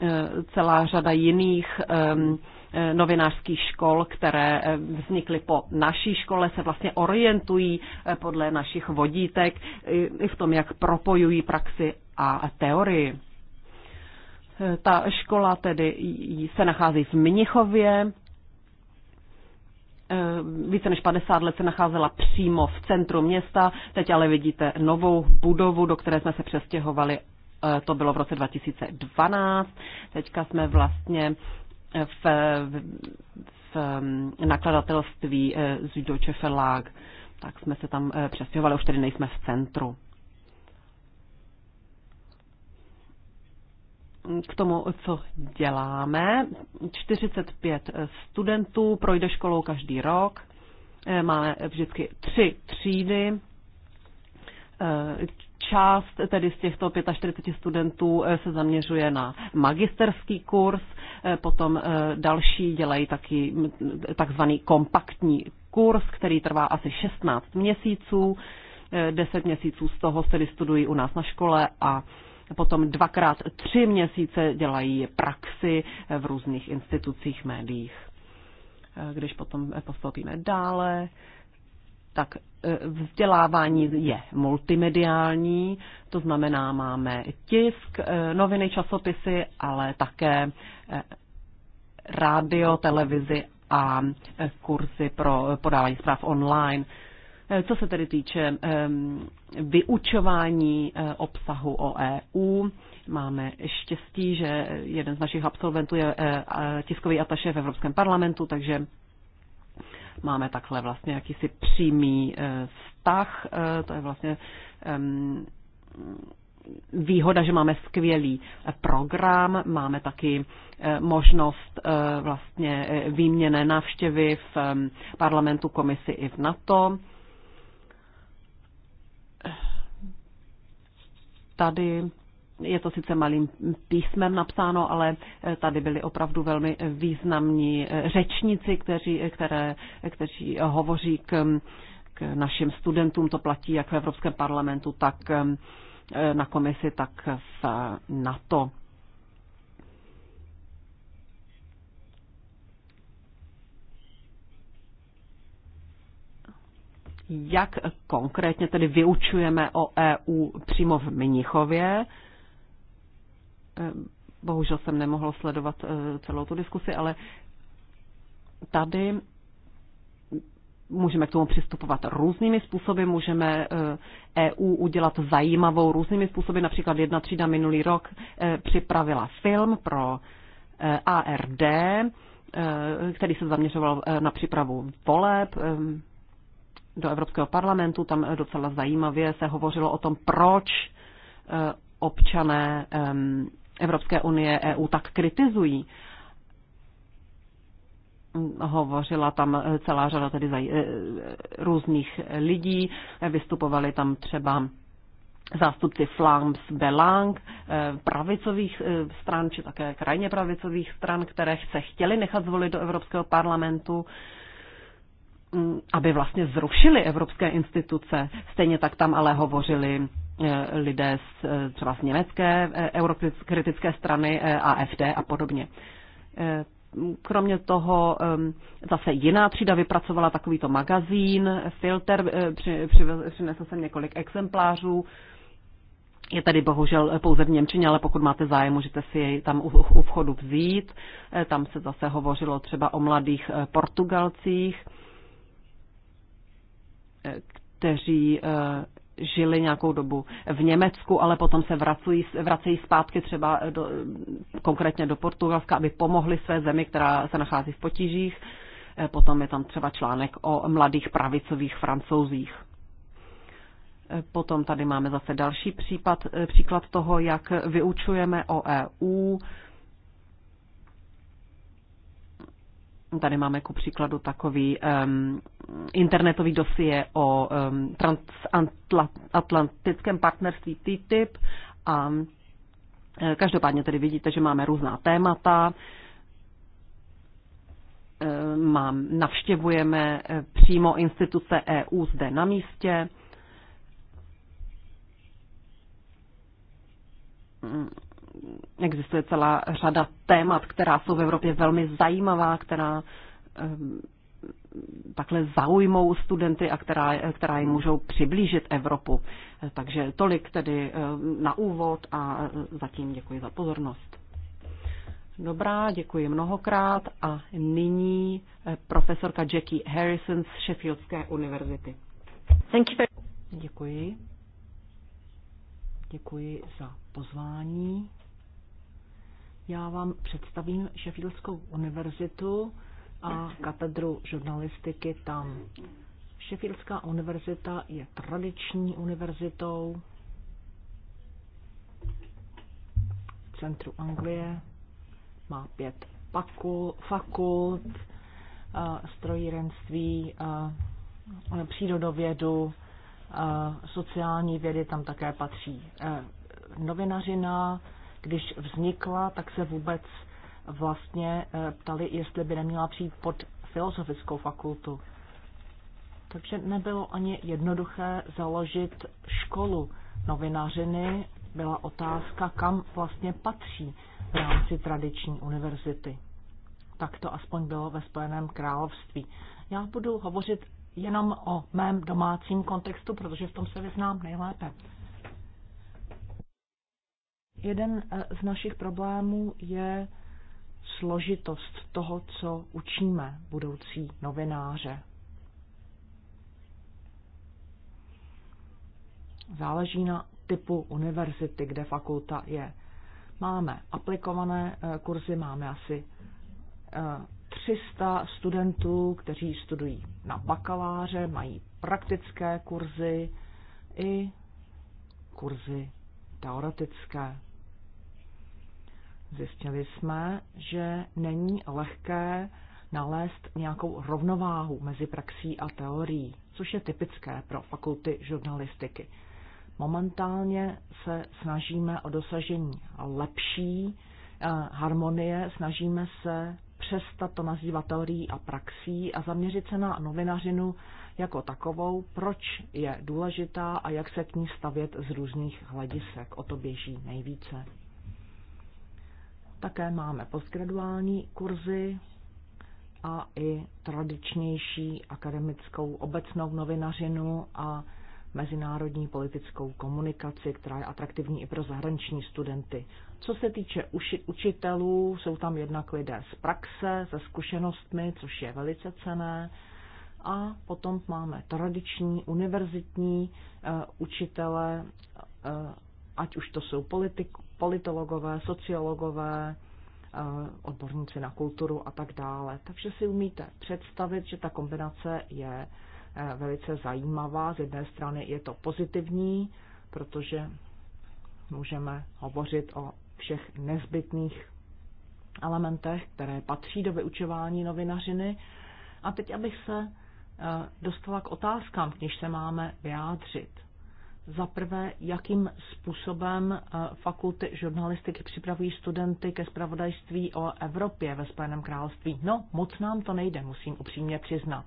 Eh, celá řada jiných eh, novinářských škol, které eh, vznikly po naší škole, se vlastně orientují podle našich vodítek i v tom, jak propojují praxi a teorii. Ta škola tedy se nachází v Mnichově, více než 50 let se nacházela přímo v centru města, teď ale vidíte novou budovu, do které jsme se přestěhovali Eh, to bylo v roce 2012, teďka jsme vlastně eh, v, v mm, nakladatelství Süddeutsche eh, Verlag, tak jsme se tam přestěhovali, už tedy nejsme v centru. K tomu, co děláme, 45 studentů projde školou každý rok, máme vždycky tři třídy, Část tedy z těchto 45 studentů eh, se zaměřuje na magisterský kurz, eh, potom eh, další dělají taky takzvaný kompaktní kurz, který trvá asi 16 měsíců. 10 měsíců z toho tedy studují u nás na škole a potom dvakrát tři měsíce dělají praxi v různých institucích, médiích. Když potom postoupíme dále, tak e, vzdělávání je multimediální, to znamená, máme tisk, e, noviny, časopisy, ale také e, rádio, televizi a kurzy pro podávání zpráv online. Co se tedy týče vyučování obsahu o EU, máme štěstí, že jeden z našich absolventů je tiskový ataše v Evropském parlamentu, takže máme takhle vlastně jakýsi přímý eh, vztah, eh, to je vlastně výhoda, že máme skvělý eh, program, máme taky možnost vlastně výměné návštěvy v parlamentu, komisi i v NATO. Tady je to sice malým písmem napsáno, ale eh, tady byli opravdu velmi významní eh, řečníci, kteří, eh, které, kteří hovoří k, k našim studentům. To platí jak v Evropském parlamentu, tak na komisi, tak v NATO. jak konkrétně tedy vyučujeme o EU přímo v Mnichově. Eh, bohužel jsem nemohl sledovat eh, celou tu diskusi, ale tady můžeme k tomu přistupovat různými způsoby, můžeme EU eh, e udělat zajímavou různými způsoby. Například jedna třída minulý rok připravila film pro ARD, který se zaměřoval na přípravu voleb do Evropského parlamentu. Tam docela zajímavě se hovořilo o tom, proč občané Evropské unie, EU tak kritizují. Hovořila tam celá řada tedy zaj- e, různých lidí, vystupovali tam třeba zástupci Flams Belang, e, pravicových e, stran, či také krajně pravicových stran, které se chtěli nechat zvolit do Evropského parlamentu mm, aby vlastně zrušili evropské instituce. Stejně tak tam ale hovořili Eh, lidé z, eh, třeba z německé eh, eurokritické strany AFD a podobně. Kromě toho zase jiná třída vypracovala takovýto magazín, filter, přinesl jsem několik exemplářů, je tady bohužel pouze v Němčině, ale pokud máte zájem, můžete si jej tam u vchodu vzít. Tam se zase hovořilo třeba o mladých Portugalcích, kteří žili nějakou dobu v Německu, ale potom se vracují, vracejí zpátky třeba do, konkrétně do Portugalska, aby pomohli své zemi, která se nachází v potížích. Eh, potom je tam třeba článek o mladých pravicových francouzích. Eh, potom tady máme zase další případ, eh, příklad toho, jak vyučujeme o EU, Tady máme ku příkladu takový um, internetový dosie o um, transatlantickém partnerství TTIP a každopádně tedy vidíte, že máme různá témata, mám, navštěvujeme eh, přímo instituce EU zde na místě, existuje celá řada témat, která jsou v Evropě velmi zajímavá, která ehm, takhle zaujmou studenty a která, která jim můžou přiblížit Evropu. Takže tolik tedy ehm, na úvod a zatím děkuji za pozornost. Dobrá, děkuji mnohokrát a nyní eh, profesorka Jackie Harrison z Sheffieldské univerzity. Thank you. Děkuji. Děkuji za pozvání. Já vám představím Sheffieldskou univerzitu a katedru žurnalistiky tam. Sheffieldská univerzita je tradiční univerzitou v centru Anglie. Má pět fakult, eh, strojírenství, eh, přírodovědu, eh, sociální vědy tam také patří. Novinařina, když vznikla, tak se vůbec vlastně eh, ptali, jestli by neměla přijít pod filozofickou fakultu. Takže nebylo ani jednoduché založit školu novinařiny. Byla otázka, kam vlastně patří v rámci tradiční univerzity. Tak to aspoň bylo ve Spojeném království. Já budu hovořit jenom o mém domácím kontextu, protože v tom se vyznám nejlépe. Jeden eh, z našich problémů je složitost toho, co učíme budoucí novináře. Záleží na typu univerzity, kde fakulta je. Máme aplikované eh, kurzy, máme asi 300 eh, studentů, kteří studují na bakaláře, mají praktické kurzy i kurzy teoretické. Zjistili jsme, že není lehké nalézt nějakou rovnováhu mezi praxí a teorií, což je typické pro fakulty žurnalistiky. Momentálně se snažíme o dosažení lepší eh, harmonie, snažíme se přestat to nazývat teorií a praxí a zaměřit se na novinařinu jako takovou, proč je důležitá a jak se k ní stavět z různých hledisek. O to běží nejvíce. Také máme postgraduální kurzy a i tradičnější akademickou obecnou novinařinu a mezinárodní politickou komunikaci, která je atraktivní i pro zahraniční studenty. Co se týče uši, učitelů, jsou tam jednak lidé z praxe, se zkušenostmi, což je velice cené. A potom máme tradiční univerzitní uh, učitele, eh, ať už to jsou politik, politologové, sociologové, eh, odborníci na kulturu a tak dále. Takže si umíte představit, že ta kombinace je eh, velice zajímavá. Z jedné strany je to pozitivní, protože můžeme hovořit o všech nezbytných elementech, které patří do vyučování novinařiny. A teď, abych se eh, dostala k otázkám, k níž se máme vyjádřit. Za prvé, jakým způsobem eh, fakulty žurnalistiky připravují studenty ke zpravodajství o Evropě ve Spojeném království? No, moc nám to nejde, musím upřímně přiznat.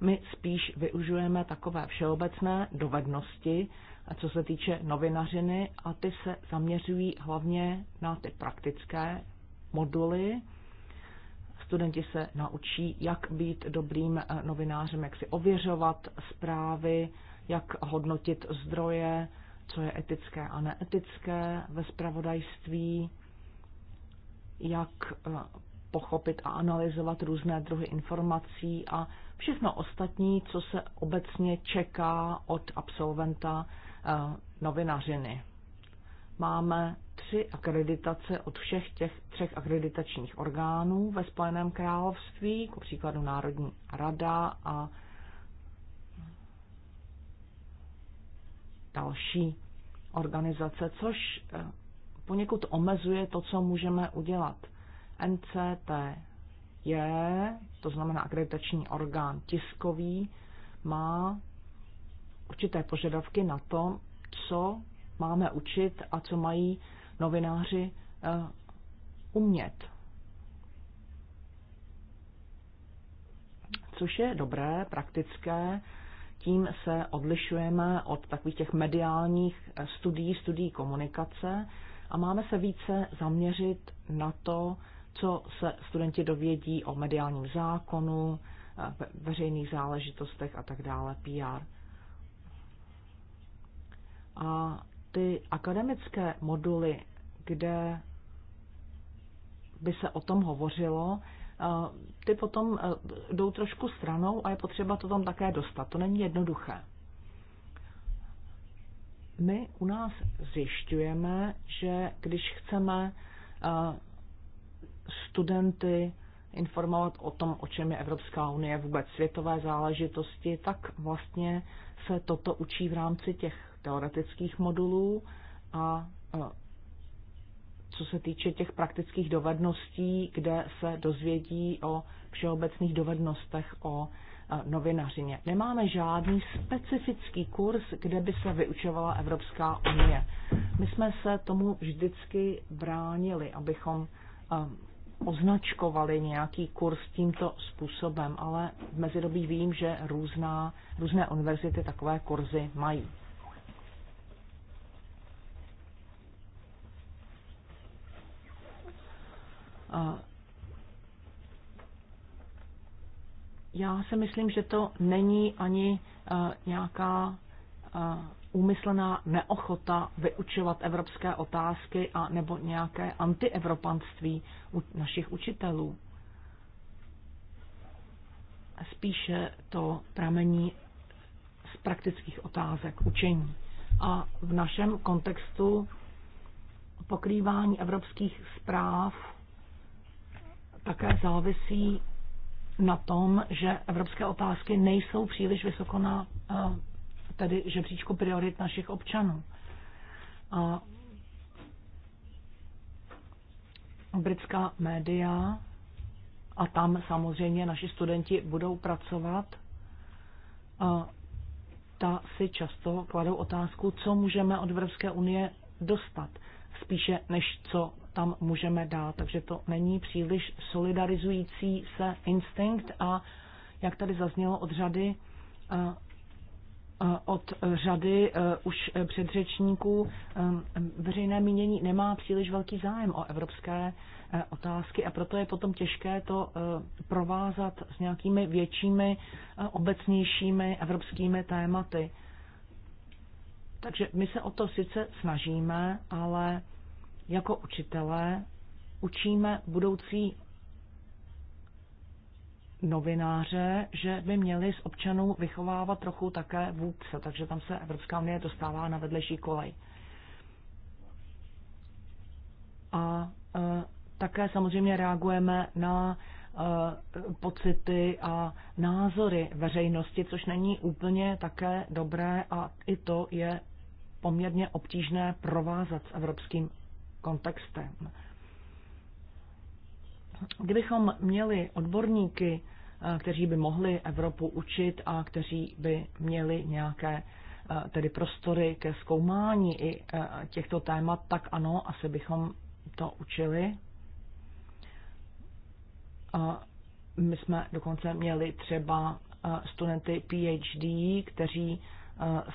My spíš využijeme takové všeobecné dovednosti, co se týče novinařiny, a ty se zaměřují hlavně na ty praktické moduly, studenti se naučí, jak být dobrým eh, novinářem, jak si ověřovat zprávy, jak hodnotit zdroje, co je etické a neetické ve spravodajství, jak eh, pochopit a analyzovat různé druhy informací a všechno ostatní, co se obecně čeká od absolventa eh, novinařiny. Máme tři akreditace od všech těch třech akreditačních orgánů ve Spojeném království, jako příkladu Národní rada a další organizace, což eh, poněkud omezuje to, co můžeme udělat. NCT je, to znamená akreditační orgán tiskový, má určité požadavky na to, co máme učit a co mají novináři eh, umět. Což je dobré, praktické, tím se odlišujeme od takových těch mediálních studií, studií komunikace a máme se více zaměřit na to, co se studenti dovědí o mediálním zákonu, veřejných záležitostech a tak dále, PR. A ty akademické moduly, kde by se o tom hovořilo, ty potom e, jdou trošku stranou a je potřeba to tam také dostat. To není jednoduché. My u nás zjišťujeme, že když chceme e, studenty informovat o tom, o čem je Evropská unie, vůbec světové záležitosti, tak vlastně se toto učí v rámci těch teoretických modulů a e, co se týče těch praktických dovedností, kde se dozvědí o všeobecných dovednostech o e, novinařině. Nemáme žádný specifický kurz, kde by se vyučovala Evropská unie. My jsme se tomu vždycky bránili, abychom e, označkovali nějaký kurz tímto způsobem, ale v mezidobí vím, že různá, různé univerzity takové kurzy mají. Já si myslím, že to není ani e, nějaká e, úmyslná neochota vyučovat evropské otázky a nebo nějaké antievropanství u našich učitelů. Spíše to pramení z praktických otázek učení. A v našem kontextu pokrývání evropských zpráv také závisí na tom, že evropské otázky nejsou příliš vysoko na tedy žebříčku priorit našich občanů. A britská média a tam samozřejmě naši studenti budou pracovat, a ta si často kladou otázku, co můžeme od Evropské unie dostat, spíše než co tam můžeme dát. Takže to není příliš solidarizující se instinkt a jak tady zaznělo od řady, eh, eh, od řady eh, už předřečníků, veřejné mínění nemá příliš velký zájem o evropské otázky a proto je potom těžké to provázat s nějakými většími, obecnějšími evropskými tématy. Takže my se o to sice snažíme, ale jako učitelé učíme budoucí novináře, že by měli z občanů vychovávat trochu také vůdce, takže tam se Evropská unie dostává na vedlejší kolej. A e, také samozřejmě reagujeme na e, pocity a názory veřejnosti, což není úplně také dobré a i to je poměrně obtížné provázat s evropským kontextem. Kdybychom měli odborníky, eh, kteří by mohli Evropu učit a kteří by měli nějaké eh, tedy prostory ke zkoumání i eh, těchto témat, tak ano, asi bychom to učili. My jsme dokonce měli třeba studenty PhD, kteří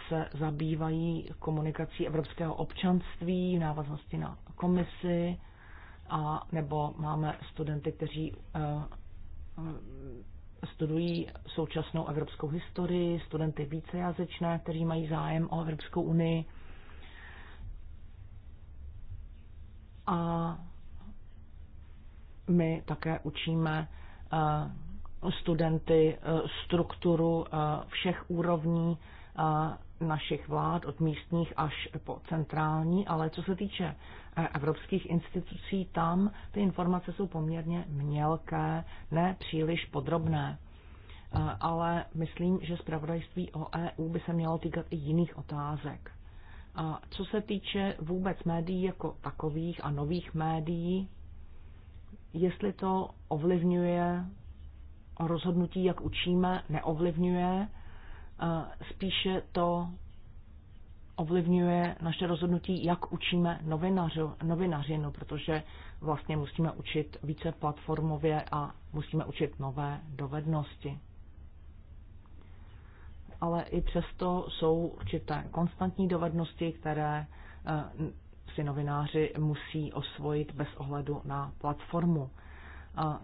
se zabývají komunikací evropského občanství v návaznosti na komisi, a nebo máme studenty, kteří eh, eh, studují současnou evropskou historii, studenty vícejazyčné, kteří mají zájem o Evropskou unii. A my také učíme eh, studenty strukturu všech úrovní našich vlád, od místních až po centrální, ale co se týče eh, evropských institucí, tam ty informace jsou poměrně mělké, ne příliš podrobné. Eh, ale myslím, že zpravodajství o EU by se mělo týkat i jiných otázek. A co se týče vůbec médií jako takových a nových médií, jestli to ovlivňuje rozhodnutí, jak učíme, neovlivňuje, spíše to ovlivňuje naše rozhodnutí, jak učíme novinařu, novinařinu, protože vlastně musíme učit více platformově a musíme učit nové dovednosti. Ale i přesto jsou určité konstantní dovednosti, které eh, si novináři musí osvojit bez ohledu na platformu,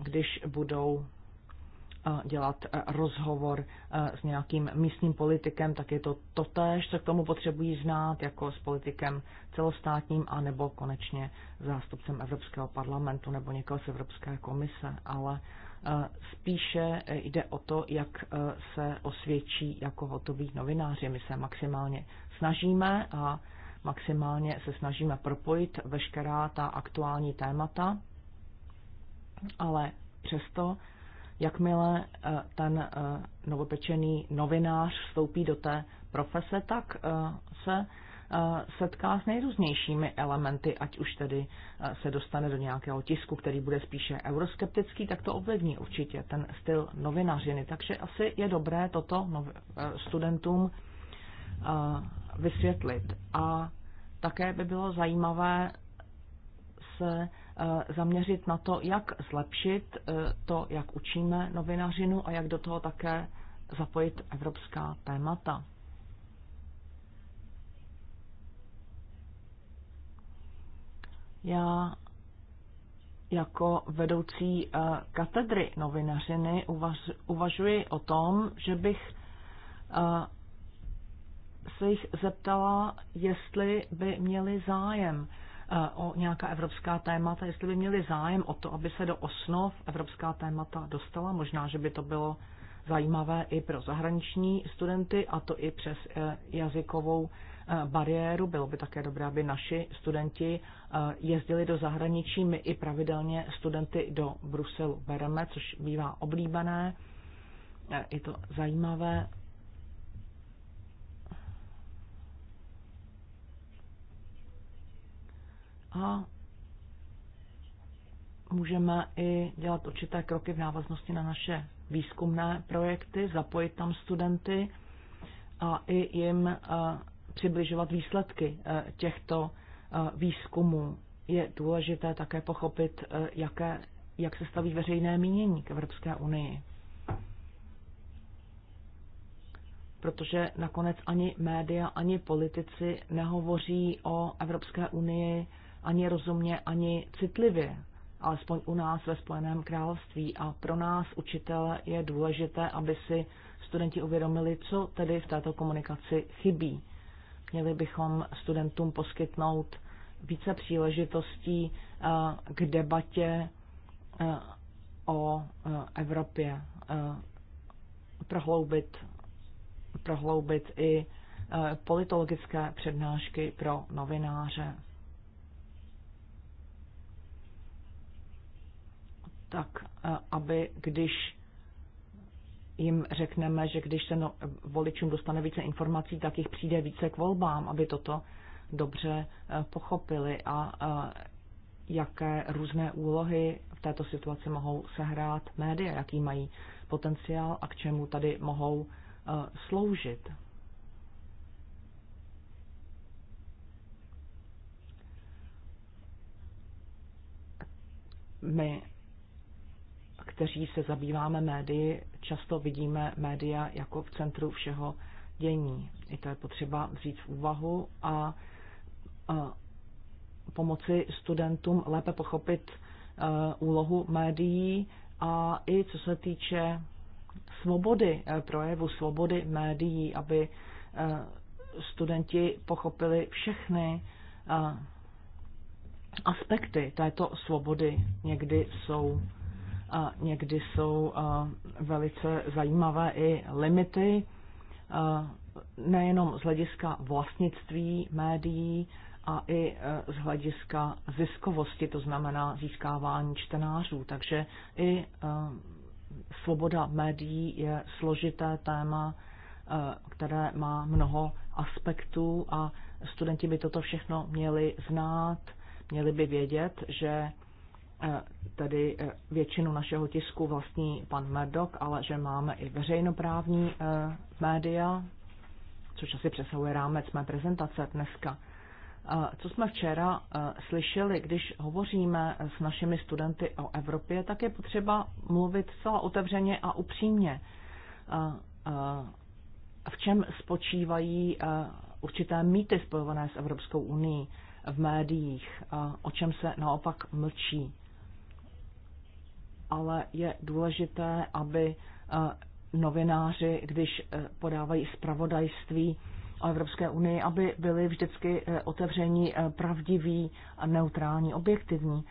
když budou dělat e, rozhovor e, s nějakým místním politikem, tak je to totéž, co k tomu potřebují znát, jako s politikem celostátním, anebo konečně zástupcem Evropského parlamentu nebo někoho z Evropské komise, ale e, spíše jde o to, jak se osvědčí jako hotoví novináři. My se maximálně snažíme a maximálně se snažíme propojit veškerá ta aktuální témata, ale přesto Jakmile eh, ten eh, novopečený novinář vstoupí do té profese, tak eh, se setká s nejrůznějšími elementy, ať už tedy se dostane do nějakého tisku, který bude spíše euroskeptický, tak to ovlivní určitě ten styl novinařiny. Takže asi je dobré toto studentům vysvětlit. A také by bylo zajímavé se Eh, zaměřit na to, jak zlepšit eh, to, jak učíme novinařinu a jak do toho také zapojit evropská témata. Já jako vedoucí eh, katedry novinařiny uvaž, uvažuji o tom, že bych se jich zeptala, jestli by měli zájem E, o nějaká evropská témata, jestli by měli zájem o to, aby se do osnov evropská témata dostala. Možná, že by to bylo zajímavé i pro zahraniční studenty, a to i přes e, jazykovou e, bariéru. Bylo by také dobré, aby naši studenti jezdili do zahraničí. My i pravidelně studenty do Bruselu bereme, což bývá oblíbené. Je to zajímavé A můžeme i dělat určité kroky v návaznosti na naše výzkumné projekty, zapojit tam studenty a i jim eh, přibližovat výsledky eh, těchto eh, výzkumů. Je důležité také pochopit, jaké, jak se staví veřejné mínění k Evropské unii. Protože nakonec ani média, ani politici nehovoří o Evropské unii ani rozumně, ani citlivě, alespoň u nás ve Spojeném království. A pro nás, učitel, je důležité, aby si studenti uvědomili, co tedy v této komunikaci chybí. Měli bychom studentům poskytnout více příležitostí eh, k debatě eh, o eh, Evropě, prohloubit, prohloubit i politologické přednášky pro novináře. tak eh, aby když jim řekneme, že když se no, eh, voličům dostane více informací, tak jich přijde více k volbám, aby toto dobře eh, pochopili a jaké různé úlohy v této situaci mohou sehrát média, jaký mají potenciál a k čemu tady mohou sloužit. My kteří se zabýváme médii, často vidíme média jako v centru všeho dění. I to je potřeba vzít v úvahu a, a pomoci studentům lépe pochopit a, e, úlohu médií a i co se týče svobody e, projevu, svobody médií, aby a, e, studenti pochopili všechny a, aspekty této svobody. Někdy jsou a někdy jsou eh, velice zajímavé i limity, eh, nejenom z hlediska vlastnictví médií, a i eh, z hlediska ziskovosti, to znamená získávání čtenářů. Takže i svoboda médií je složité téma, které má mnoho aspektů a studenti by toto všechno měli znát, měli by vědět, že Eh, tedy eh, většinu našeho tisku vlastní pan Merdok, ale že máme i veřejnoprávní eh, média, což asi přesahuje rámec mé prezentace dneska. Co jsme včera slyšeli, když hovoříme s našimi studenty o Evropě, tak je potřeba mluvit celá otevřeně a upřímně. V čem spočívají určité mýty spojované s Evropskou unii v médiích, o čem se naopak mlčí ale je důležité, aby eh, novináři, když eh, podávají zpravodajství o Evropské unii, aby byli vždycky eh, otevření, pravdiví a neutrální, objektivní.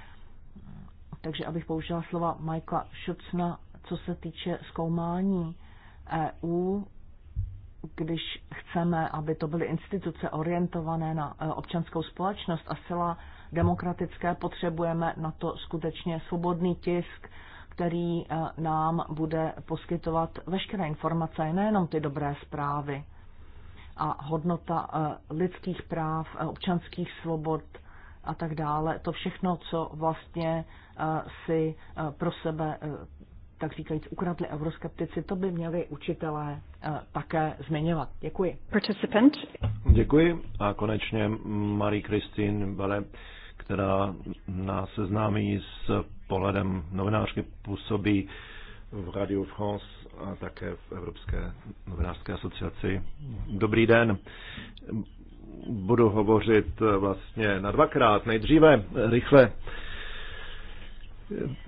Takže abych použila slova Michaela Schutzna, co se týče zkoumání EU, když chceme, aby to byly instituce orientované na občanskou společnost a zcela demokratické, potřebujeme na to skutečně svobodný tisk, který eh, nám bude poskytovat veškeré informace, nejenom ty dobré zprávy. A hodnota eh, lidských práv, eh, občanských svobod a tak dále, to všechno, co vlastně si pro sebe, tak říkajíc, ukradli euroskeptici, to by měli učitelé také zmiňovat. Děkuji. Participant. Děkuji. A konečně Marie Christine Bale, která nás seznámí s pohledem novinářky působí v Radio France a také v Evropské novinářské asociaci. Dobrý den. Budu hovořit vlastně na dvakrát. Nejdříve rychle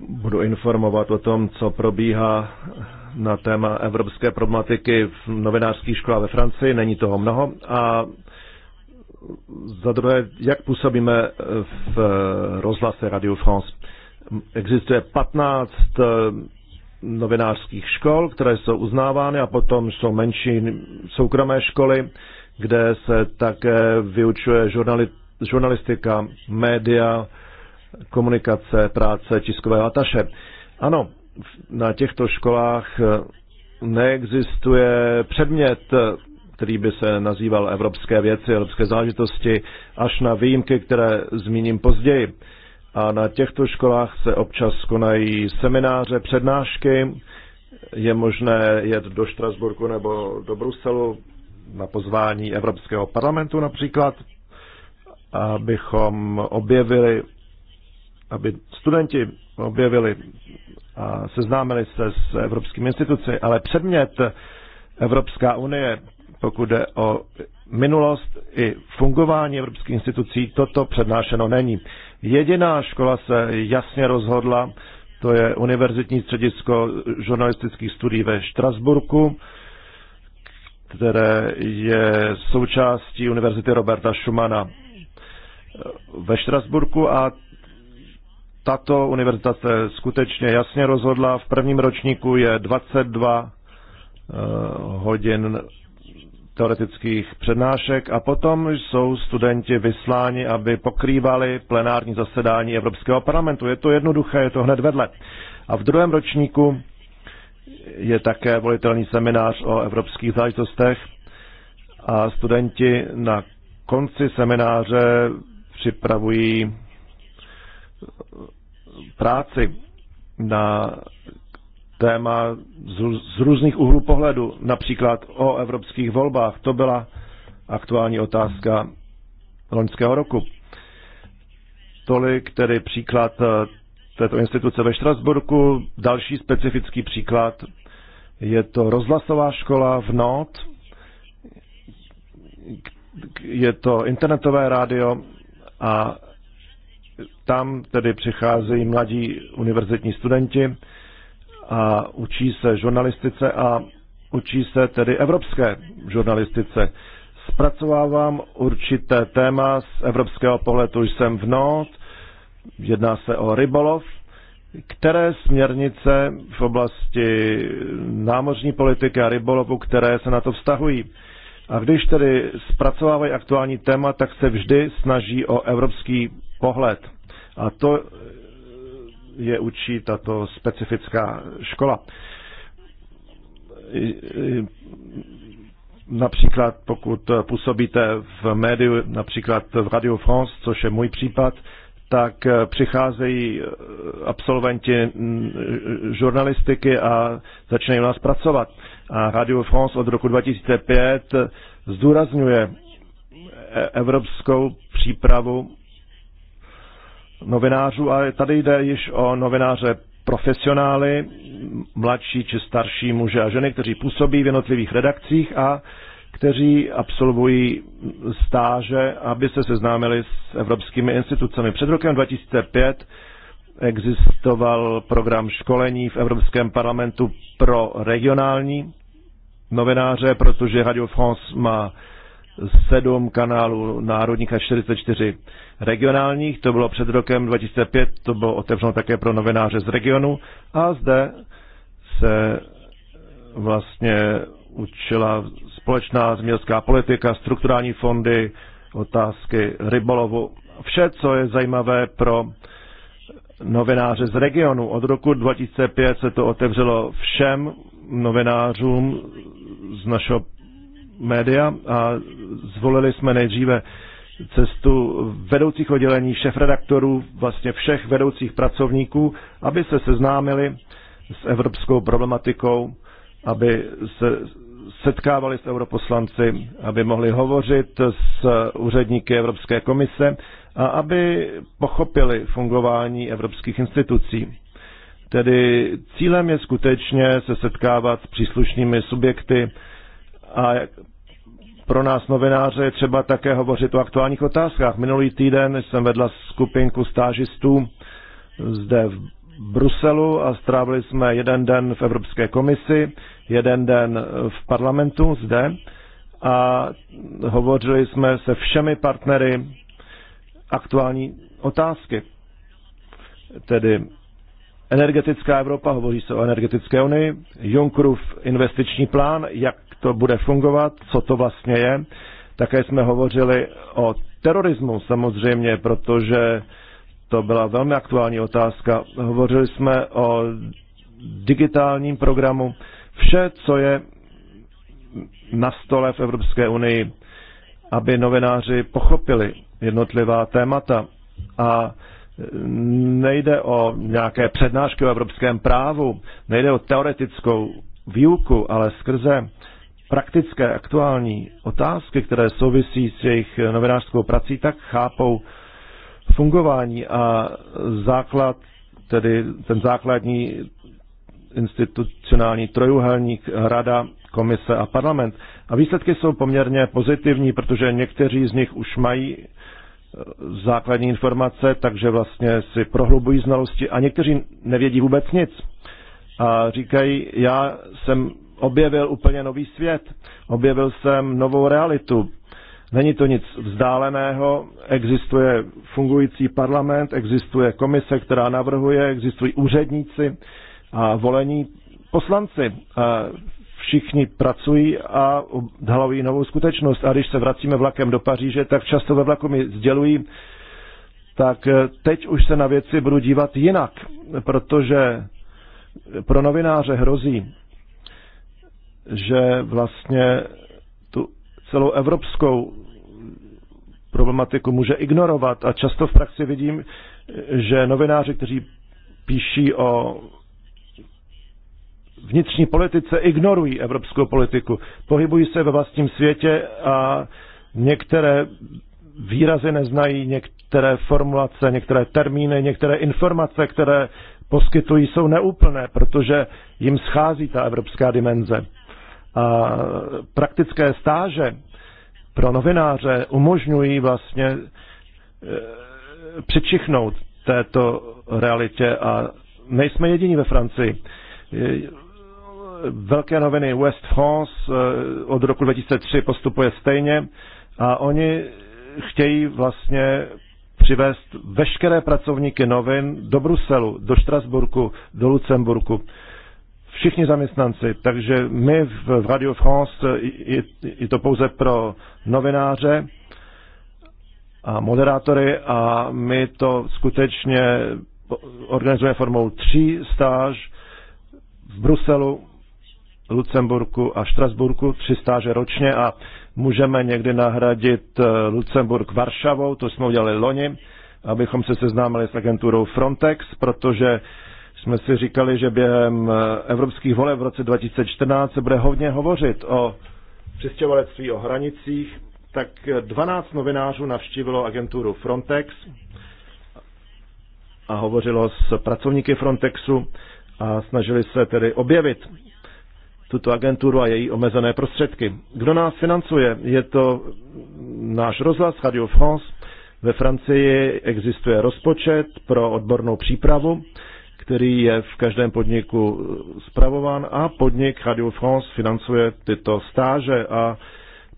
budu informovat o tom, co probíhá na téma evropské problematiky v novinářských školách ve Francii. Není toho mnoho. A za druhé, jak působíme v rozhlase Radio France. Existuje 15 eh, novinářských škol, které jsou uznávány a potom jsou menší soukromé školy, kde se také vyučuje žurnali- žurnalistika, média, komunikace, práce, tiskové ataše. Ano, na těchto školách eh, neexistuje předmět, eh, který by se nazýval evropské věci, evropské záležitosti, až na výjimky, které zmíním později. A na těchto školách se občas konají semináře, přednášky. Je možné jet do Štrasburku nebo do Bruselu na pozvání Evropského parlamentu například, abychom objevili, aby studenti objevili a seznámili se s evropskými instituci, ale předmět Evropská unie, pokud jde o minulost i fungování evropských institucí, toto přednášeno není. Jediná škola se jasně rozhodla, to je Univerzitní středisko žurnalistických studií ve Štrasburku, které je součástí Univerzity Roberta Schumana ve Štrasburku a tato univerzita se skutečně jasně rozhodla. V prvním ročníku je 22 eh, hodin teoretických přednášek a potom jsou studenti vysláni, aby pokrývali plenární zasedání Evropského parlamentu. Je to jednoduché, je to hned vedle. A v druhém ročníku je také volitelný seminář o evropských záležitostech a studenti na konci semináře připravují práci na téma z různých úhlů pohledu, například o evropských volbách. To byla aktuální otázka loňského roku. Tolik tedy příklad eh, této instituce ve Štrasburku. Další specifický příklad je to rozhlasová škola v Not. Je to internetové rádio a tam tedy přicházejí mladí univerzitní studenti a učí se žurnalistice a učí se tedy evropské žurnalistice. Zpracovávám určité téma z evropského pohledu, jsem v NOT, jedná se o rybolov, které směrnice v oblasti námořní politiky a rybolovu, které se na to vztahují. A když tedy zpracovávají aktuální téma, tak se vždy snaží o evropský pohled. A to je učí tato specifická škola. Například pokud působíte v médiu, například v Radio France, což je můj případ, tak přicházejí absolventi žurnalistiky a začínají u nás pracovat. A Radio France od roku 2005 zdůrazňuje e- evropskou přípravu novinářů, ale tady jde již o novináře profesionály, mladší či starší muže a ženy, kteří působí v jednotlivých redakcích a kteří absolvují stáže, aby se seznámili s evropskými institucemi. Před rokem 2005 existoval program školení v Evropském parlamentu pro regionální novináře, protože Radio France má 7 kanálů národních a 44 regionálních. To bylo před rokem 2005, to bylo otevřeno také pro novináře z regionu a zde se vlastně učila společná zemědělská politika, strukturální fondy, otázky rybolovu. Vše, co je zajímavé pro novináře z regionu. Od roku 2005 se to otevřelo všem novinářům z našeho média a zvolili jsme nejdříve cestu vedoucích oddělení, šefredaktorů, vlastně všech vedoucích pracovníků, aby se seznámili s evropskou problematikou, aby se setkávali s europoslanci, aby mohli hovořit s úředníky Evropské komise a aby pochopili fungování evropských institucí. Tedy cílem je skutečně se setkávat s příslušnými subjekty a pro nás novináře je třeba také hovořit o aktuálních otázkách. Minulý týden jsem vedla skupinku stážistů zde v Bruselu a strávili jsme jeden den v Evropské komisi, jeden den v parlamentu zde a hovořili jsme se všemi partnery aktuální otázky. Tedy energetická Evropa, hovoří se o energetické unii, Junckerův investiční plán, jak to bude fungovat, co to vlastně je. Také jsme hovořili o terorismu samozřejmě, protože to byla velmi aktuální otázka. Hovořili jsme o digitálním programu. Vše, co je na stole v Evropské unii, aby novináři pochopili jednotlivá témata. A nejde o nějaké přednášky o evropském právu, nejde o teoretickou výuku, ale skrze praktické, aktuální otázky, které souvisí s jejich novinářskou prací, tak chápou fungování a základ, tedy ten základní institucionální trojuhelník, rada, komise a parlament. A výsledky jsou poměrně pozitivní, protože někteří z nich už mají eh, základní informace, takže vlastně si prohlubují znalosti a někteří nevědí vůbec nic. A říkají, já jsem objevil úplně nový svět. Objevil jsem novou realitu. Není to nic vzdáleného, existuje fungující parlament, existuje komise, která navrhuje, existují úředníci a volení poslanci. A všichni pracují a odhalují novou skutečnost. A když se vracíme vlakem do Paříže, tak často ve vlaku mi sdělují, tak teď už se na věci budu dívat jinak, protože pro novináře hrozí, že vlastně tu celou evropskou problematiku může ignorovat. A často v praxi vidím, že novináři, kteří píší o vnitřní politice, ignorují evropskou politiku. Pohybují se ve vlastním světě a některé výrazy neznají, některé formulace, některé termíny, některé informace, které poskytují, jsou neúplné, protože jim schází ta evropská dimenze a praktické stáže pro novináře umožňují vlastně e, přičichnout této realitě a nejsme jediní ve Francii. Velké noviny West France e, od roku 2003 postupuje stejně a oni chtějí vlastně přivést veškeré pracovníky novin do Bruselu, do Štrasburku, do Lucemburku všichni zaměstnanci. Takže my v Radio France je, je to pouze pro novináře a moderátory a my to skutečně organizujeme formou tří stáž v Bruselu, Lucemburku a Štrasburku, tři stáže ročně a můžeme někdy nahradit eh, Lucemburg Varšavou, to jsme udělali loni, abychom se seznámili s agenturou Frontex, protože uh, jsme si říkali, že během eh, evropských voleb v roce 2014 se bude hodně hovořit o přistěhovalectví, o hranicích, tak 12 eh, novinářů navštívilo agenturu Frontex a hovořilo s pracovníky Frontexu a snažili se tedy objevit tuto agenturu a její omezené prostředky. Kdo nás financuje? Je to náš rozhlas Radio France. Ve Francii existuje rozpočet pro odbornou přípravu který je v každém podniku eh, spravován a podnik Radio France financuje tyto stáže a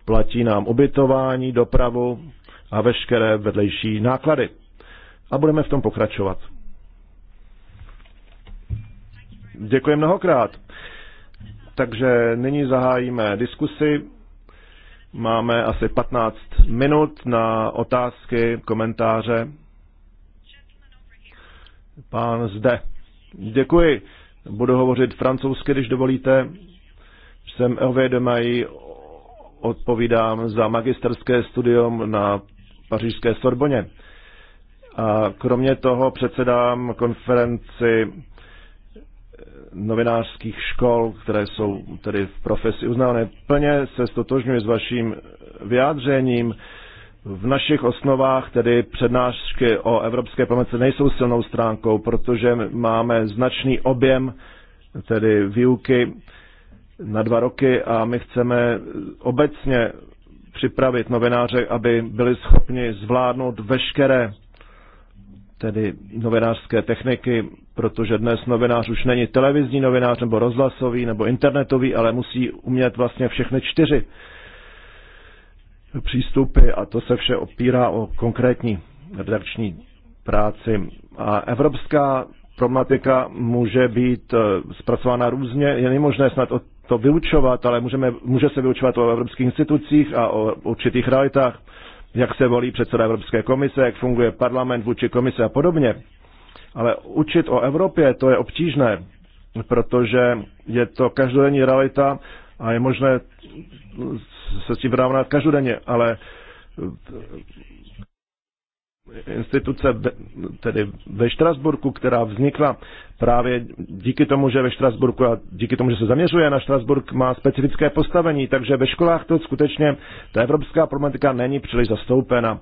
platí nám ubytování, dopravu a veškeré vedlejší náklady. A budeme v tom pokračovat. Děkuji mnohokrát. Takže nyní zahájíme diskusi. Máme asi 15 minut na otázky, komentáře. Pán zde. Děkuji. Budu hovořit francouzsky, když dovolíte. Jsem Hervé de Mají, odpovídám za magisterské studium na pařížské Sorboně. A kromě toho předsedám konferenci eh, novinářských škol, které jsou tedy v profesi uznávané. Plně se stotožňuji s vaším vyjádřením v našich osnovách tedy přednášky o evropské památce nejsou silnou stránkou, protože máme značný objem tedy výuky na dva roky a my chceme obecně připravit novináře, aby byli schopni zvládnout veškeré tedy novinářské techniky, protože dnes novinář už není televizní novinář nebo rozhlasový nebo internetový, ale musí umět vlastně všechny čtyři přístupy a to se vše opírá o konkrétní redakční práci. A evropská problematika může být eh, zpracována různě, je nemožné snad o to vyučovat, ale můžeme, může se vyučovat o evropských institucích a o určitých realitách, jak se volí předseda Evropské komise, jak funguje parlament vůči komise a podobně. Ale učit o Evropě, to je obtížné, protože je to každodenní realita a je možné se s tím vyrovnávat každodenně, ale eh, instituce, tedy ve Štrasburku, která vznikla právě díky tomu, že ve Štrasburku a díky tomu, že se zaměřuje na Štrasburg, má specifické postavení, takže ve školách to skutečně ta evropská problematika není příliš zastoupena.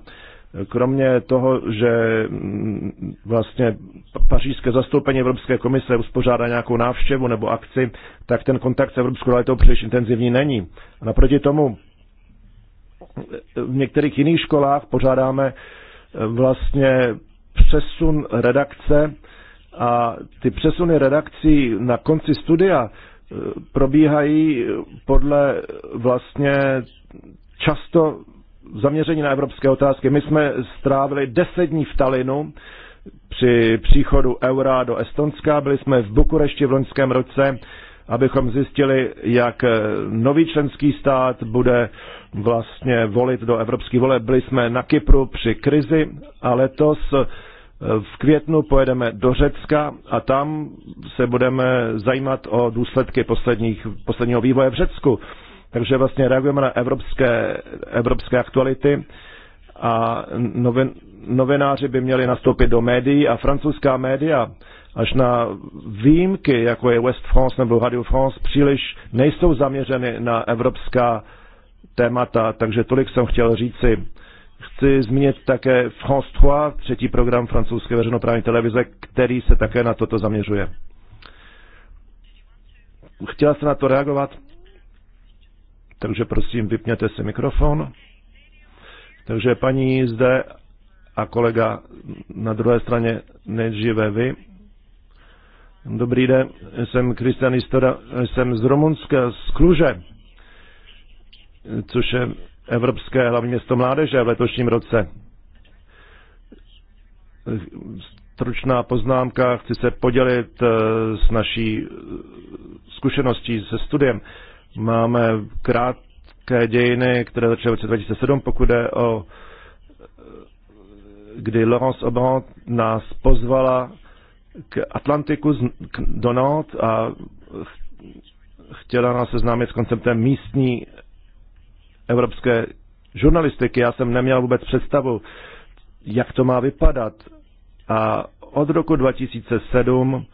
Kromě toho, že mm, vlastně pařížské zastoupení Evropské komise uspořádá nějakou návštěvu nebo akci, tak ten kontakt s Evropskou realitou příliš intenzivní není. A naproti tomu v některých jiných školách pořádáme eh, vlastně přesun redakce a ty přesuny redakcí na konci studia eh, probíhají podle vlastně často zaměření na evropské otázky. My jsme strávili deset dní v Talinu při příchodu eura do Estonska. Byli jsme v Bukurešti v loňském roce, abychom zjistili, jak eh, nový členský stát bude vlastně volit do evropských voleb. Byli jsme na Kypru při krizi a letos eh, v květnu pojedeme do Řecka a tam se budeme zajímat o důsledky posledních, posledního vývoje v Řecku. Takže vlastně reagujeme na evropské, evropské aktuality a novin, novináři by měli nastoupit do médií a francouzská média až na výjimky, jako je West France nebo Radio France, příliš nejsou zaměřeny na evropská témata, takže tolik jsem chtěl říci. Chci zmínit také France 3, třetí program francouzské veřejnoprávní televize, který se také na toto zaměřuje. Chtěla se na to reagovat? takže prosím, vypněte si mikrofon. Takže paní zde a kolega na druhé straně nejdříve vy. Dobrý den, jsem Kristian Istora, jsem z Rumunska, z Kluže, což je Evropské hlavní město mládeže v letošním roce. Stručná poznámka, chci se podělit eh, s naší eh, zkušeností se studiem. Máme krátké dějiny, které začaly v roce 2007, pokud je o kdy Laurence Aubin nás pozvala k Atlantiku k Donald a chtěla nás seznámit s konceptem místní evropské žurnalistiky. Já jsem neměl vůbec představu, jak to má vypadat. A od roku 2007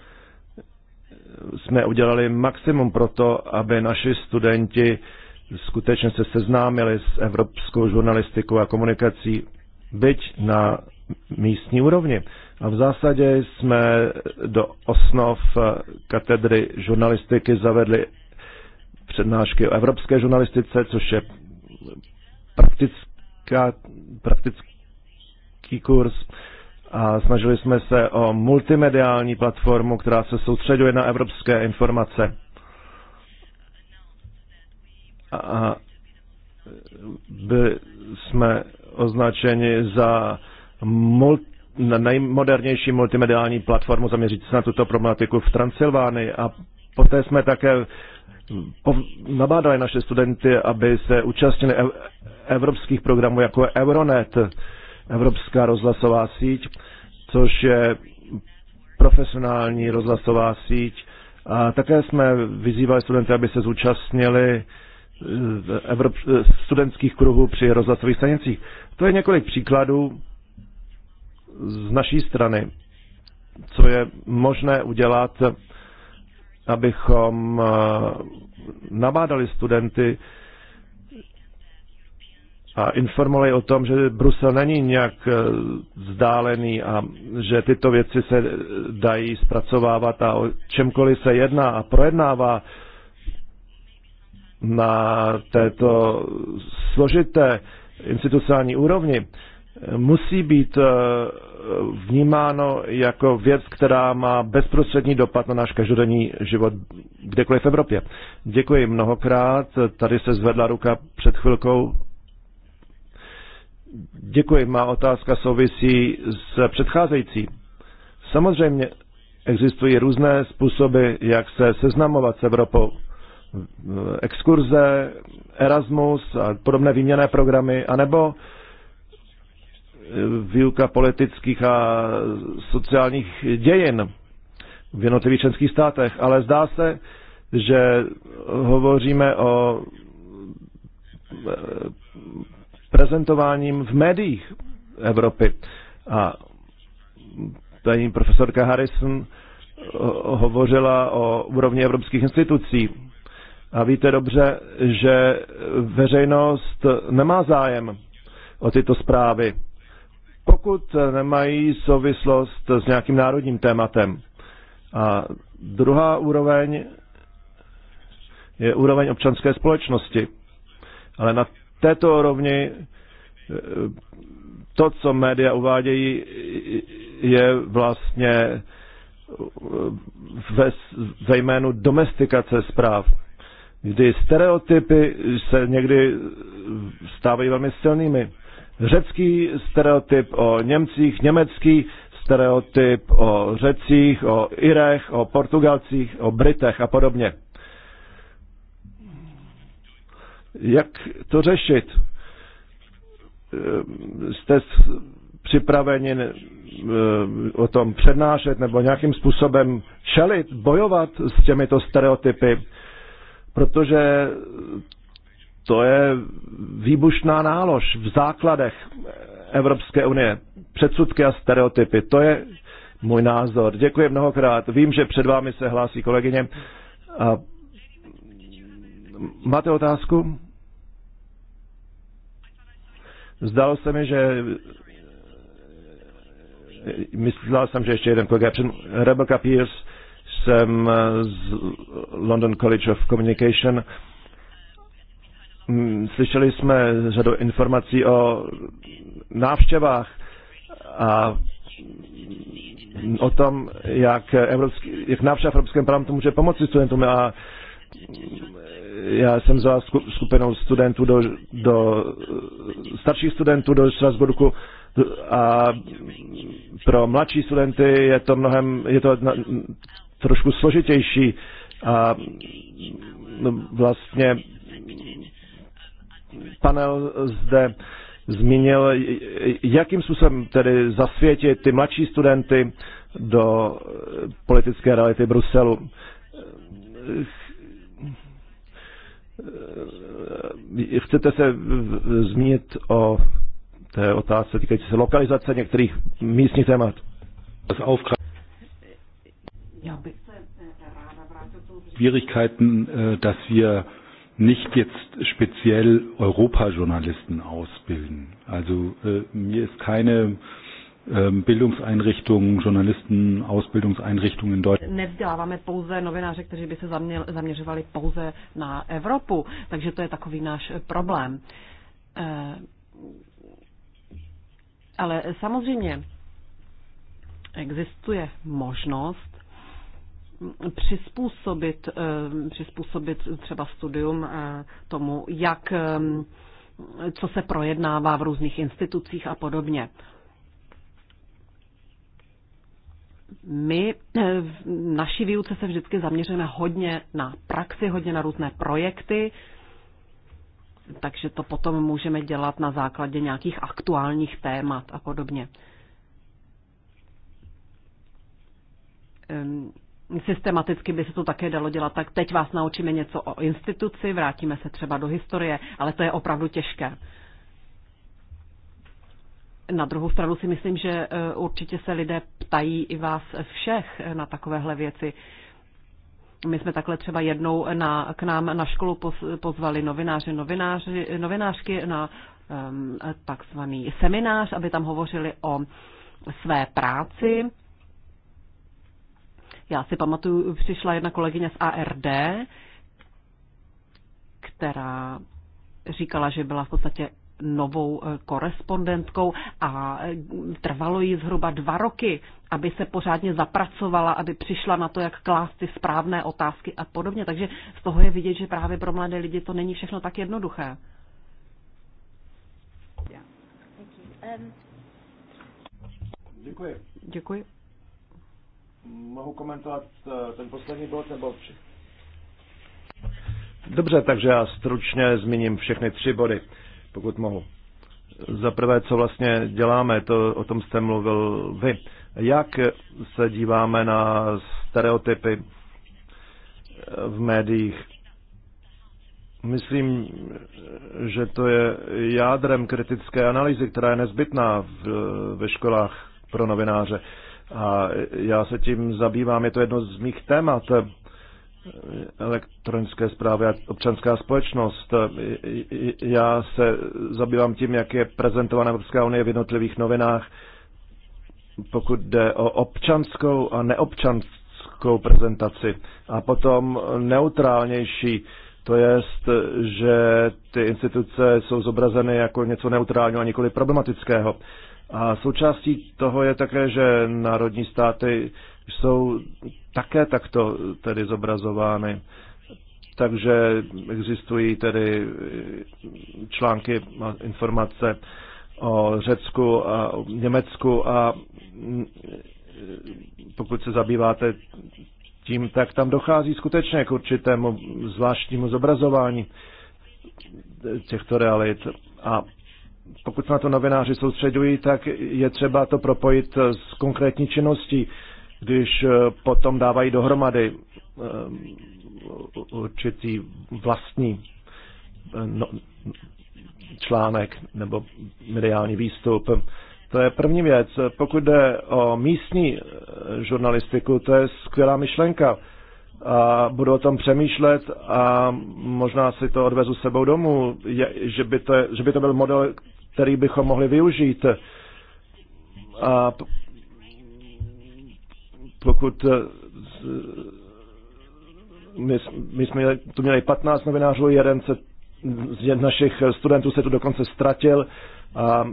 jsme udělali maximum pro to, aby naši studenti skutečně se seznámili s evropskou žurnalistikou a komunikací, byť na místní úrovni. A v zásadě jsme do osnov katedry žurnalistiky zavedli přednášky o evropské žurnalistice, což je praktická, praktický kurz a snažili jsme se o multimediální platformu, která se soustředuje na evropské informace. A byli jsme označeni za multi na nejmodernější multimediální platformu zaměřit se na tuto problematiku v Transylvánii a poté jsme také nabádali naše studenty, aby se účastnili ev evropských programů jako Euronet, Evropská rozhlasová síť, což je profesionální rozhlasová síť. A také jsme vyzývali studenty, aby se zúčastnili eh, Evrop- eh, studentských kruhů při rozhlasových stanicích. To je několik příkladů z naší strany, co je možné udělat, abychom eh, nabádali studenty a informovali o tom, že Brusel není nějak e, vzdálený a že tyto věci se dají zpracovávat a o čemkoliv se jedná a projednává na této složité institucionální úrovni, musí být e, vnímáno jako věc, která má bezprostřední dopad na náš každodenní život kdekoliv v Evropě. Děkuji mnohokrát. Tady se zvedla ruka před chvilkou Děkuji. Má otázka souvisí s předcházející. Samozřejmě existují různé způsoby, jak se seznamovat s Evropou. Exkurze, Erasmus a podobné výměné programy, anebo eh, výuka politických a sociálních dějin v jednotlivých členských státech. Ale zdá se, že hovoříme o eh, prezentováním v médiích Evropy. A tady profesorka Harrison eh, hovořila o úrovni evropských institucí. A víte dobře, že veřejnost nemá zájem o tyto zprávy, pokud nemají souvislost s nějakým národním tématem. A druhá úroveň je úroveň občanské společnosti. Ale na této rovni eh, to, co média uvádějí, je vlastně eh, ve, ve jménu domestikace zpráv, kdy stereotypy se někdy stávají velmi silnými. Řecký stereotyp o Němcích, německý stereotyp o Řecích, o Irech, o Portugalcích, o Britech a podobně. Jak to řešit? Ehm, jste připraveni ehm, o tom přednášet nebo nějakým způsobem čelit, bojovat s těmito stereotypy, protože to je výbušná nálož v základech Evropské unie. Předsudky a stereotypy, to je můj názor. Děkuji mnohokrát. Vím, že před vámi se hlásí kolegyně. A máte otázku? Zdálo se mi, že myslel jsem, že ještě jeden kolega před Rebecca Pierce jsem z London College of Communication. Mm, slyšeli jsme řadu informací o návštěvách a o tom, jak, evropský, jak návštěva v Evropském parlamentu může pomoci studentům a já jsem zval skupinou studentů do, do starších studentů do Strasburku a pro mladší studenty je to mnohem, je to na, trošku složitější a no, vlastně panel zde zmínil, jakým způsobem tedy zasvětit ty mladší studenty do politické reality Bruselu Eh, chcete se zmínit o té otázce týkající se lokalizace některých místních témat? Já bych se eh, ráda vrátil Schwierigkeiten, eh, dass wir nicht jetzt speziell Europajournalisten ausbilden. Also mir ist keine äh, Ehm, Bildungseinrichtungen, Journalisten, Ausbildungseinrichtungen in Deutschland. Nevzděláváme pouze novináře, kteří by se zaměřovali pouze na Evropu, takže to je takový náš eh, problém. Eh, ale samozřejmě existuje možnost mm, přizpůsobit, ehm, přizpůsobit třeba studium eh, tomu, jak ehm, co se projednává v různých institucích a podobně. my eh, v naší výuce se vždycky zaměřujeme hodně na praxi, hodně na různé projekty, takže to potom můžeme dělat na základě nějakých aktuálních témat a podobně. Systematicky by se to také dalo dělat, tak teď vás naučíme něco o instituci, vrátíme se třeba do historie, ale to je opravdu těžké. Na druhou stranu si myslím, že eh, určitě se lidé ptají i vás všech eh, na takovéhle věci. My jsme takhle třeba jednou na, k nám na školu pozvali novináři, novináři novinářky na um, takzvaný seminář, aby tam hovořili o své práci. Já si pamatuju, přišla jedna kolegyně z ARD, která říkala, že byla v podstatě novou eh, korespondentkou a eh, trvalo jí zhruba dva roky, aby se pořádně zapracovala, aby přišla na to, jak klást ty správné otázky a podobně. Takže z toho je vidět, že právě pro mladé lidi to není všechno tak jednoduché. Děkuji. Děkuji. Mohu komentovat eh, ten poslední bod nebo vše? Dobře, takže já stručně zmíním všechny tři body pokud mohu. Za prvé, co vlastně děláme, to o tom jste mluvil vy. Jak se díváme na stereotypy v médiích? Myslím, že to je jádrem kritické analýzy, která je nezbytná v, ve školách pro novináře. A já se tím zabývám, je to jedno z mých témat elektronické zprávy a občanská společnost. Já se zabývám tím, jak je prezentována Evropská unie v jednotlivých novinách, pokud jde o občanskou a neobčanskou prezentaci. A potom neutrálnější, to jest, že ty instituce jsou zobrazeny jako něco neutrálního a nikoli problematického. A součástí toho je také, že národní státy jsou také takto tedy zobrazovány. Takže existují tedy články informace o Řecku a o Německu a pokud se zabýváte tím, tak tam dochází skutečně k určitému zvláštnímu zobrazování těchto realit. A pokud se na to novináři soustředují, tak je třeba to propojit s konkrétní činností když eh, potom dávají dohromady eh, určitý vlastní eh, no, článek nebo mediální výstup. To je první věc. Pokud jde o místní žurnalistiku, to je skvělá myšlenka. A budu o tom přemýšlet a možná si to odvezu sebou domů, je, že, by to, že by to byl model, který bychom mohli využít. A pokud eh, my, my jsme tu měli 15 novinářů, jeden se z našich studentů se tu dokonce ztratil a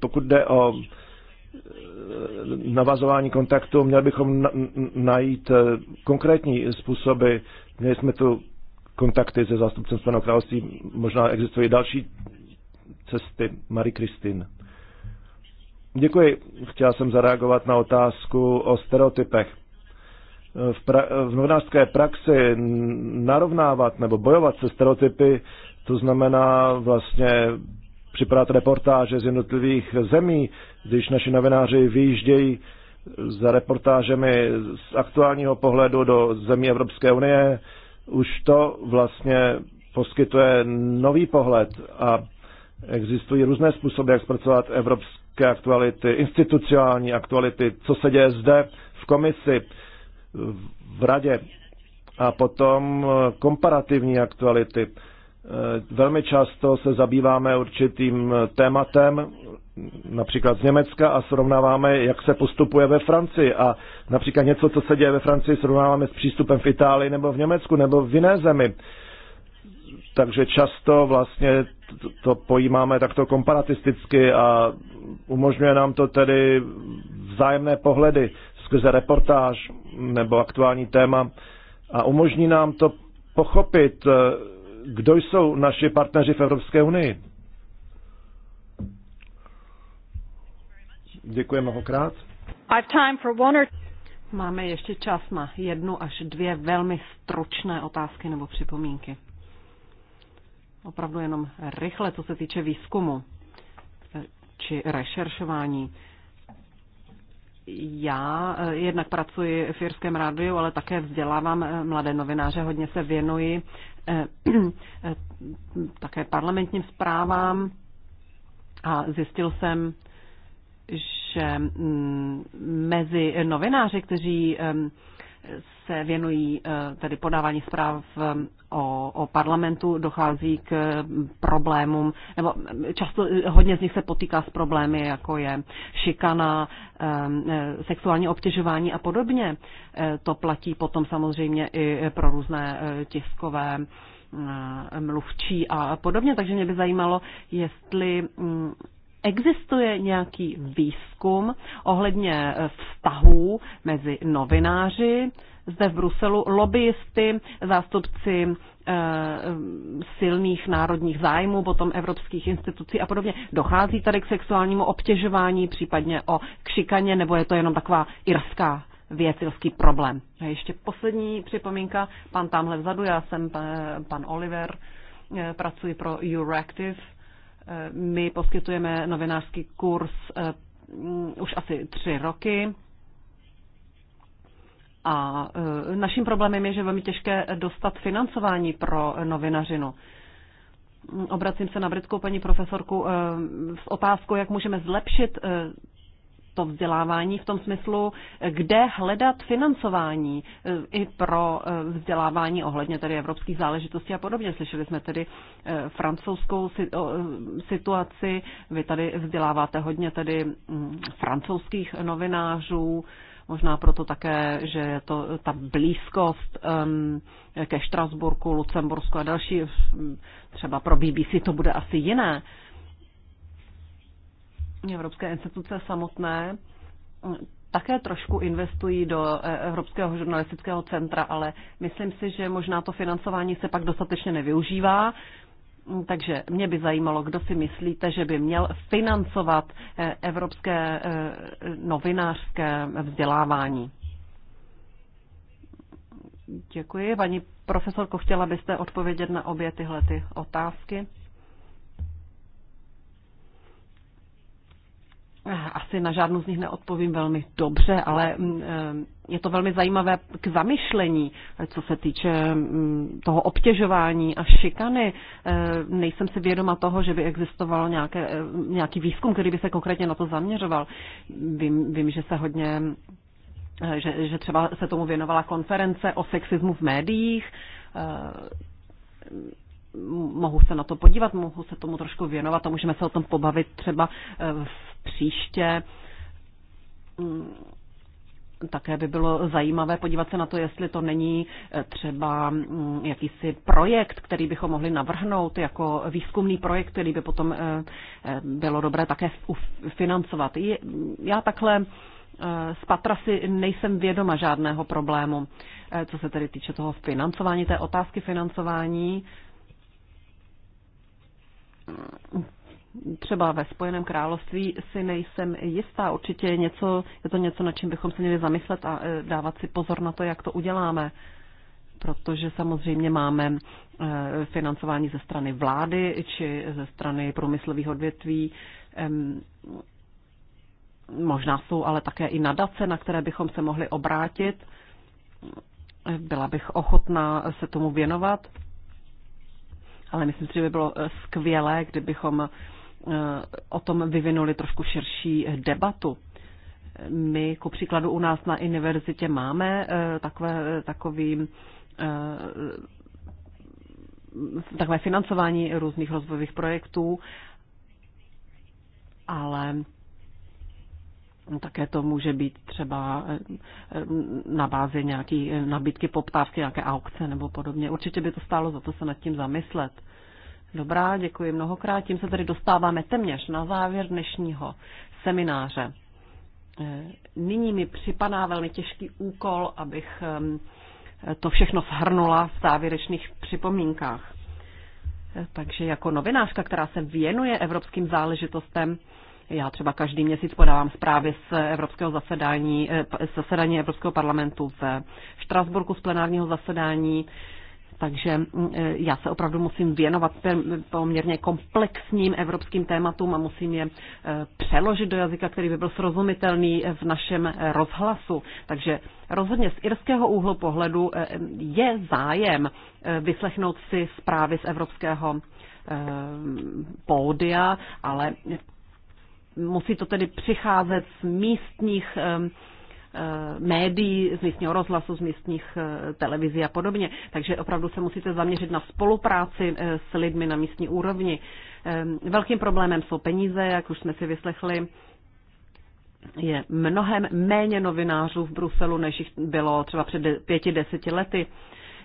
pokud jde o eh, navazování kontaktu, měli bychom najít eh, konkrétní způsoby. Měli jsme tu kontakty se zástupcem Spojeného království, možná existují další cesty. Marie Kristin. Děkuji. Chtěl jsem zareagovat na otázku o stereotypech. V, pra- v novinářské praxi narovnávat nebo bojovat se stereotypy, to znamená vlastně připravat reportáže z jednotlivých zemí, když naši novináři vyjíždějí za reportážemi z aktuálního pohledu do zemí Evropské unie, už to vlastně poskytuje nový pohled a existují různé způsoby, jak zpracovat evropské politické aktuality, institucionální aktuality, co se děje zde v komisi, v radě a potom eh, komparativní aktuality. Eh, velmi často se zabýváme určitým eh, tématem, například z Německa, a srovnáváme, jak se postupuje ve Francii. A například něco, co se děje ve Francii, srovnáváme s přístupem v Itálii nebo v Německu nebo v jiné zemi. Takže často vlastně to pojímáme takto komparatisticky a umožňuje nám to tedy vzájemné pohledy skrze reportáž nebo aktuální téma a umožní nám to pochopit, eh, kdo jsou naši partneři v Evropské unii. Děkuji mnohokrát. Máme ještě čas na jednu až dvě velmi stručné otázky nebo připomínky opravdu jenom rychle, co se týče výzkumu či rešeršování. Já eh, jednak pracuji v Jirském rádiu, ale také vzdělávám eh, mladé novináře, hodně se věnuji eh, také parlamentním zprávám a zjistil jsem, že mm, mezi novináři, kteří se věnují eh, tedy podávání zpráv eh, o, o parlamentu, dochází k eh, problémům, nebo často hodně z nich se potýká s problémy, jako je šikana, sexuální obtěžování a podobně. To platí potom samozřejmě i pro různé tiskové mluvčí a podobně, takže mě by zajímalo, jestli mm, Existuje nějaký výzkum ohledně eh, vztahů mezi novináři, zde v Bruselu, lobbyisty, zástupci eh, silných národních zájmů, potom evropských institucí a podobně. Dochází tady k sexuálnímu obtěžování, případně o kšikaně, nebo je to jenom taková irská věc, irský problém. A ještě poslední připomínka, pan tamhle vzadu, já jsem eh, pan Oliver, pracuji pro Euroactive. My poskytujeme novinářský kurz eh, mm, už asi tři roky. A eh, naším problémem je, že je velmi těžké dostat financování pro novinařinu. Obracím se na britskou paní profesorku eh, s otázkou, jak můžeme zlepšit to vzdělávání v tom smyslu, kde hledat financování eh, i pro eh, vzdělávání ohledně tedy evropských záležitostí a podobně. Slyšeli jsme tedy eh, francouzskou situaci, vy tady vzděláváte hodně tedy mm, francouzských novinářů, možná proto také, že je to ta blízkost um, ke Štrasburku, Lucembursku a další, třeba pro BBC to bude asi jiné evropské instituce samotné také trošku investují do eh, Evropského žurnalistického centra, ale myslím si, že možná to financování se pak dostatečně nevyužívá. Takže mě by zajímalo, kdo si myslíte, že by měl financovat eh, evropské eh, novinářské vzdělávání. Děkuji. Paní profesorko, chtěla byste odpovědět na obě tyhle ty otázky? Eh, asi na žádnou z nich neodpovím velmi dobře, ale mm, eh, je to velmi zajímavé k zamyšlení, eh, co se týče mm, toho obtěžování a šikany. Nejsem si vědoma toho, že by existoval nějaké, nějaký výzkum, který by se konkrétně na to zaměřoval. Vím, vím že se hodně že, že třeba se tomu věnovala konference o sexismu v médiích. Mohu se na to podívat, mohu se tomu trošku věnovat a můžeme se o tom pobavit třeba v příště. Mm, také by bylo zajímavé podívat se na to, jestli to není eh, třeba mm, jakýsi projekt, který bychom mohli navrhnout jako výzkumný projekt, který by potom eh, eh, bylo dobré také financovat. Já takhle z patra si nejsem vědoma žádného problému, co se tedy týče toho financování, té otázky financování třeba ve Spojeném království si nejsem jistá. Určitě je, něco, je to něco, nad čím bychom se měli zamyslet a e, dávat si pozor na to, jak to uděláme. Protože samozřejmě máme e, financování ze strany vlády či ze strany průmyslových odvětví. Možná jsou ale také i nadace, na které bychom se mohli obrátit. Byla bych ochotná se tomu věnovat ale myslím si, že by bylo e, skvělé, kdybychom Eh, o tom vyvinuli trošku širší debatu. My, ku příkladu, u nás na univerzitě máme eh, takové, takový eh, takové financování různých rozvojových projektů, ale také to může být třeba na bázi nějaké nabídky poptávky, nějaké aukce nebo podobně. Určitě by to stálo za to se nad tím zamyslet. Dobrá, děkuji mnohokrát. Tím se tedy dostáváme téměř na závěr dnešního semináře. Eh, nyní mi připadá velmi těžký úkol, abych ehm, to všechno shrnula v závěrečných připomínkách. Eh, takže jako novinářka, která se věnuje evropským záležitostem, já třeba každý měsíc podávám zprávy z evropského zasedání, eh, zasedání Evropského parlamentu v Štrasburku z plenárního zasedání. Takže mm, e, já se opravdu musím věnovat poměrně komplexním evropským tématům a musím je e, přeložit do jazyka, který by byl srozumitelný e, v našem rozhlasu. Takže rozhodně z irského úhlu pohledu je zájem vyslechnout si zprávy z evropského pódia, ale musí to tedy přicházet z místních Eh, médií, z místního rozhlasu, z místních eh, televizí a podobně. Takže opravdu se musíte zaměřit na spolupráci eh, s lidmi na místní úrovni. Velkým problémem jsou peníze, jak už jsme si vyslechli je mnohem méně novinářů v Bruselu, než jich bylo třeba před pěti, deseti lety.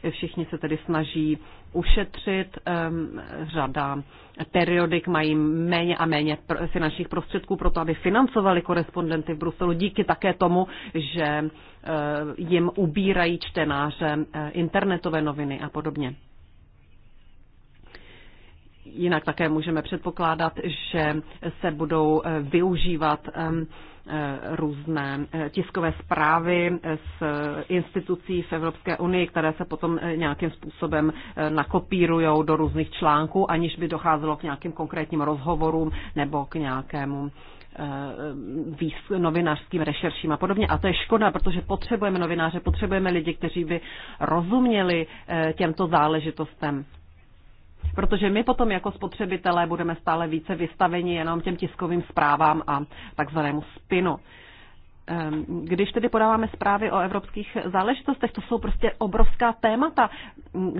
Všichni se tedy snaží ušetřit. Řada periodik mají méně a méně finančních prostředků pro to, aby financovali korespondenty v Bruselu, díky také tomu, že eh, jim ubírají čtenáře eh, internetové noviny a podobně. Jinak také můžeme předpokládat, že se budou eh, využívat Eh, různé eh, tiskové zprávy z eh, institucí v Evropské unii, které se potom nějakým způsobem nakopírují do různých článků, aniž by docházelo k nějakým konkrétním rozhovorům nebo k nějakému novinářským rešerším a podobně. A to je škoda, protože potřebujeme novináře, potřebujeme lidi, kteří by rozuměli těmto záležitostem protože my potom jako spotřebitelé budeme stále více vystaveni jenom těm tiskovým zprávám a takzvanému spinu. Ehm, když tedy podáváme zprávy o evropských záležitostech, to jsou prostě obrovská témata. Mm,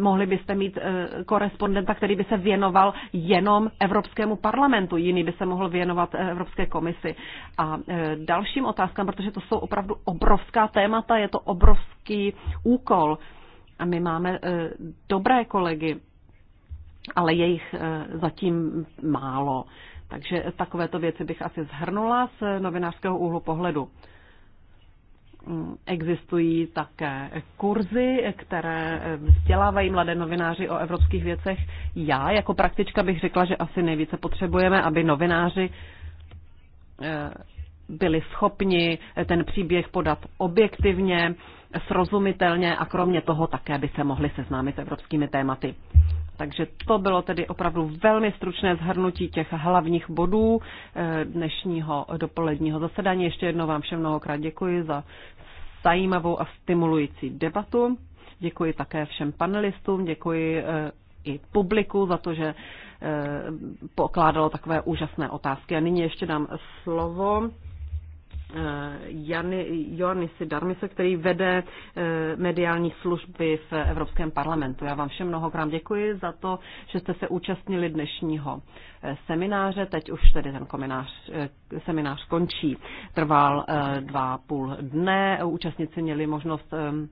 mohli byste mít e, korespondenta, který by se věnoval jenom Evropskému parlamentu, jiný by se mohl věnovat e, Evropské komisi a e, dalším otázkám, protože to jsou opravdu obrovská témata, je to obrovský úkol. A my máme dobré kolegy, ale je jich eh, zatím málo. Takže takovéto věci bych asi zhrnula z novinářského úhlu pohledu. Mm, existují také kurzy, které eh, vzdělávají mladé novináři o evropských věcech. Já jako praktička bych řekla, že asi nejvíce potřebujeme, aby novináři eh, byli schopni ten příběh podat objektivně, srozumitelně a kromě toho také by se mohli seznámit s evropskými tématy. Takže to bylo tedy opravdu velmi stručné zhrnutí těch hlavních bodů eh, dnešního dopoledního zasedání. Ještě jednou vám všem mnohokrát děkuji za zajímavou a stimulující debatu. Děkuji také všem panelistům, děkuji eh, i publiku za to, že eh, pokládalo takové úžasné otázky. A nyní ještě dám slovo Eh, Jany, Joannisi Darmise, který vede eh, mediální služby v Evropském parlamentu. Já vám všem mnohokrát děkuji za to, že jste se účastnili dnešního eh, semináře. Teď už tedy ten kominář, seminář končí. Trval dva půl dne. Účastníci měli možnost ehm,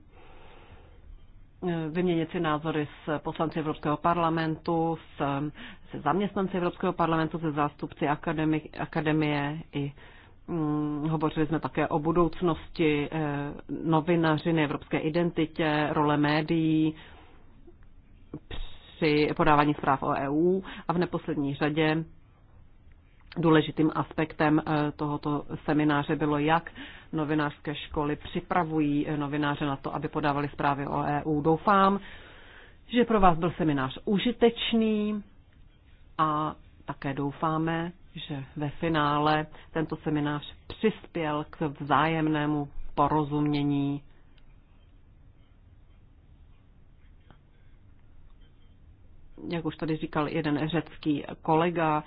vyměnit si názory s poslanci Evropského parlamentu, se zaměstnanci Evropského parlamentu, se zástupci akademie, akademie i Mm, hovořili jsme také o budoucnosti eh, novinařiny, evropské identitě, role médií při podávání zpráv o EU a v neposlední řadě důležitým aspektem eh, tohoto semináře bylo, jak novinářské školy připravují eh, novináře na to, aby podávali zprávy o EU. Doufám, že pro vás byl seminář užitečný a také doufáme, že ve finále tento seminář přispěl k vzájemnému porozumění jak už tady říkal jeden řecký kolega,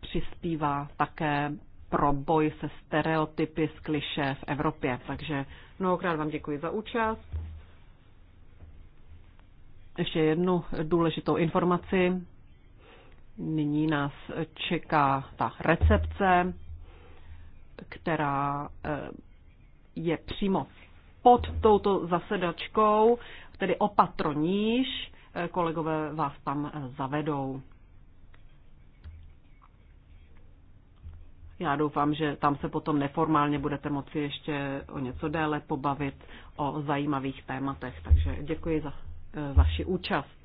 přispívá také pro boj se stereotypy z kliše v Evropě. Takže mnohokrát vám děkuji za účast. Ještě jednu důležitou informaci. Nyní nás čeká ta recepce, která eh, je přímo pod touto zasedačkou, tedy opatro níž. Eh, kolegové vás tam eh, zavedou. Já doufám, že tam se potom neformálně budete moci ještě o něco déle pobavit o zajímavých tématech. Takže děkuji za vaši účast.